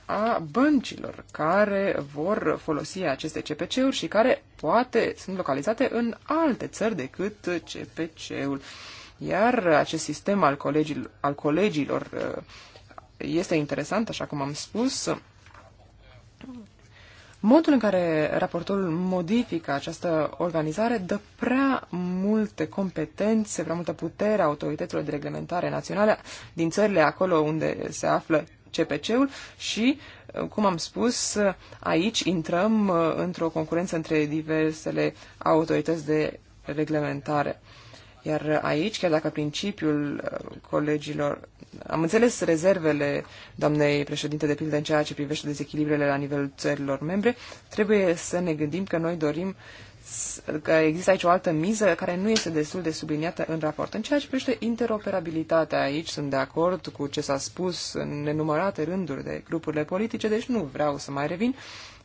[SPEAKER 3] a băncilor care vor folosi aceste CPC-uri și care poate sunt localizate în alte țări decât CPC-ul. Iar acest sistem al, al colegilor uh, este interesant, așa cum am spus, Modul în care raportorul modifică această organizare dă prea multe competențe, prea multă putere autorităților de reglementare naționale din țările acolo unde se află CPC-ul și, cum am spus, aici intrăm uh, într-o concurență între diversele autorități de reglementare. Iar aici, chiar dacă principiul uh, colegilor... Am înțeles rezervele doamnei președinte de pildă în ceea ce privește dezechilibrele la nivelul țărilor membre, trebuie să ne gândim că noi dorim că există aici o altă miză care nu este destul de subliniată în raport. În ceea ce privește interoperabilitatea aici, sunt de acord cu ce s-a spus în nenumărate rânduri de grupurile politice, deci nu vreau să mai revin.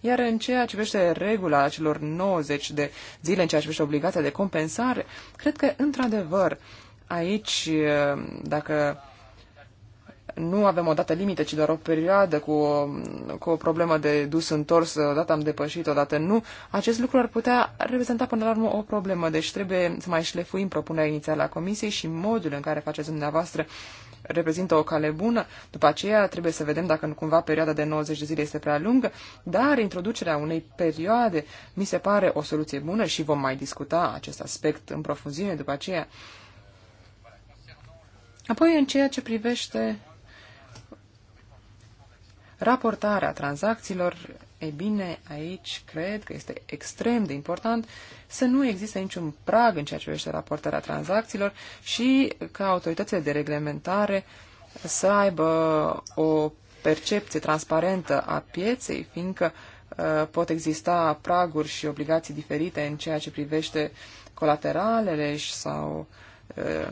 [SPEAKER 3] Iar în ceea ce privește regula acelor 90 de zile, în ceea ce privește obligația de compensare, cred că, într-adevăr, aici, dacă nu avem o dată limită, ci doar o perioadă cu o, cu o problemă de dus întors, odată am depășit, odată nu, acest lucru ar putea reprezenta până la urmă o problemă. Deci trebuie să mai șlefuim propunerea inițială a Comisiei și modul în care faceți dumneavoastră reprezintă o cale bună, după aceea trebuie să vedem dacă nu cumva perioada de 90 de zile este prea lungă, dar introducerea unei perioade mi se pare o soluție bună și vom mai discuta acest aspect în profunzime după aceea. Apoi, în ceea ce privește raportarea tranzacțiilor, E bine, aici cred că este extrem de important să nu existe niciun prag în ceea ce privește raportarea tranzacțiilor și ca autoritățile de reglementare să aibă o percepție transparentă a pieței, fiindcă uh, pot exista praguri și obligații diferite în ceea ce privește colateralele sau uh, Uh,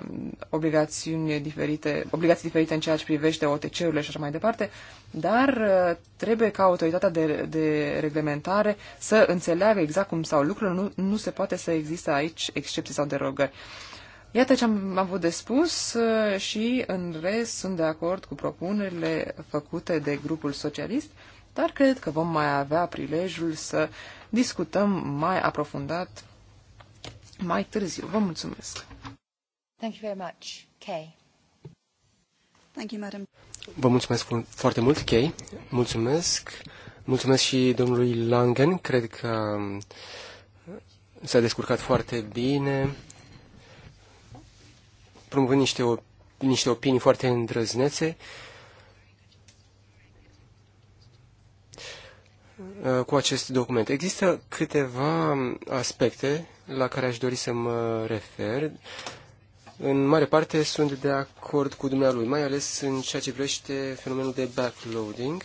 [SPEAKER 3] obligațiuni diferite, obligații diferite în ceea ce privește OTC-urile și așa mai departe, dar uh, trebuie ca autoritatea de, de reglementare să înțeleagă exact cum stau lucrurile, nu, nu se poate să existe aici excepții sau derogări. Iată ce am avut de spus uh, și în rest sunt de acord cu propunerile făcute de grupul socialist, dar cred că vom mai avea prilejul să discutăm mai aprofundat mai târziu. Vă mulțumesc!
[SPEAKER 1] Thank you very much. Kay. Thank you, madam.
[SPEAKER 2] Vă mulțumesc foarte mult, Kay. Mulțumesc. Mulțumesc și domnului Langen. Cred că um, s-a descurcat foarte bine, promovând niște, op- niște opinii foarte îndrăznețe. Uh, cu acest document. Există câteva um, aspecte la care aș dori să mă refer. În mare parte sunt de acord cu dumnealui, mai ales în ceea ce privește fenomenul de backloading.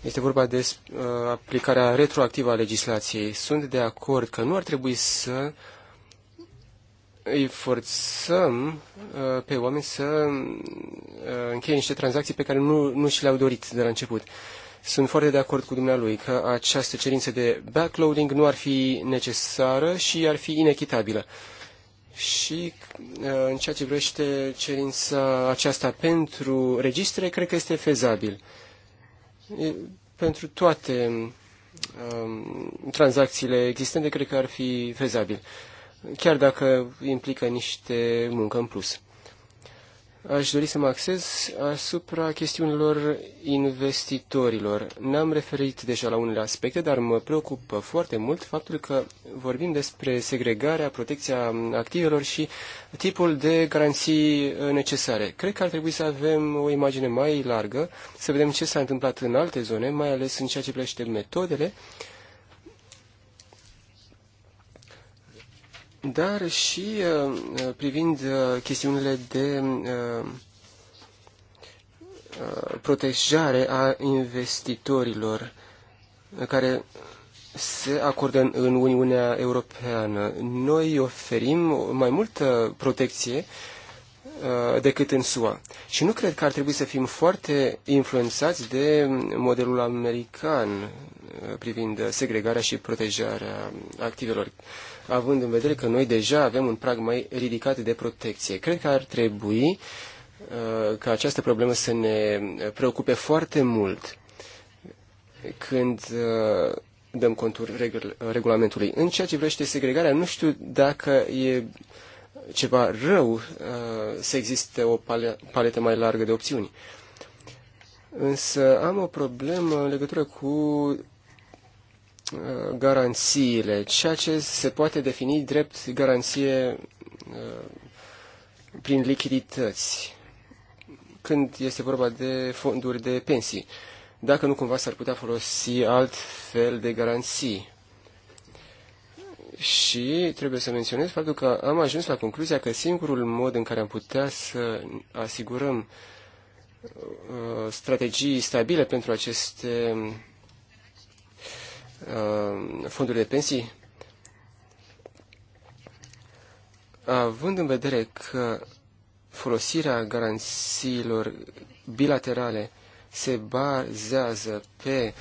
[SPEAKER 2] Este vorba de uh, aplicarea retroactivă a legislației. Sunt de acord că nu ar trebui să îi forțăm uh, pe oameni să uh, încheie niște tranzacții pe care nu, nu și le-au dorit de la început. Sunt foarte de acord cu dumnealui că această cerință de backloading nu ar fi necesară și ar fi inechitabilă. Uh, și uh, în ceea ce privește cerința aceasta pentru registre, cred că este fezabil. Pentru toate um, tranzacțiile existente, cred că ar fi fezabil. Chiar dacă implică niște muncă în plus aș dori să mă axez asupra chestiunilor investitorilor. N-am referit deja la unele aspecte, dar mă preocupă foarte mult faptul că vorbim despre segregarea, protecția activelor și tipul de garanții necesare. Cred că ar trebui să avem o imagine mai largă, să vedem ce s-a întâmplat în alte zone, mai ales în ceea ce privește metodele, dar și uh, uh, privind uh, chestiunile de protejare a investitorilor care se acordă în Uniunea Europeană. Noi oferim mai multă protecție uh, Uh, decât în SUA. Și nu cred că ar trebui să fim foarte influențați de modelul american uh, privind segregarea și protejarea activelor, având în vedere că noi deja avem un prag mai ridicat de protecție. Cred că ar trebui uh, ca această problemă să ne preocupe foarte mult când dăm contur regulamentului. În ceea ce vrește segregarea, nu știu dacă e ceva rău uh, să existe o paletă mai largă de opțiuni. Însă am o problemă în legătură cu uh, garanțiile, ceea ce se poate defini drept garanție uh, prin lichidități, când este vorba de fonduri de pensii, dacă nu cumva s-ar putea folosi alt fel de garanții și trebuie să menționez faptul că am ajuns la concluzia că singurul mod în care am putea să asigurăm uh, strategii stabile pentru aceste uh, fonduri de pensii, având în vedere că folosirea garanțiilor bilaterale se bazează pe uh,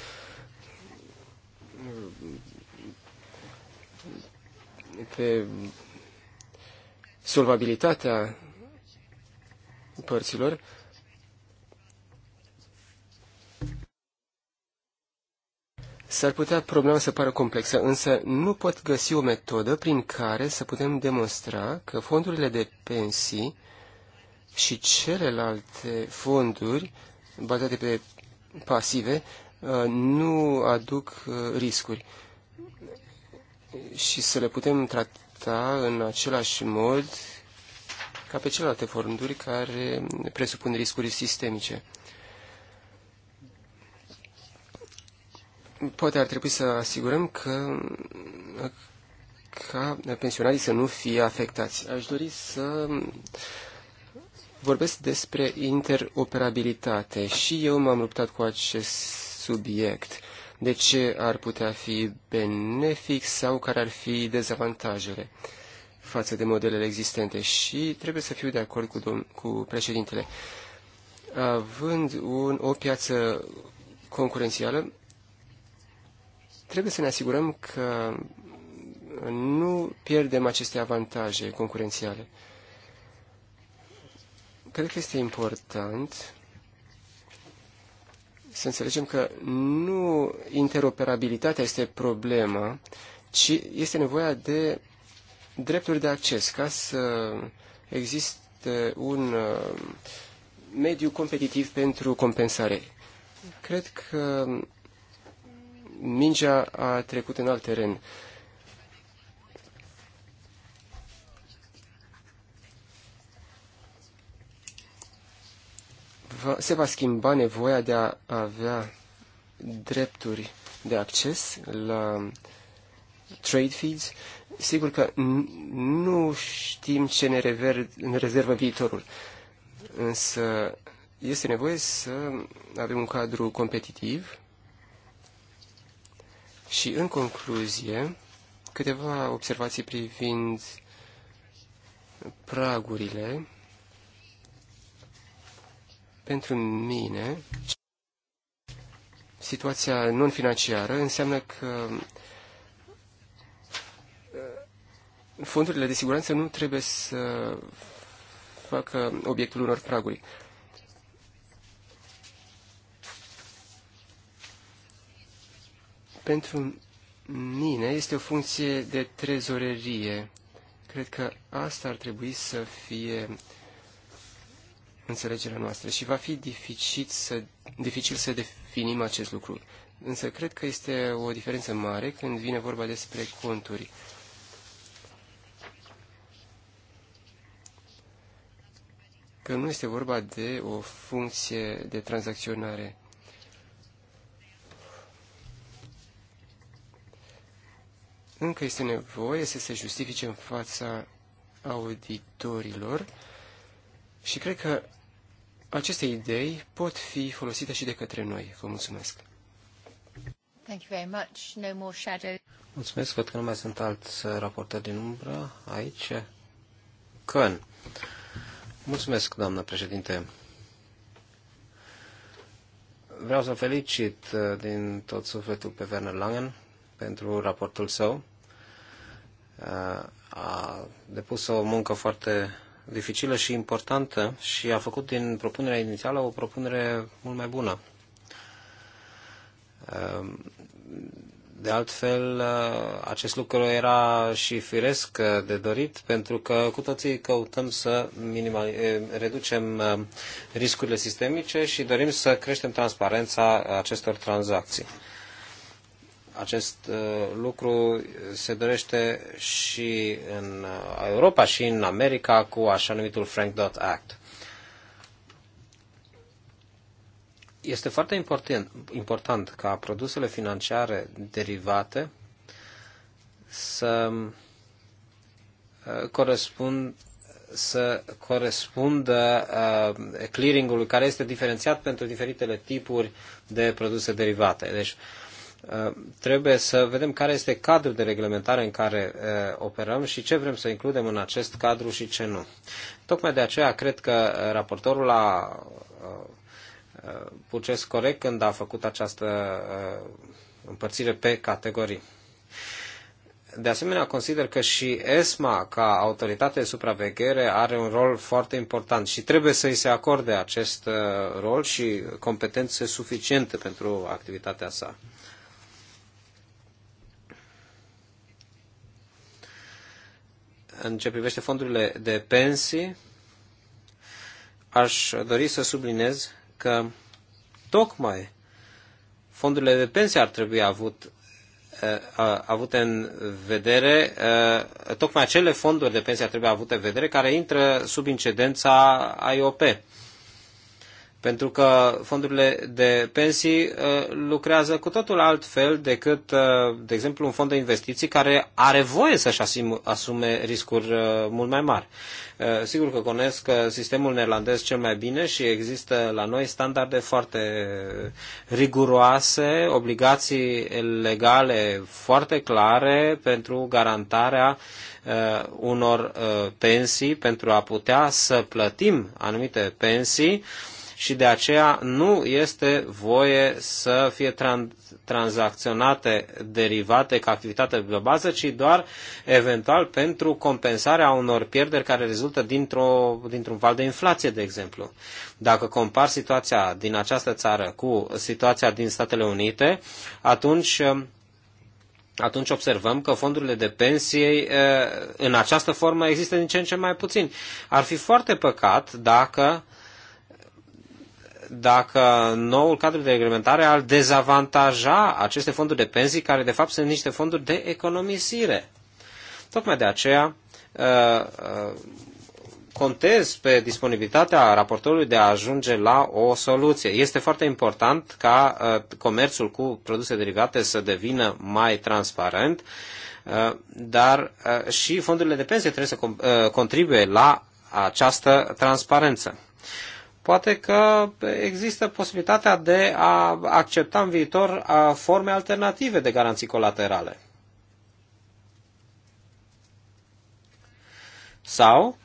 [SPEAKER 2] pe solvabilitatea părților, S-ar putea problema să pară complexă, însă nu pot găsi o metodă prin care să putem demonstra că fondurile de pensii și celelalte fonduri bazate pe pasive uh, nu aduc uh, riscuri și să le putem trata în același mod ca pe celelalte fonduri care presupun riscuri sistemice. Poate ar trebui să asigurăm că ca pensionarii să nu fie afectați. Aș dori să vorbesc despre interoperabilitate și eu m-am luptat cu acest subiect de ce ar putea fi benefic sau care ar fi dezavantajele față de modelele existente și trebuie să fiu de acord cu, dom- cu președintele. Având un, o piață concurențială, trebuie să ne asigurăm că nu pierdem aceste avantaje concurențiale. Cred că este important să înțelegem că nu interoperabilitatea este problema, ci este nevoia de drepturi de acces ca să existe un uh, mediu competitiv pentru compensare. Cred că mingea a trecut în alt teren. va, se va schimba nevoia de a avea drepturi de acces la trade feeds. Sigur că nu știm ce ne, rever, ne rezervă viitorul, însă este nevoie să avem un cadru competitiv și, în concluzie, câteva observații privind pragurile pentru mine, situația non-financiară înseamnă că uh, fondurile de siguranță nu trebuie să facă obiectul unor praguri. Pentru mine este o funcție de trezorerie. Cred că asta ar trebui să fie înțelegerea noastră și va fi dificil să, dificil să definim acest lucru. Însă cred că este o diferență mare când vine vorba despre conturi. Că nu este vorba de o funcție de tranzacționare. Încă este nevoie să se justifice în fața auditorilor și cred că aceste idei pot fi folosite și de către noi. Vă mulțumesc!
[SPEAKER 1] Thank you very much. No more shadow.
[SPEAKER 4] Mulțumesc, văd că nu mai sunt alți uh, raportări din umbră aici. căn. Mulțumesc, doamnă președinte. Vreau să felicit uh, din tot sufletul pe Werner Langen pentru raportul său. Uh, a depus o muncă foarte dificilă și importantă și a făcut din propunerea inițială o propunere mult mai bună. Ehm, de altfel, eh, acest lucru era și firesc de dorit, pentru că cu toții căutăm să minimal, eh, reducem eh, riscurile sistemice și dorim să creștem transparența acestor tranzacții. Acest uh, lucru se dorește și în uh, Europa și în America cu așa numitul Frank Dot Act. Este foarte important, important ca produsele financiare derivate să uh, corespund să corespundă uh, clearing-ului care este diferențiat pentru diferitele tipuri de produse derivate. Deci Uh, trebuie să vedem care este cadrul de reglementare în care uh, operăm și ce vrem să includem în acest cadru și ce nu. Tocmai de aceea cred că uh, raportorul a purces corect când a făcut această împărțire pe categorii. De asemenea, consider că și ESMA, ca autoritate de supraveghere, are un rol foarte important și trebuie să îi se acorde acest rol și competențe suficiente pentru activitatea sa. în ce privește fondurile de pensii, aș dori să subliniez că tocmai fondurile de pensii ar trebui avut, eh, avute în vedere, eh, tocmai acele fonduri de pensie ar trebui avute în vedere care intră sub incidența IOP. Pentru că fondurile de pensii uh, lucrează cu totul altfel decât, uh, de exemplu, un fond de investiții care are voie să-și asume riscuri uh, mult mai mari. Sigur că cunosc sistemul neerlandez cel mai bine și există la noi standarde foarte riguroase, obligații legale foarte clare pentru garantarea unor pensii, pentru a putea să plătim anumite pensii, și de aceea nu este voie să fie tranzacționate derivate ca activitate de bază, ci doar eventual pentru compensarea unor pierderi care rezultă dintr-o, dintr-un val de inflație, de exemplu. Dacă compar situația din această țară cu situația din Statele Unite, atunci atunci observăm că fondurile de pensie eh, în această formă există din ce în ce mai puțin. Ar fi foarte păcat dacă dacă noul cadru de reglementare ar dezavantaja aceste fonduri de pensii, care de fapt sunt niște fonduri de economisire. Tocmai de aceea uh, uh, contez pe disponibilitatea raportorului de a ajunge la o soluție. Este foarte important ca uh, comerțul cu produse derivate să devină mai transparent, dar și fondurile de pensie trebuie să contribuie la această transparență. Poate că există posibilitatea de a accepta în viitor forme alternative de garanții colaterale. Sau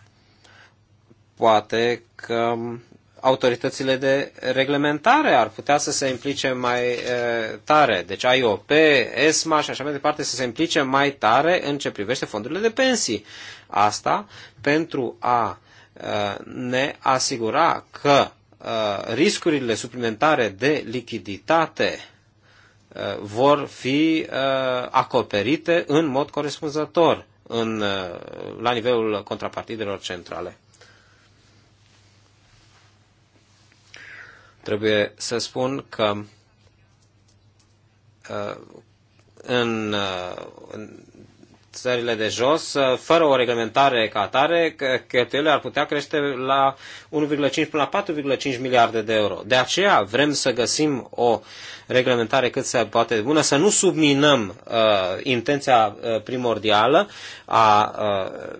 [SPEAKER 4] poate că autoritățile de reglementare ar putea să se implice mai tare. Deci IOP, ESMA și așa mai departe să se implice mai tare în ce privește fondurile de pensii. Asta pentru a Uh, ne asigura că uh, riscurile suplimentare de lichiditate uh, vor fi acoperite în mod corespunzător în, la nivelul contrapartidelor centrale. Trebuie să spun că în, în țările de jos, uh, fără o reglementare ca atare, cheltuielile ar putea crește la 1,5 până la 4,5 miliarde de euro. De aceea vrem să găsim o reglementare cât se poate de bună, să nu subminăm uh, intenția uh, primordială a uh,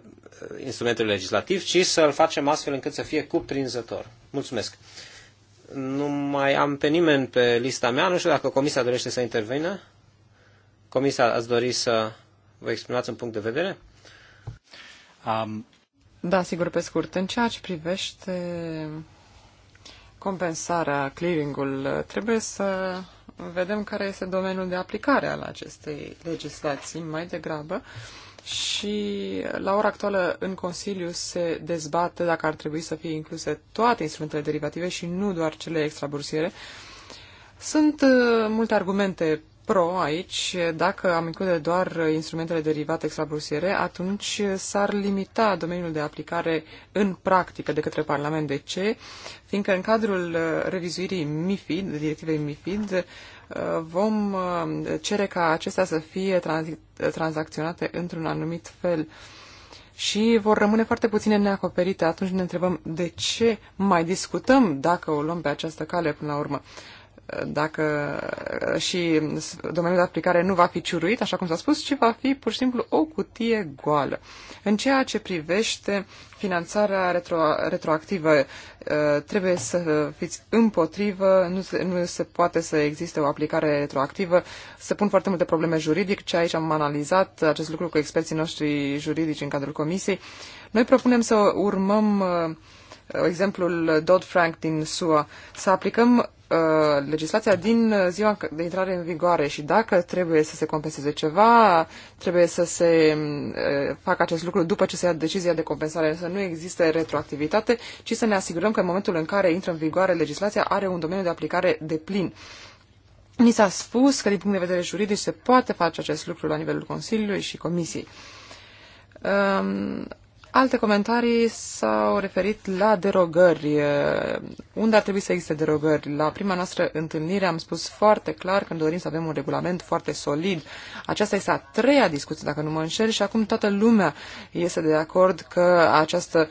[SPEAKER 4] instrumentului legislativ, ci să-l facem astfel încât să fie cuprinzător. Mulțumesc! Nu mai am pe nimeni pe lista mea, nu știu dacă comisia dorește să intervină. Comisia, ați dori să vă exprimați un punct de vedere? Um...
[SPEAKER 3] Da, sigur, pe scurt. În ceea ce privește compensarea, clearingul, trebuie să vedem care este domeniul de aplicare al acestei legislații mai degrabă și la ora actuală în Consiliu se dezbate dacă ar trebui să fie incluse toate instrumentele derivative și nu doar cele extrabursiere. Sunt uh, multe argumente pro aici, dacă am include doar instrumentele derivate extrabursiere, atunci s-ar limita domeniul de aplicare în practică de către Parlament. De ce? Fiindcă în cadrul revizuirii MIFID, directivei MIFID, uh, vom uh, cere ca acestea să fie tranz- tranzacționate într-un anumit fel și vor rămâne foarte puține neacoperite. Atunci ne întrebăm de ce mai discutăm dacă o luăm pe această cale până la urmă dacă și domeniul de aplicare nu va fi ciuruit, așa cum s-a spus, ci va fi pur și simplu o cutie goală. În ceea ce privește finanțarea retro, retroactivă, uh, trebuie să fiți împotrivă, nu se, nu se poate să existe o aplicare retroactivă. Se pun foarte multe probleme juridice, aici am analizat acest lucru cu experții noștri juridici în cadrul comisiei. Noi propunem să urmăm uh, Uh, exemplul Dodd-Frank din SUA, să aplicăm uh, legislația din ziua de intrare în vigoare și dacă trebuie să se compenseze ceva, trebuie să se uh, facă acest lucru după ce se ia decizia de compensare, să nu existe retroactivitate, ci să ne asigurăm că în momentul în care intră în vigoare legislația are un domeniu de aplicare de plin. Ni s-a spus că din punct de vedere juridic se poate face acest lucru la nivelul Consiliului și Comisiei. Um, Alte comentarii s-au referit la derogări. Unde ar trebui să existe derogări? La prima noastră întâlnire am spus foarte clar că dorim să avem un regulament foarte solid. Aceasta este a treia discuție, dacă nu mă înșel, și acum toată lumea este de acord că această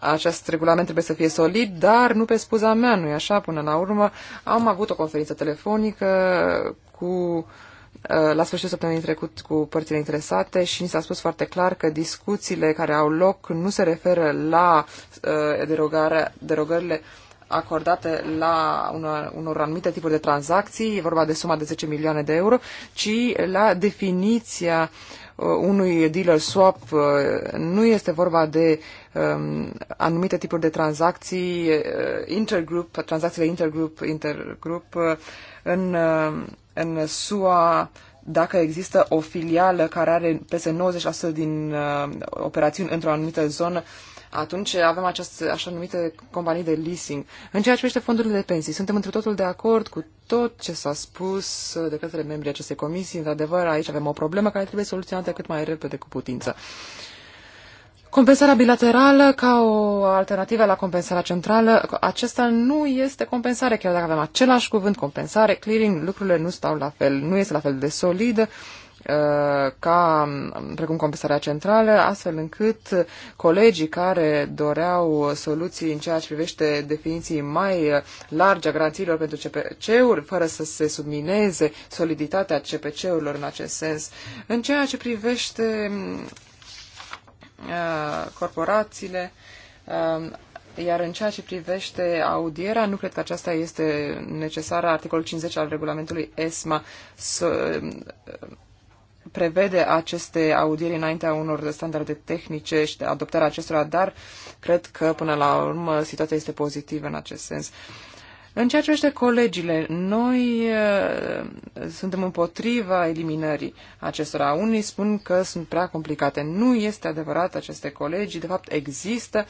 [SPEAKER 3] acest regulament trebuie să fie solid, dar nu pe spuza mea, nu-i așa? Până la urmă am avut o conferință telefonică cu uh, Uh, la sfârșitul săptămânii trecut cu părțile interesate și ni s-a spus foarte clar că discuțiile care au loc nu se referă la uh, derogare, derogările acordate la unor, unor anumite tipuri de tranzacții, e vorba de suma de 10 milioane de euro, ci la definiția uh, unui dealer swap nu este vorba de um, anumite tipuri de tranzacții intergroup, tranzacțiile intergroup, intergroup în, în SUA, dacă există o filială care are peste 90% din uh, operațiuni într-o anumită zonă, atunci avem această așa numită companii de leasing. În ceea ce privește fondurile de pensii, suntem într totul de acord cu tot ce s-a spus de către membrii acestei comisii. Într-adevăr, aici avem o problemă care trebuie soluționată cât mai repede cu putință. Uh, Compensarea bilaterală ca o alternativă la compensarea centrală, acesta nu este compensare, chiar dacă avem același cuvânt compensare, clearing, lucrurile nu stau la fel, nu este la fel de solid uh, ca um, precum compensarea centrală, astfel încât colegii care doreau soluții în ceea ce privește definiții mai largi a garanțiilor pentru CPC-uri, fără să se submineze soliditatea CPC-urilor în acest sens. În ceea ce privește um, Uh, corporațiile, um, iar în ceea ce privește audierea, nu cred că aceasta este necesară. Articolul 50 al regulamentului ESMA să um, prevede aceste audieri înaintea unor standarde tehnice și adoptarea acestora, dar cred că până la urmă situația este pozitivă în acest sens. Uh, în ceea ce privește colegiile, noi uh, suntem împotriva eliminării acestora. Unii spun că sunt prea complicate. Nu este adevărat aceste colegii. De fapt, există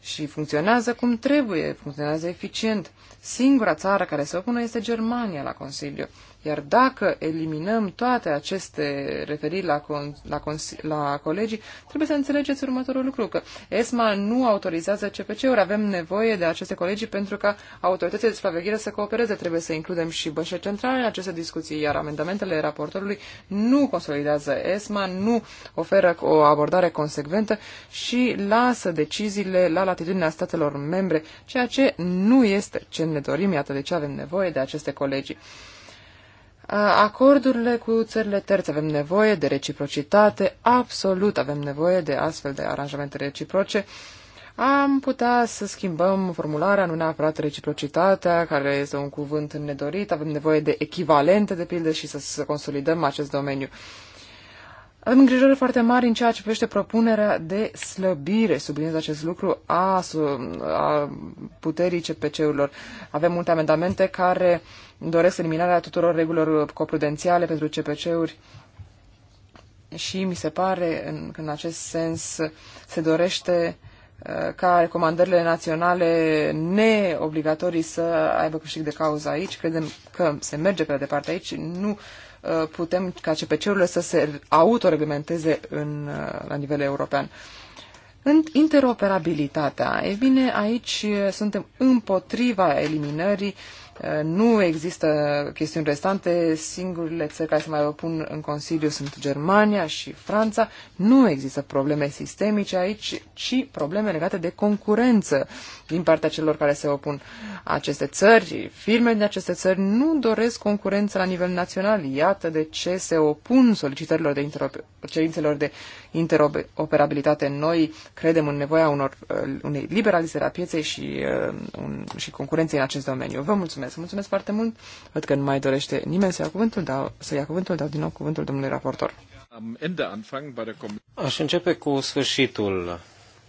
[SPEAKER 3] și funcționează cum trebuie, funcționează eficient. Singura țară care se opune este Germania la Consiliu. Uh, iar dacă eliminăm toate aceste referiri la, con, la, cons, la colegii, trebuie să înțelegeți următorul lucru, că ESMA nu autorizează CPC-uri. Avem nevoie de aceste colegii pentru ca autoritățile de supraveghere să coopereze. Trebuie să includem și bășe centrale în aceste discuții, iar amendamentele raportorului nu consolidează ESMA, nu oferă o abordare consecventă și lasă deciziile la latitudinea statelor membre, ceea ce nu este ce ne dorim, iată de ce avem nevoie de aceste colegii acordurile cu țările terțe. Avem nevoie de reciprocitate, absolut avem nevoie de astfel de aranjamente reciproce. Am putea să schimbăm formularea, nu neapărat reciprocitatea, care este un cuvânt nedorit, avem nevoie de echivalente, de pildă, și să, să consolidăm acest domeniu. Avem îngrijorări foarte mari în ceea ce privește propunerea de slăbire, subliniez acest lucru, a, a puterii CPC-urilor. Avem multe amendamente care doresc eliminarea tuturor regulilor coprudențiale pentru CPC-uri și mi se pare că în acest sens se dorește uh, ca recomandările naționale neobligatorii să aibă câștig de cauză aici. Credem că se merge prea departe aici. Nu uh, Uh, putem ca CPC-urile să se autoreglementeze în, uh, la nivel european. În interoperabilitatea, e bine, aici suntem împotriva eliminării uh, nu există chestiuni restante, singurele țări care se mai opun în Consiliu sunt Germania și Franța. Nu există probleme sistemice aici, ci probleme legate de concurență din partea celor care se opun. Aceste țări, firmele din aceste țări, nu doresc concurență la nivel național. Iată de ce se opun solicitărilor de cerințelor de interoperabilitate. Noi credem în nevoia unor, uh, unei liberalizări a pieței și, uh, un, și concurenței în acest domeniu. Vă mulțumesc. Mulțumesc foarte mult. Văd că nu mai dorește nimeni să ia cuvântul, dar să ia cuvântul, dau din nou cuvântul domnului raportor.
[SPEAKER 4] Aș începe cu sfârșitul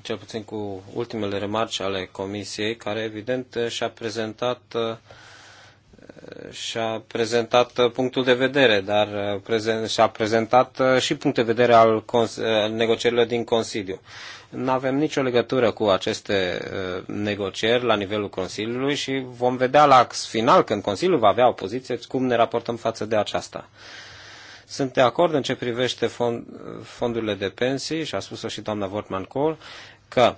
[SPEAKER 4] cel puțin cu ultimele remarci ale Comisiei, care evident și-a prezentat și-a prezentat punctul de vedere, dar prezen, și-a prezentat și punct de vedere al negocierilor din Consiliu. Nu avem nicio legătură cu aceste uh, negocieri la nivelul Consiliului și vom vedea la final, când Consiliul va avea o poziție, cum ne raportăm față de aceasta. Sunt de acord în ce privește fond, uh, fondurile de pensii, și a spus-o și doamna Wortman Kohl, că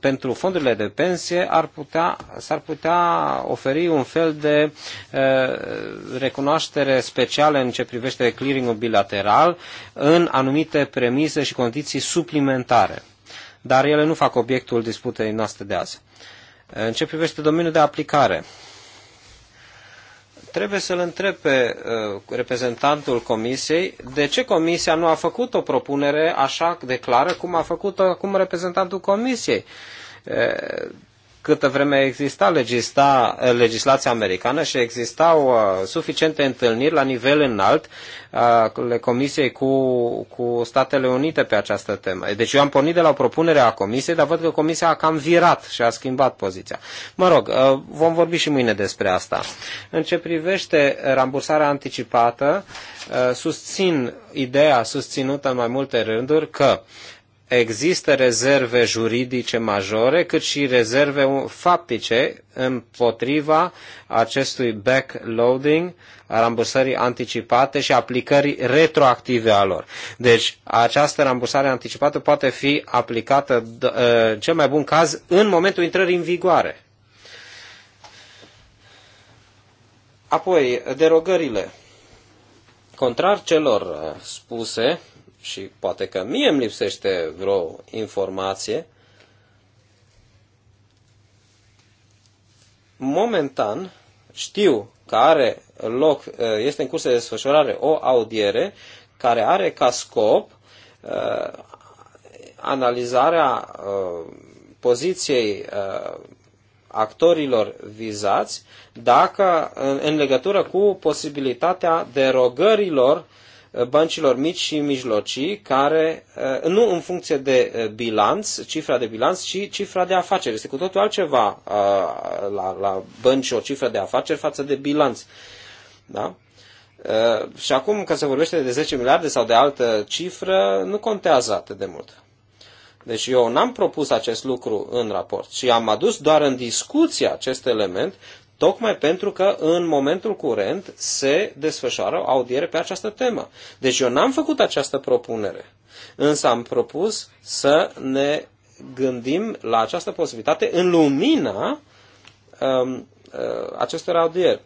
[SPEAKER 4] pentru fondurile de pensie ar putea, s-ar putea oferi un fel de recunoaștere specială în ce privește clearingul bilateral în anumite premise și condiții suplimentare. Dar ele nu fac obiectul disputei noastre de azi. În ce privește domeniul de aplicare, Trebuie să-l întreb pe uh, reprezentantul Comisiei de ce Comisia nu a făcut o propunere așa de clară cum a făcut-o acum reprezentantul Comisiei uh, câtă vreme exista legista, legislația americană și existau uh, suficiente întâlniri la nivel înalt uh, ale uh, Comisiei cu, cu Statele Unite pe această temă. Deci eu am pornit de la o propunere a Comisiei, dar văd că Comisia a cam virat și a schimbat poziția. Mă rog, uh, vom vorbi și mâine despre asta. În ce privește rambursarea anticipată, uh, susțin ideea susținută în mai multe rânduri că uh, există rezerve juridice majore, cât și rezerve faptice împotriva acestui backloading, a rambursării anticipate și aplicării retroactive a lor. Deci, această rambursare anticipată poate fi aplicată, ă, în cel mai bun caz, în momentul intrării în vigoare. Apoi, derogările. Contrar celor ă, spuse, și poate că mie îmi lipsește vreo informație, momentan știu că are loc, eh, este în curs de desfășurare o audiere care are ca scop eh, analizarea eh, poziției actorilor vizați dacă în, în legătură cu posibilitatea derogărilor băncilor mici și mijlocii, care eh, nu în funcție de eh, bilanț, cifra de bilanț, ci cifra de afaceri. Este cu totul altceva eh, la, la bănci o cifră de afaceri față de bilanț. Da? Și acum că se vorbește de 10 miliarde sau de altă cifră, nu contează atât de mult. Deci eu n-am propus acest lucru în raport, ci am adus doar în discuție acest element tocmai pentru că în momentul curent se desfășoară o audiere pe această temă. Deci eu n-am făcut această propunere, însă am propus să ne gândim la această posibilitate în lumina um, uh, acestor audieri.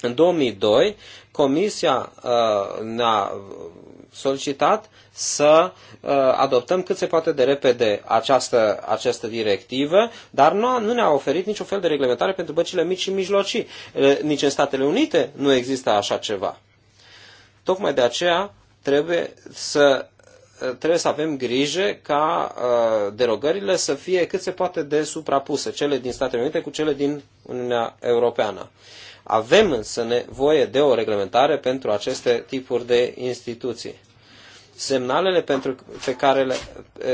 [SPEAKER 4] În 2002, Comisia uh, ne-a solicitat să uh, adoptăm cât se poate de repede această, această directivă, dar nu, nu ne-a oferit niciun fel de reglementare pentru băncile mici și mijlocii. Uh, nici în Statele Unite nu există așa ceva. Tocmai de aceea trebuie să uh, trebuie să avem grijă ca derogările să fie cât se poate de suprapuse, cele din Statele Unite cu cele din Uniunea Europeană. Avem însă nevoie de o reglementare pentru aceste tipuri de instituții. Semnalele, pentru, pe care le,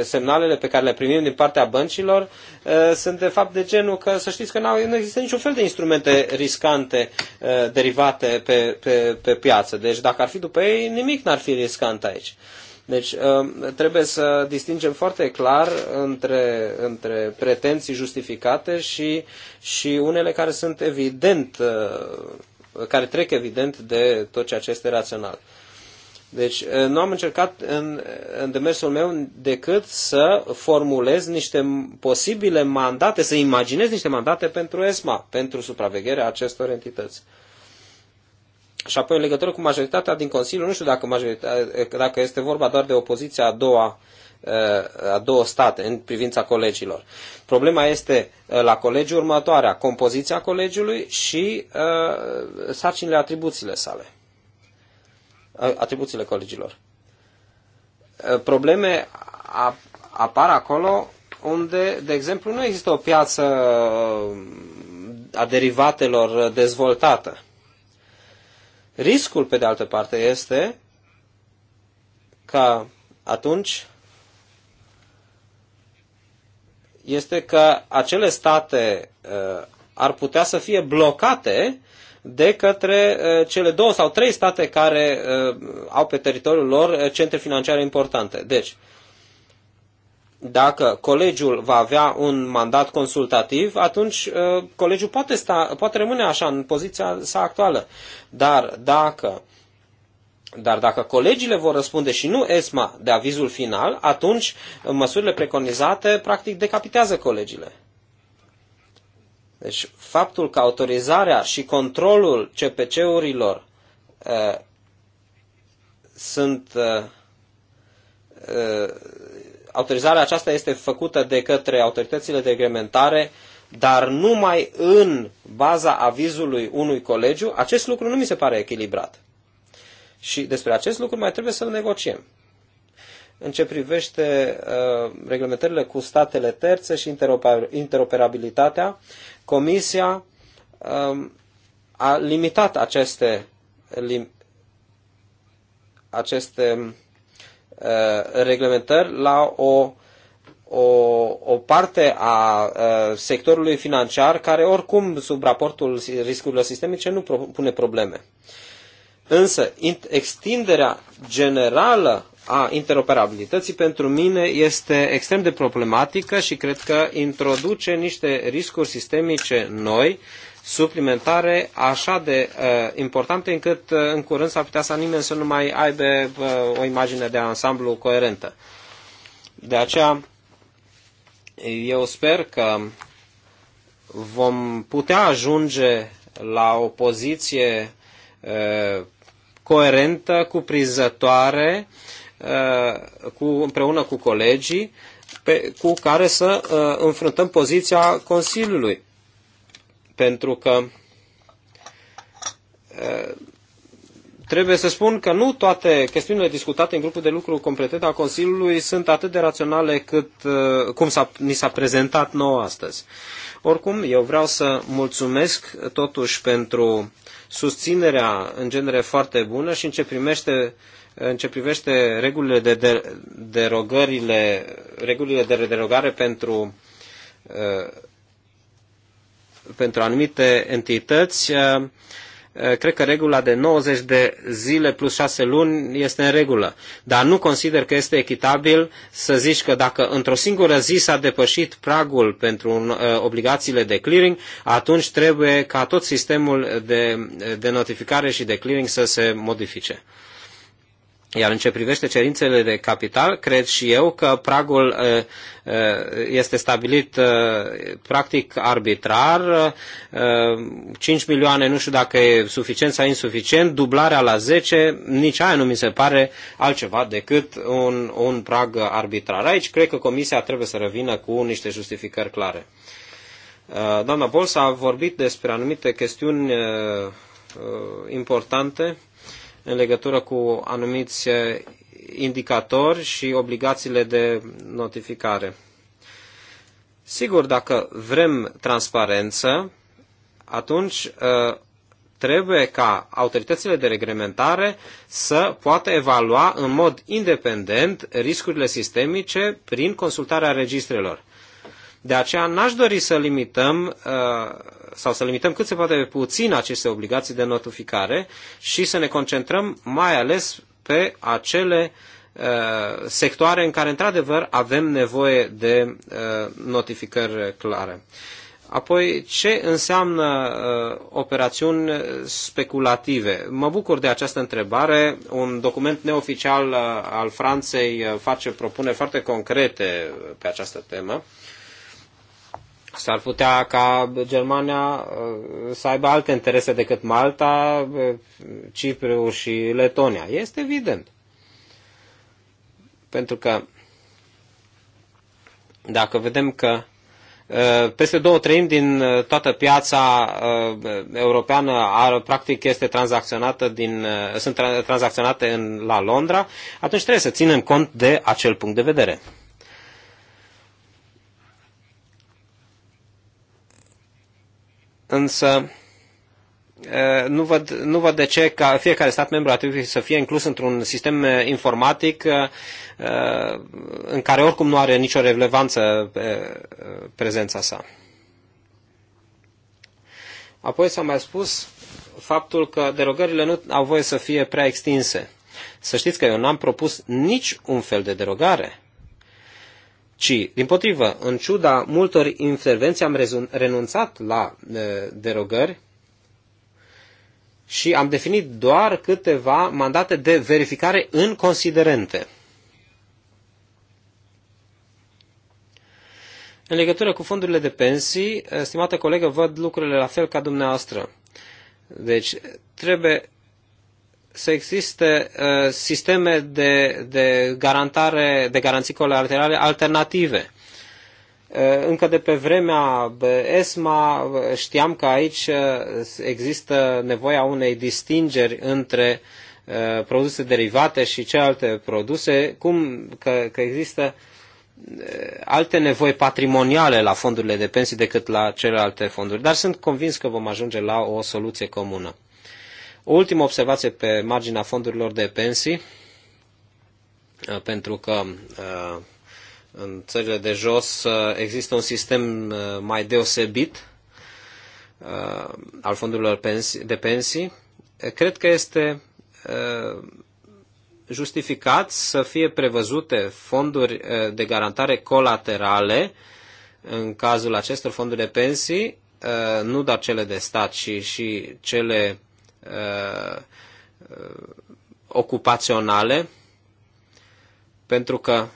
[SPEAKER 4] semnalele pe care le primim din partea băncilor uh, sunt de fapt de genul că să știți că nu există niciun fel de instrumente riscante uh, derivate pe, pe, pe piață. Deci dacă ar fi după ei, nimic n-ar fi riscant aici. Uh, deci um, trebuie să distingem foarte clar între, între pretenții justificate și, și unele care sunt evident, uh, care trec evident de tot ceea ce este rațional. Deci uh, nu am încercat în, în demersul meu decât să formulez niște posibile mandate, să imaginez niște mandate pentru ESMA, pentru supravegherea acestor entități. Și apoi în legătură cu majoritatea din Consiliu, nu știu dacă, majoritatea, dacă este vorba doar de opoziția a doua eh, a două state în privința colegilor. Problema este eh, la colegiul următoarea, compoziția colegiului și uh, sarcinile, atribuțiile sale, atribuțiile colegilor. Probleme apar acolo unde, de exemplu, nu există o piață a derivatelor dezvoltată. Riscul, pe de altă parte, este că atunci este că acele state uh, ar putea să fie blocate de către uh, cele două sau trei state care uh, au pe teritoriul lor centre financiare importante. Deci, dacă colegiul va avea un mandat consultativ, atunci uh, colegiul poate, sta, poate rămâne așa în poziția sa actuală. Dar dacă, dar dacă colegiile vor răspunde și nu ESMA de avizul final, atunci uh, măsurile preconizate practic decapitează colegiile. Deci faptul că autorizarea și controlul CPC-urilor uh, sunt uh, uh, Autorizarea aceasta este făcută de către autoritățile de reglementare, dar numai în baza avizului unui colegiu. Acest lucru nu mi se pare echilibrat. Și despre acest lucru mai trebuie să-l negociem. În ce privește uh, reglementările cu statele terțe și interoperabilitatea, Comisia uh, a limitat aceste, lim, aceste Uh, reglementări la o, o, o parte a uh, sectorului financiar care oricum sub raportul riscurilor sistemice nu pune probleme. Însă, extinderea generală a interoperabilității pentru mine este extrem de problematică și cred că introduce niște riscuri sistemice noi suplimentare așa de uh, importante încât uh, în curând s-ar putea să nimeni să nu mai aibă uh, o imagine de ansamblu coerentă. De aceea, eu sper că vom putea ajunge la o poziție uh, coerentă, cuprizătoare, uh, cu, împreună cu colegii, pe, cu care să uh, înfruntăm poziția Consiliului pentru că uh, trebuie să spun că nu toate chestiunile discutate în grupul de lucru competent al Consiliului sunt atât de raționale cât uh, cum s-a, ni s-a prezentat nouă astăzi. Oricum, eu vreau să mulțumesc totuși pentru susținerea în genere foarte bună și în ce primește în ce privește regulile de derogările, regulile de derogare pentru uh, pentru anumite entități, uh, uh, cred că regula de 90 de zile plus 6 luni este în regulă. Dar nu consider că este echitabil să zici că dacă într-o singură zi s-a depășit pragul pentru uh, obligațiile de clearing, atunci trebuie ca tot sistemul de, de notificare și de clearing să se modifice. Iar în ce privește cerințele de capital, cred și eu că pragul uh, uh, este stabilit uh, practic arbitrar. 5 milioane, nu știu dacă e suficient sau insuficient, dublarea la 10, nici aia nu mi se pare altceva decât un, un prag arbitrar. Aici cred că Comisia trebuie să revină cu niște justificări clare. Doamna Bols a vorbit despre anumite chestiuni importante în legătură cu anumiți eh, indicatori și obligațiile de notificare. Sigur, dacă vrem transparență, atunci eh, trebuie ca autoritățile de reglementare să poată evalua în mod independent riscurile sistemice prin consultarea registrelor. De aceea n-aș dori să limităm uh, sau să limităm cât se poate puțin aceste obligații de notificare și să ne concentrăm mai ales pe acele uh, sectoare în care într-adevăr avem nevoie de uh, notificări clare. Apoi, ce înseamnă uh, operațiuni speculative? Mă bucur de această întrebare. Un document neoficial uh, al Franței uh, face propuneri foarte concrete pe această temă. Uh, S-ar putea ca Germania uh, să aibă alte interese decât Malta, uh, Cipru și Letonia. Este evident. Pentru că dacă vedem că uh, peste două treimi din toată piața europeană ar, practic este tranzacționată din, sunt tranzacționate în, la Londra, atunci trebuie să ținem cont de acel punct de vedere. însă nu văd, nu văd de ce ca fiecare stat membru ar trebui să fie inclus într-un sistem informatic în care oricum nu are nicio relevanță prezența sa. Apoi s-a mai spus faptul că derogările nu au voie să fie prea extinse. Să știți că eu n-am propus nici un fel de derogare ci, din potrivă, în ciuda multor intervenții am renunțat la derogări și am definit doar câteva mandate de verificare în considerente. În legătură cu fondurile de pensii, stimată colegă, văd lucrurile la fel ca dumneavoastră. Deci, trebuie să existe uh, sisteme de, de garantare, de garanții colaterale alternative. Uh, încă de pe vremea uh, ESMA uh, știam că aici uh, există nevoia unei distingeri între uh, produse derivate și celelalte produse, cum că, că există alte nevoi patrimoniale la fondurile de pensii decât la celelalte fonduri. Dar sunt convins că vom ajunge la o soluție comună. O ultimă observație pe marginea fondurilor de pensii, uh, pentru că uh, în țările de jos uh, există un sistem mai deosebit al fondurilor de pensii. Cred că este justificat să fie prevăzute fonduri de garantare colaterale în cazul acestor fonduri de pensii, nu doar cele de stat, ci și cele Uh, uh, ocupaționale, pentru că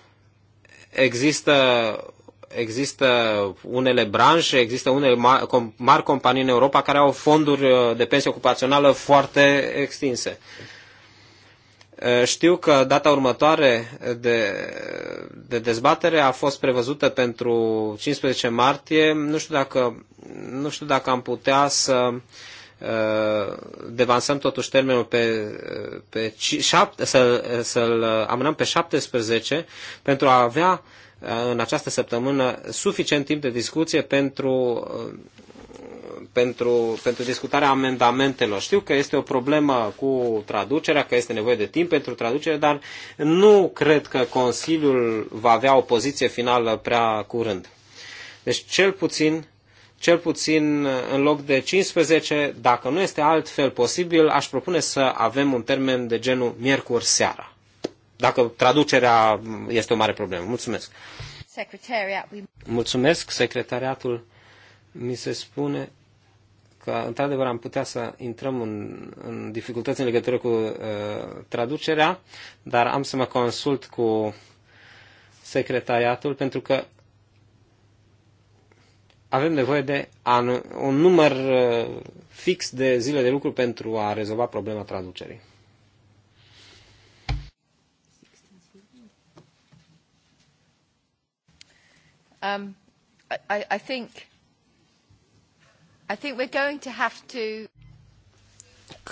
[SPEAKER 4] există, există unele branșe, există unele mari, mari companii în Europa care au fonduri uh, de pensie ocupațională foarte extinse. Știu că data următoare de, de dezbatere a fost prevăzută pentru 15 martie. Nu știu dacă, nu știu dacă am putea să Uh, devansăm totuși termenul pe, uh, pe 7, să, să-l uh, amânăm pe 17 pentru a avea în această săptămână suficient timp de discuție pentru, pentru, pentru discutarea amendamentelor. Știu că este o problemă cu traducerea, că este nevoie de timp pentru traducere, dar nu cred că Consiliul va avea o poziție finală prea curând. Deci, cel puțin cel puțin în loc de 15, dacă nu este altfel posibil, aș propune să avem un termen de genul miercuri seara. Dacă traducerea este o mare problemă. Mulțumesc. Mulțumesc. Secretariatul mi se spune că, într-adevăr, am putea să intrăm în, în dificultăți în legătură cu uh, traducerea, dar am să mă consult cu secretariatul pentru că avem nevoie de an, un număr uh, fix de zile de lucru pentru a rezolva problema traducerii.
[SPEAKER 1] Um, I, I think I think we're going to have to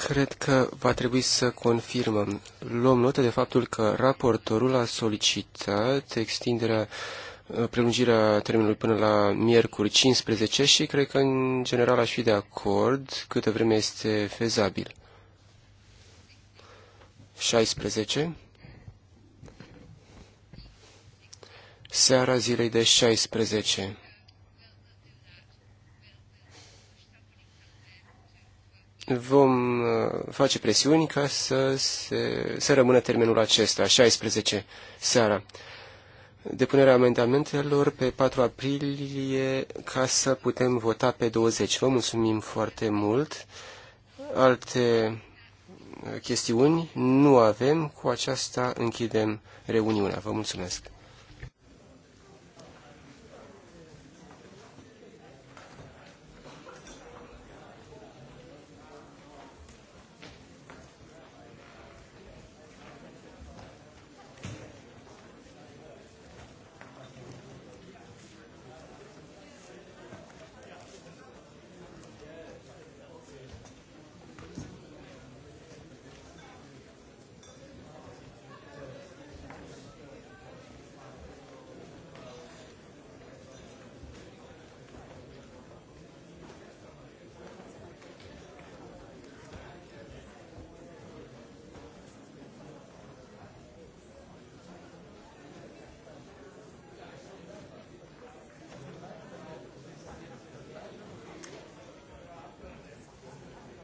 [SPEAKER 2] Cred că va trebui să confirmăm. Luăm notă de faptul că raportorul a solicitat extinderea uh, Uh, prelungirea termenului până la miercuri 15 și cred că în general aș fi de acord câtă vreme este fezabil. 16. Seara zilei de 16. Vom uh, face presiuni ca să, se, să rămână termenul acesta, 16 seara depunerea amendamentelor pe 4 aprilie ca să putem vota pe 20. Vă mulțumim foarte mult. Alte uh, chestiuni nu avem. Cu aceasta închidem reuniunea. Vă mulțumesc.